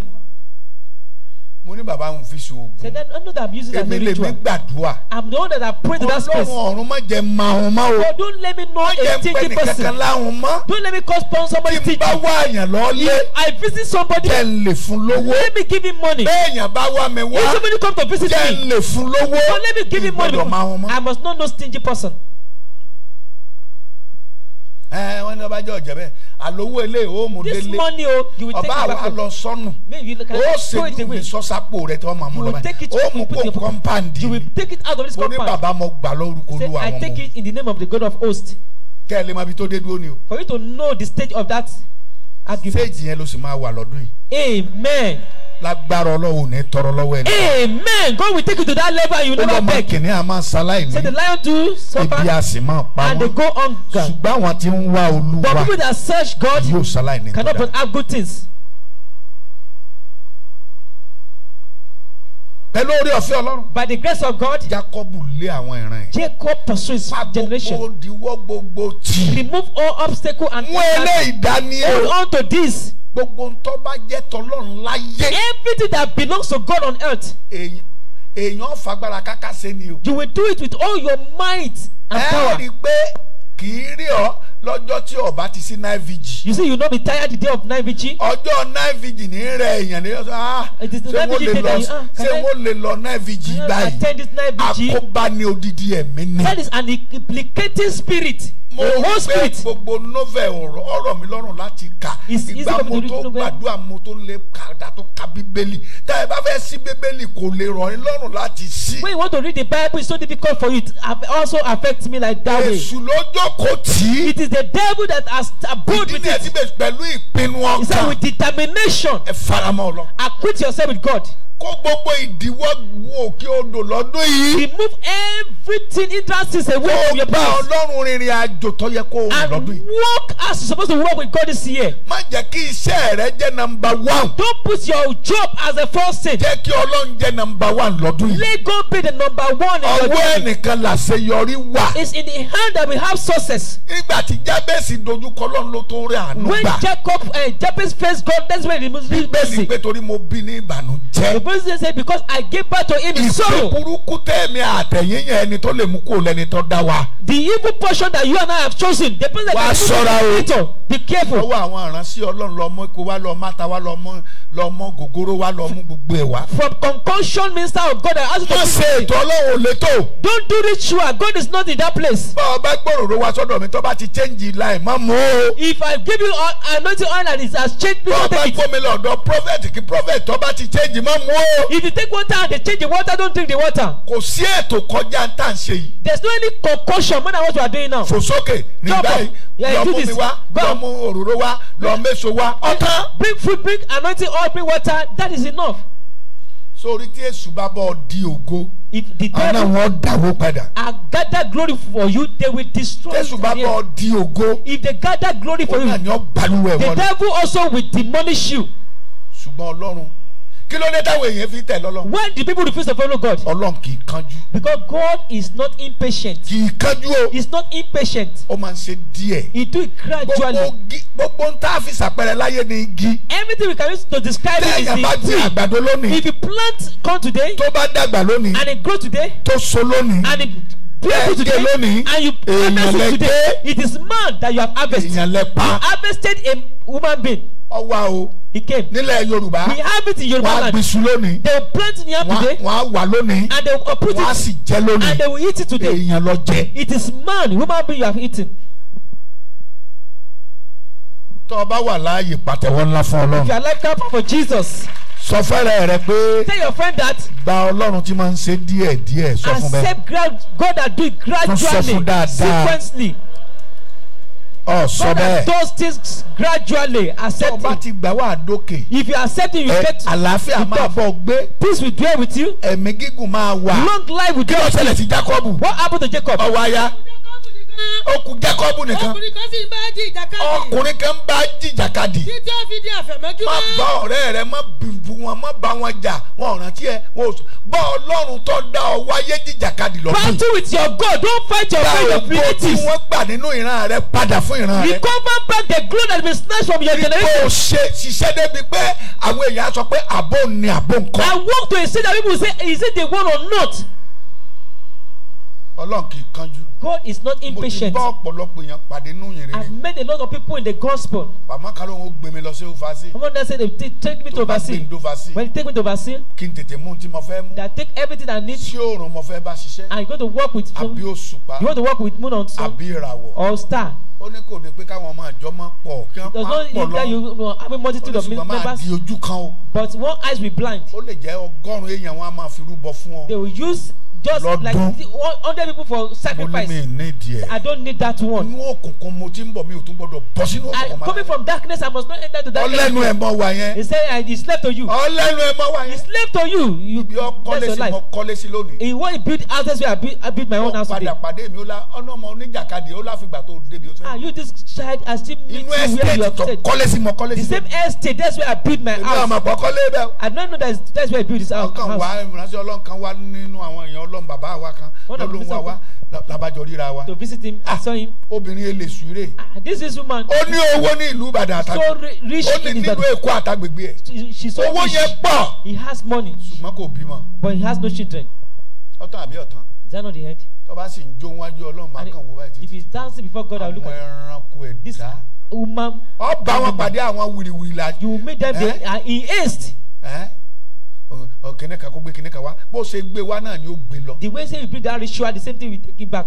mo ní bàbá ń fi ṣoògùn. say then I that I'm using ritual. gbàdúrà. I'm the one that I pray to that space. ọlọ́run ọ̀run má jẹ́ mahun mọ́ o. so don't let me know a stingy person. má don't let me cause pain somebody tí n bá wá àyàn lọ́lé. I visit somebody. jẹ́ n lè fún lówó. let me give him money. bá wá mi wá. somebody come to visit me. jẹ́ n lè fún lówó. so let me give him money. I must not know stingy person ẹ eh, eh, wọn ní ọba jẹ ọjẹ bẹẹ àlówó ilé òòmù délé oh, ọba àwa lọ sọnù ó ṣèlú mi sọsápò rẹ tí wọn máa mú lọ báyìí òòmù kò kọ́ńpáǹdì mo ní bàbá mo gbà lórúkọ olúwa wọn mú kẹ́ ẹ lè máa fi tó dé dúró ni o. for you to know the stage of that argument. stage yẹn ló sì máa wà lọ́dún yìí. amen lágbára ọlọ́wọ́ ní tọrọ lọ́wọ́ ẹ̀. amen God will take you to that level you never beg. olùmọ kìnìún a máa ṣaláì ní. say the lion do suffer. ebi a sì máa pa wọn. and they go hunger. ṣùgbọ́n àwọn tí ń wá olúwa. but people that search God. yóò ṣaláì ní tọ́da. cannot but have good things. pẹ̀lú orí ọ̀fẹ́ ọlọ́run. by the grace of God. Jacob lé àwọn ìran yìí. Jacob pursue his generation. fa gbogbo diwọ́ gbogbo tì. remove all obstacle and. mú eléyìí dání ẹ. hold on to this. gbogbo ntọ́ bá jẹ́ tọ́lọ́run láyé. everything that belongs to God on earth. èyí èèyàn fagbára káká ni o. you will do it with all your might and power. ẹ rí i pé kì í rí ọ lọ́jọ́ tí ọba ti sí nine vigil. you say you no be tired the day of nine vigil. ọjọ́ nine vigil ní rẹ̀ èèyàn ní ọjọ́ ah, ah ṣé wọ́n lè lọ ṣé wọ́n lè lọ nine vigil ah, báyìí àkóbá ni odidi ẹ̀mí ni. that is an implicating spirit mo gbé gbogbo novel ọ̀rọ̀ ọ̀rọ̀ mi lọ́rùn láti kà ìgbà mo tó gbàdúrà mo tó lè kàdà tó ka bíbélì tá ẹ bá fẹ́ sí bíbélì kò lè ràn yín lọ́rùn láti sí. when you want to read the bible it's so difficult for you it also affects me like that way. èṣù ló jókòó tì it is the devil that has abode with it. ìdí ẹtí bẹ pẹ̀lú ìpinnu ọkàn. he said with determination. ẹ faramọ́ lọ. acquit yourself with God kó gbogbo ìdíwọ́ gun òkè odò lọ́dún yìí. remove everything hindrances away from your path. kó bá ọlọ́run rìnrìn àjò àjò tó yẹ kó rìn lọ́dún yìí. and work as you suppose to work with God this year. má jẹ́ kí iṣẹ́ rẹ jẹ́ number one. don't put your job as a first thing. jẹ́ kí ọlọ́run jẹ́ number one lọ́dún yìí. let God be the number one in your life. ọwọ́ ẹnìkan làṣeyọrí wà. it's in the hand that we have success. nígbà tí jábẹ́sì dojúkọ ọlọ́run ló tó rẹ̀ àánú gbà. when Jacob uh, Jabez face God that's when he was being blessed. bíbélì pé torí mo bí ní ìbànújẹ́. the person say because I gave birth to him in sorrow. ìfẹ́ burúkú àtẹ̀yìn yẹn ẹni tó lè mú kó lẹ́ni tó dá wa. the evil portion that you and I have chosen. The person that I have chosen. Be careful. Lọ́wọ́ àwọn ìránṣẹ́ Ọlọ́run lọ mú epo wá lọ máta wá lọ mú lọ mọ gògóró wá lọ mú gbogbo ẹ̀ wá. From concussion minister of God I ask you to. Má ṣe ètò Ọlọ́run ò létò. Don't do ritual God is not in that place. Bá gbòòrò wá sọ́dọ̀ mi tó bá ti change line má mú o. If I give you anointing oil and it has changed me. Bá ọba gbòmí lọ́dọ̀ prophet kí prophet tó bá ti change má mú o. If you take water and they change the water don't drink the water. Kò sí ètò kọjá tá à ń ṣe yìí. There is no any concussion more than what we are doing now. Fòsó okay ní báyìí lọ mú mi wá lọ mú òróró wá lọ méso wá ọ̀tán. bring food bring anointing oil bring water that is enough. sórí tí èṣù bá bọ́ di ògo àná wọn dàwó padà. and gather glory for you they will destroy you. tẹ̀sùn bá bọ̀ di ògo. if they gather glory for you. ó nà ní ọ balùwẹ̀ wọn. the devil also will demolish you. ṣùgbọ́n ọlọ́run kí ló dé táwọn èèyàn fi tẹ̀ lọ́lọ́. when the people refuse to follow God. ọlọ́run kì í kánjú. because God is not impatient. kì í kánjú o. he is not impatient. ó máa ń ṣe díẹ̀. he do it gradually. gbogbo gi gbogbo ń tá fi ṣàpẹrẹ láyé ni igi. everything we can use to describe it is the tree. tẹ́yà bá ti àgbàdo lónìí. if you plant corn today. tó bá dàgbà lónìí. and it grow today. tó so lónìí. and it people today lónìí, and you harvest it today it is man that you have harvested. you harvested a woman being. ọwọ́ o he came. nílẹ̀ yorùbá we have it in yorùbá land. wọ́n á lónìí. they will plant in yam today. wà lónìí. and they will put it. wọ́n sì jẹ lónìí. and they will eat it today. èèyàn lọ jẹ. it is man human being you have eaten. tó o bá wà láàyè pàtẹ́wọ́ ńlá fún ọlọ́run. if you are like that for jesus sọ fẹ́rẹ̀ rẹ pé. tell your friend that. gba ọlọ́run tí máa ń ṣe díẹ̀ sọ fún bẹ́ẹ̀. accept God that do it gradually. sequentially ọ sọ bẹ́ẹ̀. those things gradually accept it. tó o bá ti gbà wá àdókè. if you accept it you get to the àlàáfíà máa bọ̀ gbé. peace will dwell with you. ẹ̀mí gígùn máa wà. long life will dwell with you. kí ló ṣẹlẹ̀ sí Jacob. what happened to Jacob. ọwọ́ aya ó kù nìkan ọkùnrin kan bá jìjàkadì má bá ọ̀rẹ́ rẹ má bìbù wọn má bá wọn jà wọn ò rántí ẹ wọn ò sọ bá Ọlọ́run tó dá ọ wáyé jìjàkadì lọ fún. battle with your God don't fight your way of relatives. gbogbo tí wọ́n gbà nínú ìran rẹ padà fún ìran rẹ. recover back the glory that been snatched from your generation. ipò ṣe ṣiṣẹ́ débi pé àwọn èèyàn sọ pé àbò ni àbò nǹkan. I walk to a city that people say is it the one or not ọlọ́run kì í kánjú. God is not impatient. mo ti bá ọ̀pọ̀lọpọ̀ èèyàn pàdé nínú ìrere. I have met a lot of people in the gospel. màmá kan ń gbé mi lọ sí ovasi. mama don say they take, me to ovasi. to ovasi. when they take me to ovasi. kí n tètè mú tí mo fẹ́ mú. they take everything I need. sí oòrùn mo fẹ́ bá ṣiṣẹ́. and go to work with. àbí òṣùpá. you want to work with moon on sun. àbí ìràwọ̀. or star ó ní kò ní pé káwọn ọmọ àjọ máa pọ̀ kí wọ́n máa pọ̀ lọ but one eyes will blind. ó lè jẹ́ ọgọ́rùn-ún èèyàn wọn á máa fi rúbọ fún ọ. they will use just Lord like hundred people for sacrifice. I don't need that one. I coming from darkness I must not enter to darkness. ọlẹ́nu ẹ̀ wa yẹn. he said I he slept to you. ọlẹ́nu ẹ̀ mọ wa yẹn. he slept to you. you ibi ọkọlé sí mo kọ́lé sí lónìí. he build houses where I build, I build my own house today. ó padà pàdé mi ó la ọ̀nà ọmọ oníjàkadì ó láfìgbà tó débi o. ah you this child has still meet you where you are today. inú estate kọ́lé sí mo kọ́lé the same estate that's where I build my house. I don't know that's, that's where I build this house. ọkàn wa ìránṣẹ́ ọlọ́kan wa nínú àwọn èèyàn ọlọ́run bàbá wa kan lọ́lọ́run wa wa labajọ ríra wa. to visit him ah, i saw him. obìnrin ele sure. Ah, this is woman. ó ní owó ní ìlú ìbàdàn àtàgbè. so rich in ìbàdàn ó ní nínú èkó àtàgbègbè ẹ. she so rich owó yẹn pọ̀. he has money. ṣùgbọ́n kò bímọ. but he has no children. ọtán àbí ọtán. is that not the head. tó sì ń jó wájú ọlọ́run máa kàn wò báyìí títí. if he is dancing before God i will look at him. àwọn ẹranko ẹ̀dá. this woman. ọ bá wọn pàdé àwọn wìrìwìrì la. you make them be uh, in haste. Eh? kìnìún kan kó gbé kìnìún kan wá bó ṣe gbé wá náà ni ó gbé lọ. the way say you bring that ritual the same thing we take it back.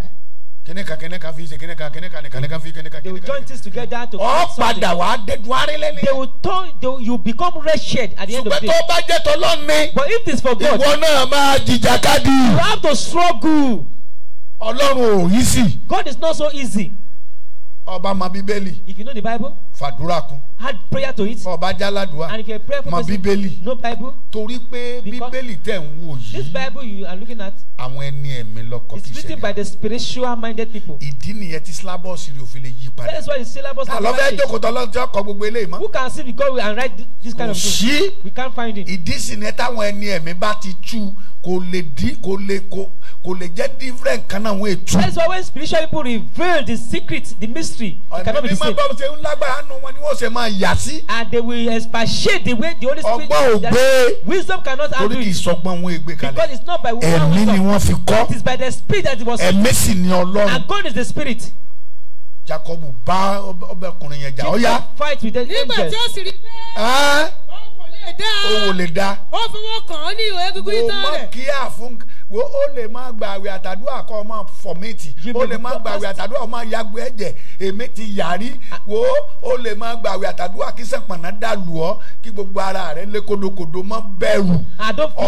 kìnìún kan kìnìún kan fi ṣe kìnìún kan kìnìún kan nìkan nìkan fi kìnìún kan. they will join things together to. ọ padà wà á dẹdun arẹlẹ ni. they will turn they will, you become red wretched at the end of the day. ṣùgbọ́n tó bá jẹ́ tọ́lọ́ ni. but if this for God. ìwọ náà máa jìjàkadì. you have to struggle. ọlọ́run ò yí sí. God is not so easy ọba mọ bíbélì. if you know the bible. fàdúrà kun. add prayer to it. ọba jáládùá. and if you pray for mọ bíbélì. no bible. torí pé bíbélì tẹ̀ ń wò yìí. this bible you are looking at. àwọn ẹni ẹ̀mí lọ́kọ̀ fi ṣẹlẹ̀. it's written by the spiritual minded people. ìdí nìyẹn tí syllabus rẹ̀ ò lè yí padà. that is why the syllabus are valid. àlọ́ fẹ́ jókòó tọ́lọ́jọ́ kọ gbogbo eléyìí mọ́. who can see the God and write this kind of thing. kò sí. we can't find him. ìdí sì ni táwọn ẹni ẹ̀mí bá ti tú kò lè dí kò lè kò kò lè jẹ́ different kan náà wọ́n ètú. that why when spiritual people reveal the secret the mystery it cannot be bá ṣe ń lágbára nù wọn ni wọ́n ṣe máa yà sí. and they will expatiate the way the holy spirit. ọgbọ́n ò wisdom cannot handle torí kì í sọgbọ́n wọn ègbé kalẹ̀. because it's not by wisdom. ẹ̀mí ni wọ́n fi kọ́. it is by the spirit that it was. ẹ̀mí sì ni ọlọ́run. and God is the spirit. Jacob bá ọbẹ̀kùnrin yẹn jà ọ́yá. nígbà tí ó sì rí bẹ́ẹ̀. ó kò lè dá. ó wò lè dá. ó fowó kàn án ní ìwé gbígbí wo o le ma gba àwẹ̀ àtàdúrà kọ́ ọmọ fọ̀mẹ́tì o le ma gba àwẹ̀ àtàdúrà ma yagbe ẹ̀jẹ̀ èmi ti yari wo o le ma gba àwẹ̀ àtàdúrà kí sẹ̀pọ̀nà dàlù ọ́ ki gbogbo ara re le kodokodo mọ́ bẹ̀rù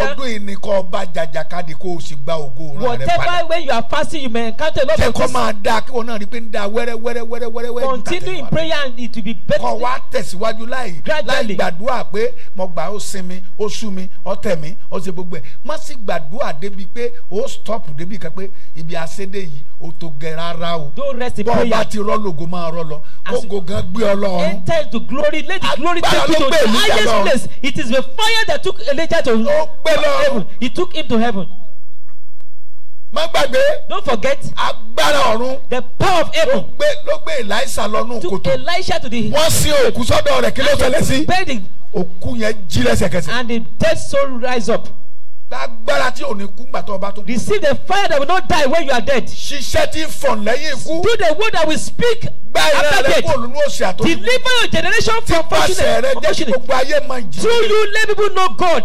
ọdún ni kọ́ ọba jàjàkadì kó o sì gba ogo rẹ̀ padà. whatever way you are fasting you may encounter a lot of da kí continue in prayer and it will wa láì láì gbàdúrà pé mo gbà ó sinmi ó ó ó gbogbo má sì pé ó stop débi kan pé ibi àṣedé yìí ó tó gẹ rárá o bọ́ọ̀ bá ti rọ́ máa rọ́ lọ ògo gan gbé ọ lọ. enter to glory let the glory take you to the highest place it is the fire that took Elijah to heaven it took him to heaven. má gbàgbé. don't forget. agbára ọ̀run. the power of heaven. ló gbé ló gbé Elisha lọ́nù kòtò. took Elisha to the. wọ́n sin òkú sọ́dọ̀ rẹ̀ kí ló ṣẹlẹ̀ sí. òkú yẹn jí lẹ́sẹ̀kẹsẹ̀. and the dead soul rise up lágbára tí ò ní kú gbà tó tó receive the fire that will not die when you are dead. ṣiṣẹ́ tí fọ̀n lẹ́yìn ikú. do the word that will speak after death. deliver your generation from fortunate. tipasẹ̀ rẹ jẹ́ gbogbo ayé máa jì. through you let people know God.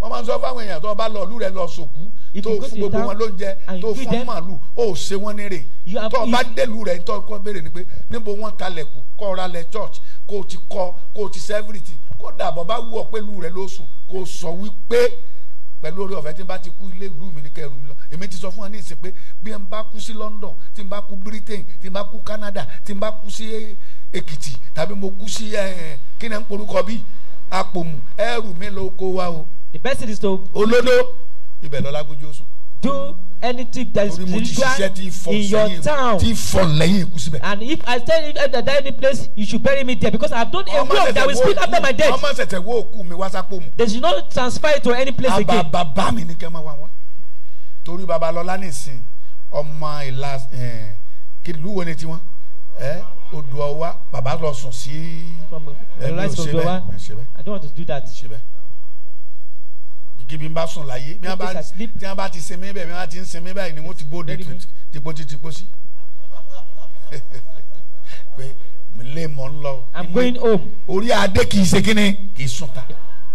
wọ́n máa ń sọ fáwọn èèyàn tó bá lọ ìlú rẹ̀ lọ sòkú tó fún gbogbo wọn lóúnjẹ tó fún màálù ó ṣe wọn nírè tó bá délùú rẹ̀ tó kọ́ béèrè ni pé níbo wọ́n talẹ̀ kù kọ́ ra lẹ̀ church kó o ti kọ́ kó o ti ṣe everything kódà bá wù ọ́ pẹ̀lú rẹ̀ lóṣù kó o sọ wípé pẹ̀lú orí ọ̀fẹ́ tí n bá ti kú ilé ìlú mi ní kẹrù mi lọ èmi ti sọ fún wọn ní ìsìn pé bí n bá kú sí London tí n bá kú Britain tí n bá kú Canada tí n bá kú sí Èkìtì tàbí mo kú sí kí ni n porúkọ bí apòmù ẹrù mi ló wa o. the best is to. olódó ibẹ̀ lọ́lá gbójú ó do anything that is spiritual in your town. and if I tell you that there any place you should bury me there because I have done a work that will speak after my death. ọmọ they should not transfer it to any place again. àbá Baba, mi ni kẹ́ máa wá wọn. torí babalọ́lá nìsín ọmọ ìlà kìlú wo ni tiwọn odò ọwa bàbá lọ sùn sí ẹni ò I don't want to do that kí bá sùn láyé bí wọ́n bá ti sinmi bẹ́ẹ̀ bí ti ń sinmi báyìí ni wọ́n ti bóde tìpó tìpó sí ilé *laughs* mọ̀ ń lọ. I'm going home. orí adé kì í ṣe kíni kì í sùn ta.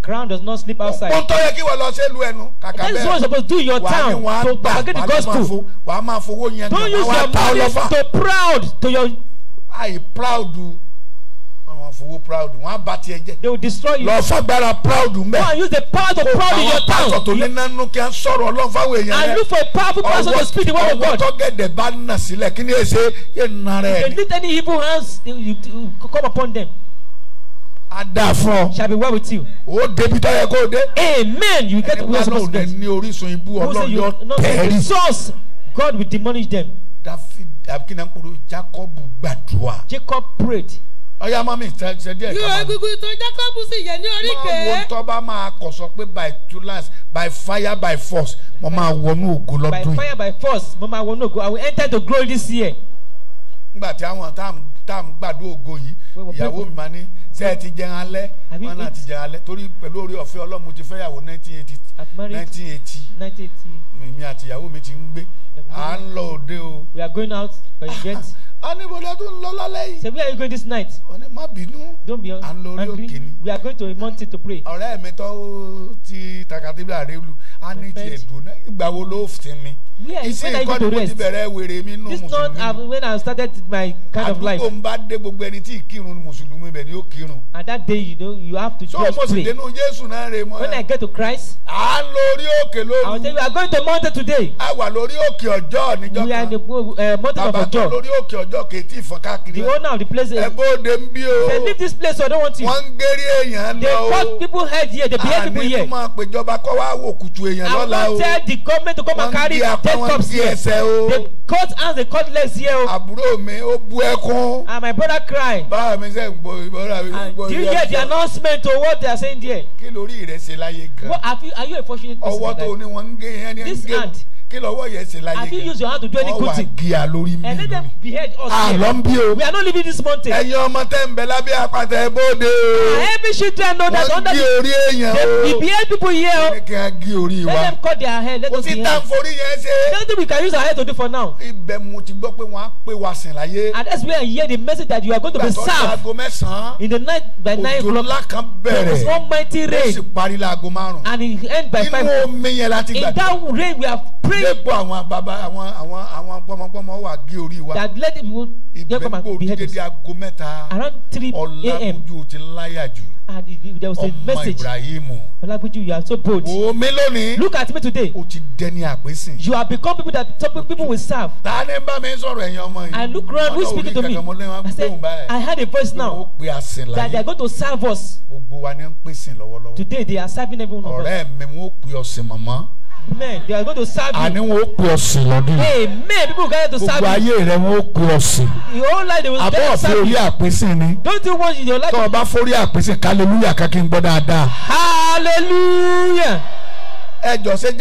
Crown does not sleep outside. Ohun tó yẹ kí wọ́n lọ ṣe lu ẹnu. Kàkà bẹ́ẹ̀. That suppose do your town to propagate the gospel. Wàá máa fowó yẹn. Don't use your money to proud to your. I proud fowó proud wọn bá tiẹ̀ jẹ́. they will destroy you. lọ fagbára proud mẹ́. go use the power to proud in your town. àwọn pásọ tó ní nánú kí a sọ̀rọ̀ ọlọ́run èèyàn rẹ. and look for a powerful person to speak the word of God. ọwọ́ tọ́gẹ̀dẹ̀ bá nà sílẹ̀ kí ni èsè yé nà rẹ̀. if they lift any evil hands you, come upon them. a dà shall be well with you. o débi tó yẹ kó o dé. amen you get where you suppose to get. ẹni bá náà ní orísun ibú ọlọ́run tẹ̀rí. source God will demolish them. David abikinakuru Jacob gbàdúrà. Jacob prayed ọyá mọ́mí ṣe díẹ̀ ká yóò egungun ìtàn Jacob sì yẹ ní oríkèé. máa wo tó bá máa kọ̀ sọ pé by tulas by fire by force mo máa wọnú ògo lọ́dún yìí. by fire by force mo máa wọnú ògo I will enter the glory this year. nígbà tí àwọn tá à ń gbàdúrà ògo yìí mi máa ní ṣé ti jẹun alẹ́ wọn náà ti jẹun alẹ́ torí pẹ̀lú orí ọ̀fẹ́ Ọlọ́run mo ti fẹ́ yàwó nineteen eighty mi àti ìyàwó mi ti ń gbé à ń lọ òde o. we are going out for a jet a ní are you going this night. ó don't be angry we are going to a mountain to pray. ọ̀rẹ́ mi tó ti takatibla rẹ̀ a ní tiẹ̀ dùn náà ìgbà wo ló fi mi ìsìn nǹkan ni mo ti bẹ̀rẹ̀ wèrè mi nù mùsùlùmí. this not uh, when I started my kind of life. àdúgbò ń bá dé gbogbo ẹni tí ìkírun mùsùlùmí bẹ̀ ni ó kírun. and that day you know you have to so just pray. so mo dénú Jésù náà rè mọ́. when I get to Christ. à ń lọ orí òkè lóru. I will tell you we are going to mountain today. a wà lórí òkè ọjọ́ níjọ́ kan. we are in the uh, of ọjọ́. bàbá lórí òkè ọjọ́ kì í the owner of the place. ẹ bóde ń bí o. they leave this place so I don't want you. wọ́n ń gérí èèyàn lọ o. they people here they people here. I will the government to come and carry them cut up here. They cut hands, they cut legs here. Àbúrò mi ó bú ẹkún. And my brother cry. Báwo mi sẹ́ gbọ́ ìbọ̀rọ̀ mi gbọ́ ìyá. Do you get the announcement to what they are saying there? Kí lórí rẹ̀ láyé gan? What have you are you a fortunate person? Ọwọ́ tó ní wọ́n ń gé yẹn ní ń gé. This hand kí lọ́wọ́ yẹn ṣe láyé kan. have you used your hand to do any good thing. lórí mi lónìí. and let them behead us ah, here. àlọ́ o. we are not leaving this mountain. ẹ̀yin ọmọ tẹ́ ń bẹ lábẹ́ àpàtà ẹ̀ bóde o. Ah, know that under the. wọ́n gé orí èèyàn o. they behead people here oh. orí wa. let them cut their hair let us behead. o ti tán forí yẹn ṣe. nothing we can use our head to do for now. ibẹ̀ mo ti gbọ́ pé wọ́n á pè wá sìn láyé. and as we I hear the message that you are going to be served. in the night by nine o'clock. òjò ńlá kan bẹ̀rẹ̀. there was rain. ó sì parí láago márùn-ún. and it end by five. inú omi yẹn láti gbàdúrà. in that rain we have prayed epo àwọn baba àwọn àwọn àwọn gbọmọgbọmọ wà gé orí wa. that let him go get come and be headed. aago mẹ́ta. around three a.m. ọlágójú ti láyà jù. message. ọmọ ibrahimu. ọlágójú you so bold. wo mi lónìí. look at me today. o ti dẹni àgbésìn. you have become people that some people will serve. ta ni bá mi sọ̀rọ̀ ẹ̀yin ọmọ yìí. I look round who is speaking to me. I said I had a voice now. that they are going to serve us. today they are serving everyone of us. ọ̀rẹ́ mi pè ọ̀sìn mọ̀mọ́. Amen. They are going to serve you. Amen. People going to serve you. Your whole life they will gather serve you. Àbọ̀ òfin orí àpínsìn Don't you want your life. Tọ́ ọ bá forí àpínsìn hallelujah kan kí n Hallelujah. Ẹ jọ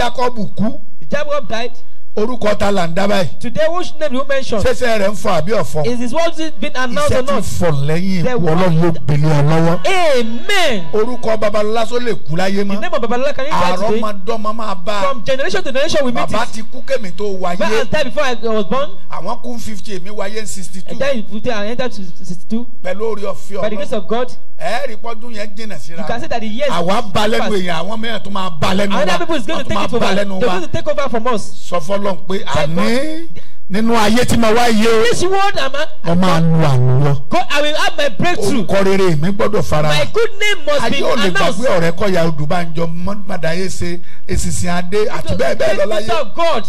Jacob died orúkọ ta là ń dá báyìí. today which name you mention. ṣẹṣẹ rẹ ń fọ àbí ọfọ. is his word been announced or not. iṣẹ́ ti fọ̀ lẹ́yìn ikú ọlọ́run yóò gbélé ọ amen. orúkọ babalọla sọ lè kú láyé mọ́. the name of babalọla can you write today. àrọ́mọdọ́mọ máa bá. from generation to generation we meet it. bàbá ti kú kémi tó wáyé. when I die before I was born. àwọn kún fifty èmi wáyé sixty two. I die fifty and enter to sixty two. pẹ̀lú orí ọ̀fẹ́ ọ̀nà. by the grace of God. ẹ̀ẹ́rì pọ́dún yẹn jìnnà síra. you can say that the years. àwa balẹ̀ nù èèyàn àwọn mìíràn tó máa balẹ̀ nù wa. another people is going to take it over. they are going to take over from us. sọ fọlọ Ọlọ́run pé àní nínú ayé tí mo wá yé o. this word, am I. mo máa lu àánú lọ. I will have my breakthrough. orúkọ rere mi gbọ́dọ̀ fara. my good name must be announced. ayé ò lè gbàgbé ọ̀rẹ́ kọ́ya odò bá ń jọ mọ́dàdà yé adé àti bẹ́ẹ̀ bẹ́ẹ̀ lọ the grace of God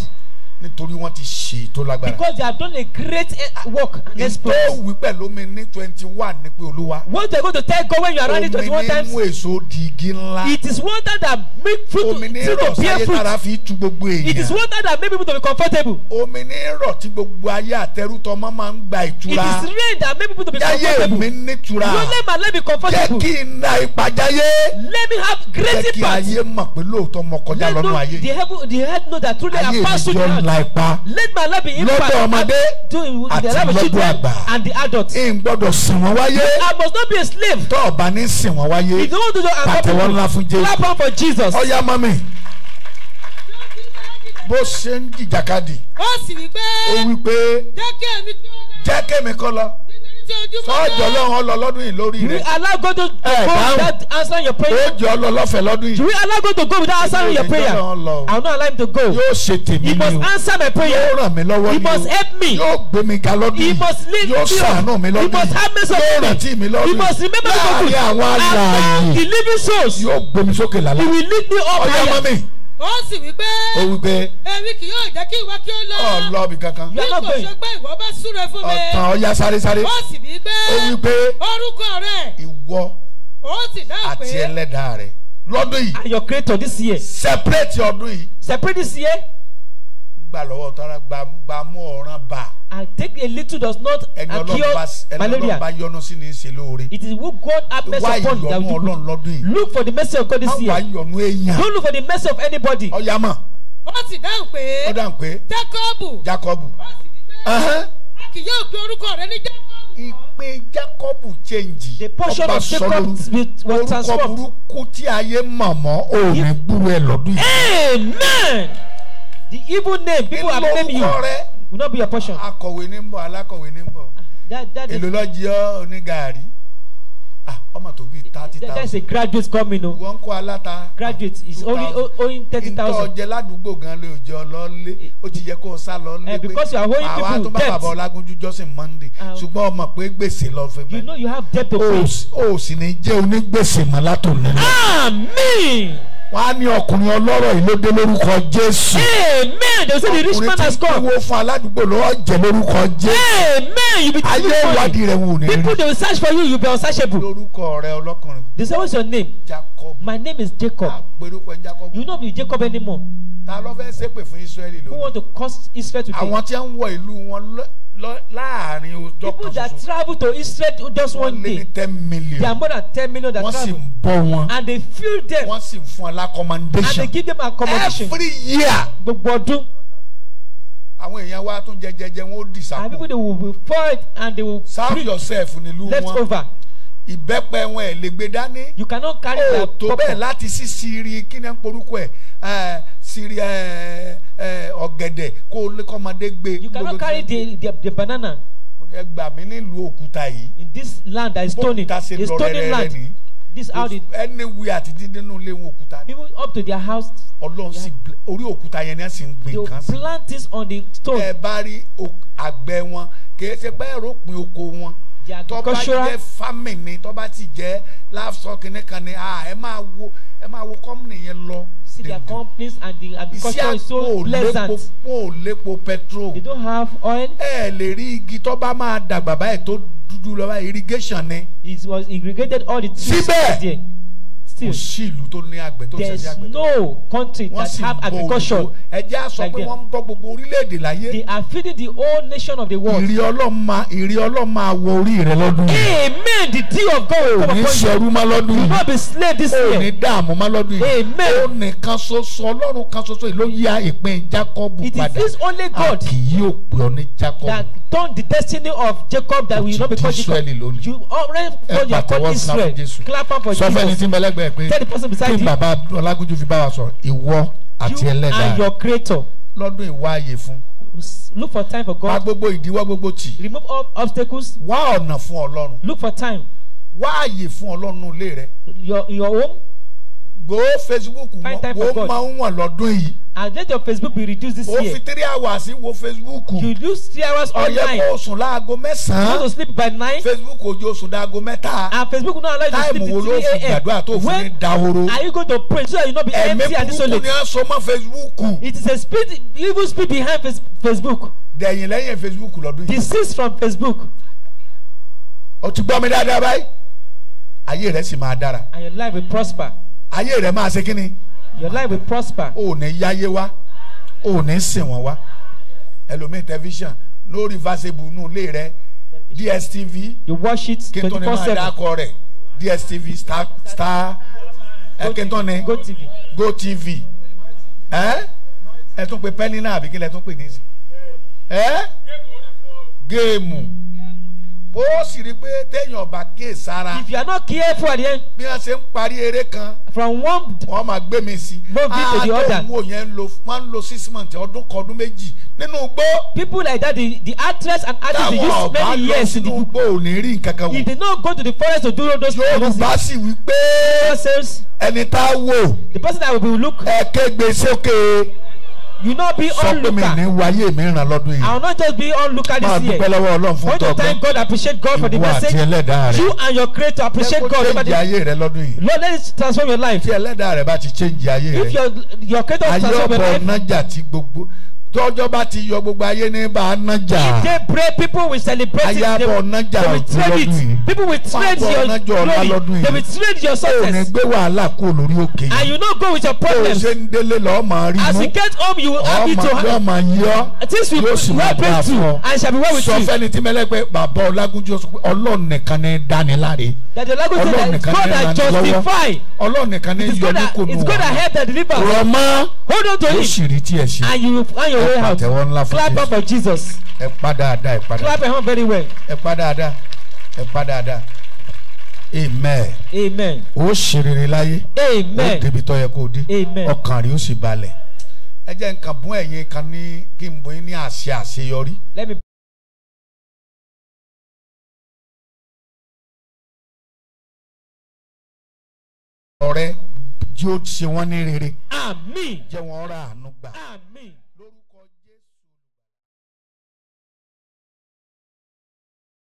nítorí wọ́n ti ṣe tó lágbára. because they have done a great eh, work against prayer. ìtò wí pẹ̀lú ní twenty one ni pé olúwa. what they go to tell God when you are running twenty one times. omi ní mú èso di igi ńlá. it is water that make fruit to, bear fruit. omi ní rọ̀ sáyé tara fi tu gbogbo èèyàn. it is water that make people to be comfortable. omi ní rọ̀ tí gbogbo ayé àtẹrútọ ọmọ máa ń gba ìtura. it is rain that make people to be comfortable. yáyé mi nítura. yóò lè máa let me comfortable. jẹ́ kí n na ìpàjáyé. let me have great impact. jẹ́ kí ayé mọ̀ pé lóòótọ́ mọ kọjá lọ́nà ayé. the head know that truly I pass through the heart la ipa lọ́dọ̀ ọmọdé àti lọ́dọ̀ àgbà n gbọ́dọ̀ sìn wọ́n wáyé tó ọba ní sìn wọ́n wáyé pàtẹ́wọ́ ńlá fún Jésù ọ̀yá mọ́mì bó ṣe ń jìjàkadì ó wí pé jẹ́ kémi kọ́ lọ sọ́jọ́ lọ́wọ́ lọ lọ́dún yìí lórí rẹ̀. we allow God to, go without answering your prayer. oòjọ́ lọ lọ́fẹ̀ lọ́dún yìí. we allow go without answering your prayer. I will not allow him to go. yóò ṣe tèmi ni o. he must answer my prayer. yóò ràn mí lọ́wọ́ ni o. he must help me. yóò gbé mi ga lọ́dún yìí. he must lead me. yóò ṣàánú mi lọ́dún yìí. he must have mercy on me. yóò rántí mi lọ́dún yìí. he must remember the good. láàárín àwọn alààyè. among the living souls. yóò gbé mi sókè lálá. he will lead me up higher ó sì wí pé. ó wí pé. èmi kì yóò jẹ́ kí ìwọ kí ó lọ. ọ lọ bí kankan. bí kò ṣe pé ìwọ bá súre fún mi. ọ̀tàn ọ̀ya sáré sáré. ó sì wí pé. ó wí pé. orúkọ rẹ. ìwọ. ó sì dáhùn pé. àti ẹlẹ́dàá rẹ lọ́dún yìí. and your creator this year. separate ọdún yìí. separate this year. gbà lọ́wọ́ tọ́ra gbà ọ̀ràn bá a and take a little does not uh, cure malaria. It is who God have mercy upon that will do Look for the mercy of God this year. Don't look for the mercy of anybody. Wọ́n sì dáhùn pé. Ó dáhùn pé. Jákọ́bù. Jákọ́bù. Wọ́n sì ní pé. A kì yóò pe orúkọ rẹ ní Jákọ́bù. Ìpè Jákọ́bù change. The portion of Jacob was transformed. Orúkọ burúkú tí ayé mọ̀ mọ́ òòrùn gbúrú ẹ lọ́dún yìí. Amen. The evil name people are named you will not be a portion. akọ̀wé ní ń bọ̀ alákọ̀wé ní ń bọ̀. Ah, that is. èlò lọ́jọ́ onígàárí ah, ọmọ tó bíi thirty thousand. that's a graduate coming o. wọ́n kó aláta. graduate is only only thirty thousand. ntọ́ jẹ ládùúgbò gan ló jẹ lọ́lé ó ti yẹ kó o sá lọ eh, pé because you are owing people debt. àwa tó bá bàbá ọlágúnjú jọ́sìn monday ah. ṣùgbọ́n ọmọ pé gbèsè lọ fẹ́ bẹ́ẹ̀. you know you have debt to pay. o ò sì ní jẹ́ onígbèsè mọ́ látòun. àmín wọ́n á ní ọkùnrin ọlọ́rọ̀ yìí lórúkọ jésù. amen they say the rich man has come. ọkùnrin tí wọ́n fún aládùúgbò lọ́wọ́ jẹ lórúkọ jésù. amen you be the one. ayé ìwádìí rẹ̀ wò ní. people dey search for you you be unsearchable. lórúkọ rẹ ọlọ́kùnrin. they say what's your name. jacob. Jacob. My name is Jacob. àpérúkọ Jacob. You no be Jacob anymore. ta ló fẹ́ ṣépè fún Israẹli lónìí. Who want to curse Israel today? àwọn tí wọ́n wọ ìlú wọn láàrin ọjọ́ kan people that travel to Israel just one day. there are more than ten million that travel. and they feel them. and they give them accommodation. every year. gbogbo ọdún. àwọn èèyàn wa tún jẹjẹjẹ wọn ó dì sápò. and people dey will be fall and they will. serve yourself nílùú wọn. left over ìbẹ́pẹ wọn ẹ̀ lè gbé dání. you cannot carry that purple. o tó bẹ́ẹ̀ láti sí siri kí porúkọ ẹ̀ siri ọ̀gẹ̀dẹ̀ kó o gbé. you cannot carry the, the, the banana. ẹ gbà nílùú òkúta yìí. in this land that is stony is stony land this how the. anywhere àti dídín ilé wọn òkúta. people up to their house. ọlọ́run sì orí òkúta yẹn ni wọ́n sì ń gbìn kan sí. they plant this on the stone. ẹ bá rí àgbẹ̀ wọn kì í ṣe pé ẹ̀rọ òpin oko wọn tọ́ba jẹ́ famine ni ti jẹ́ láfsọ kìnìún kan ah, ẹ máa wo ẹ máa wo kọ́mùnì yẹn lọ. see their companies and the agriculture is so pleasant. iṣẹ́ àpò ò petrol. they don't have oil. ẹ lè rí igi tọ́ba máa dàgbà báyìí tó dúdú lọ́wọ́ irrigation ni. it was irrigated all the trees. síbẹ̀ kò sí ìlú tó ní àgbẹ̀ tó ṣẹ̀dí àgbẹ̀. there is no country that have agriculture like them. ẹjẹ́ a pé wọ́n ń bọ́ gbogbo orílẹ̀-èdè láyé. they are feeding the whole nation of the world. ìrì ọlọ́mà ìrì ọlọ́mà wọ orí rẹ lọ́dún amen the day of God will come upon you. o ní má lọ́dún you no be slain this year. o dààmú má lọ́dún amen. ó nìkan ṣoṣo ọlọ́run kan ṣoṣo yìí yá ìpín Jacob padà. it is only God. that turn the destiny of Jacob that will not be called Jacob. you already call your call Israel. clap am for Jesus pé kí bàbá ọlágúnjú fi bá wa sọ̀rọ̀ ìwọ àti ẹlẹ́dàá you and your creator lọ́dún ìwọ ààyè fún look for time for God. pa gbogbo ìdíwọ́ gbogbo tì. remove all obstacles. wá ọ̀nà fún ọlọ́run. look for time. wá ààyè fún ọlọ́run ilé rẹ. your your home gbó facebook wo máa ń wọ̀n lọ́dún yìí. and let your facebook be reduced this year. o fi three hours wo facebook. you lose three hours online. ọ̀yẹ́ kó o sùn láago mẹ́sàn-án. you go to sleep by nine. facebook ojú o sùn láago mẹ́ta. and ah, facebook no allow you to sleep till three a.m. táìmù wo ló gbàdúrà tó fi ní dahoro. are you going to pray so that you no be empty and desolate. ẹ̀mí kúkú ni a sọ mọ́ facebook. it is a speed even speed behind facebook. dẹ̀yìn lẹ́yìn facebook lọ́dún yìí. desist from facebook. o ti gbọ́ mi dáadáa báyìí ayé rẹ̀ sì máa dára. and your life will prosper ayé rẹ máa ṣe kíni. your life will prosper. o ò ní yáyé wá o ò ní sìn wọ́n wá ẹlòmíì tẹlifíṣàn no reversible nù ilé rẹ dstv you watch it twenty four seven kí n máa dákọ rẹ dstv star star ẹ kí n tó ní gotv ẹ ẹ tún pe pẹ́ẹ́lí náà àbí kí lẹ tún pè ní ẹ géèmù ó sì rí pé téèyàn bá kíyè sára. if you are not careful then. bí wọ́n ṣe ń parí eré kan. from one. wọ́n máa gbé mi sí. move this to the other. àádọ́wò yẹn lo wọ́n ń lo six months ọdún kan ọdún méjì nínú igbó. people like that the the actress and actors dey use many years in the group. táwọn ọba lọ sínú igbó ò ní rí nǹkan kan wò. he did not go to the forest to do those things. yorùbá sì wí pé ẹni tá a wò. the person that we will look. ẹ kégbèsókè you no be all looker. sọ pé mi ní wáyé mi ràn lọ́dún yìí. I will not just be all looker this year. máa dúpẹ́ lọ́wọ́ Ọlọ́run fún tọ́gbọ́n. want to God appreciate God for the message. you and your creator appreciate God over the. lẹ́kọ̀ọ́ change ayé rẹ lọ́dún yìí. Lord let it transform your life. if your your creator transform your life. ayé ọ̀pọ̀ nájà gbogbo tọ́jọ́ bá ti yọ gbogbo ayé ní bá a nájà. if they pray people will celebrate it. ayabọ̀ nájà lọ́dún yìí people will trade your glory they will trade your success. òní gbé wàhálà kú lórí òkè yìí. and you no go with your problems. o ṣe ń délé lọ ọmọ rí mú. as you get home you will happy to have. ọmọ ọmọ yọ things will be well paid to and shall be well with you. sọ fẹ́ni tí mẹ́lẹ́gbẹ́ bàbá ọlágúnjú sọ pé ọlọ́run nìkan ní dániláre. that the language that is God that nìkan ní yọ it's God that help the deliver. hold on to it your way out. Clap up for Jesus. Clap your hand very well. Amen. Amen. Ó ṣe rere láyé. Amen. Ó débi tó yẹ kó dé. Amen. Ọkàn rẹ̀ ó sì balẹ̀. Ẹ jẹ́ nǹkan bún ẹ̀yin kan ní kí n bọ̀ yín ní àṣẹ àṣeyọrí. Let me. ọrẹ jí ó ṣe wọn ní rere. àmín. jẹ́ wọn rà àánú gbà. àmín.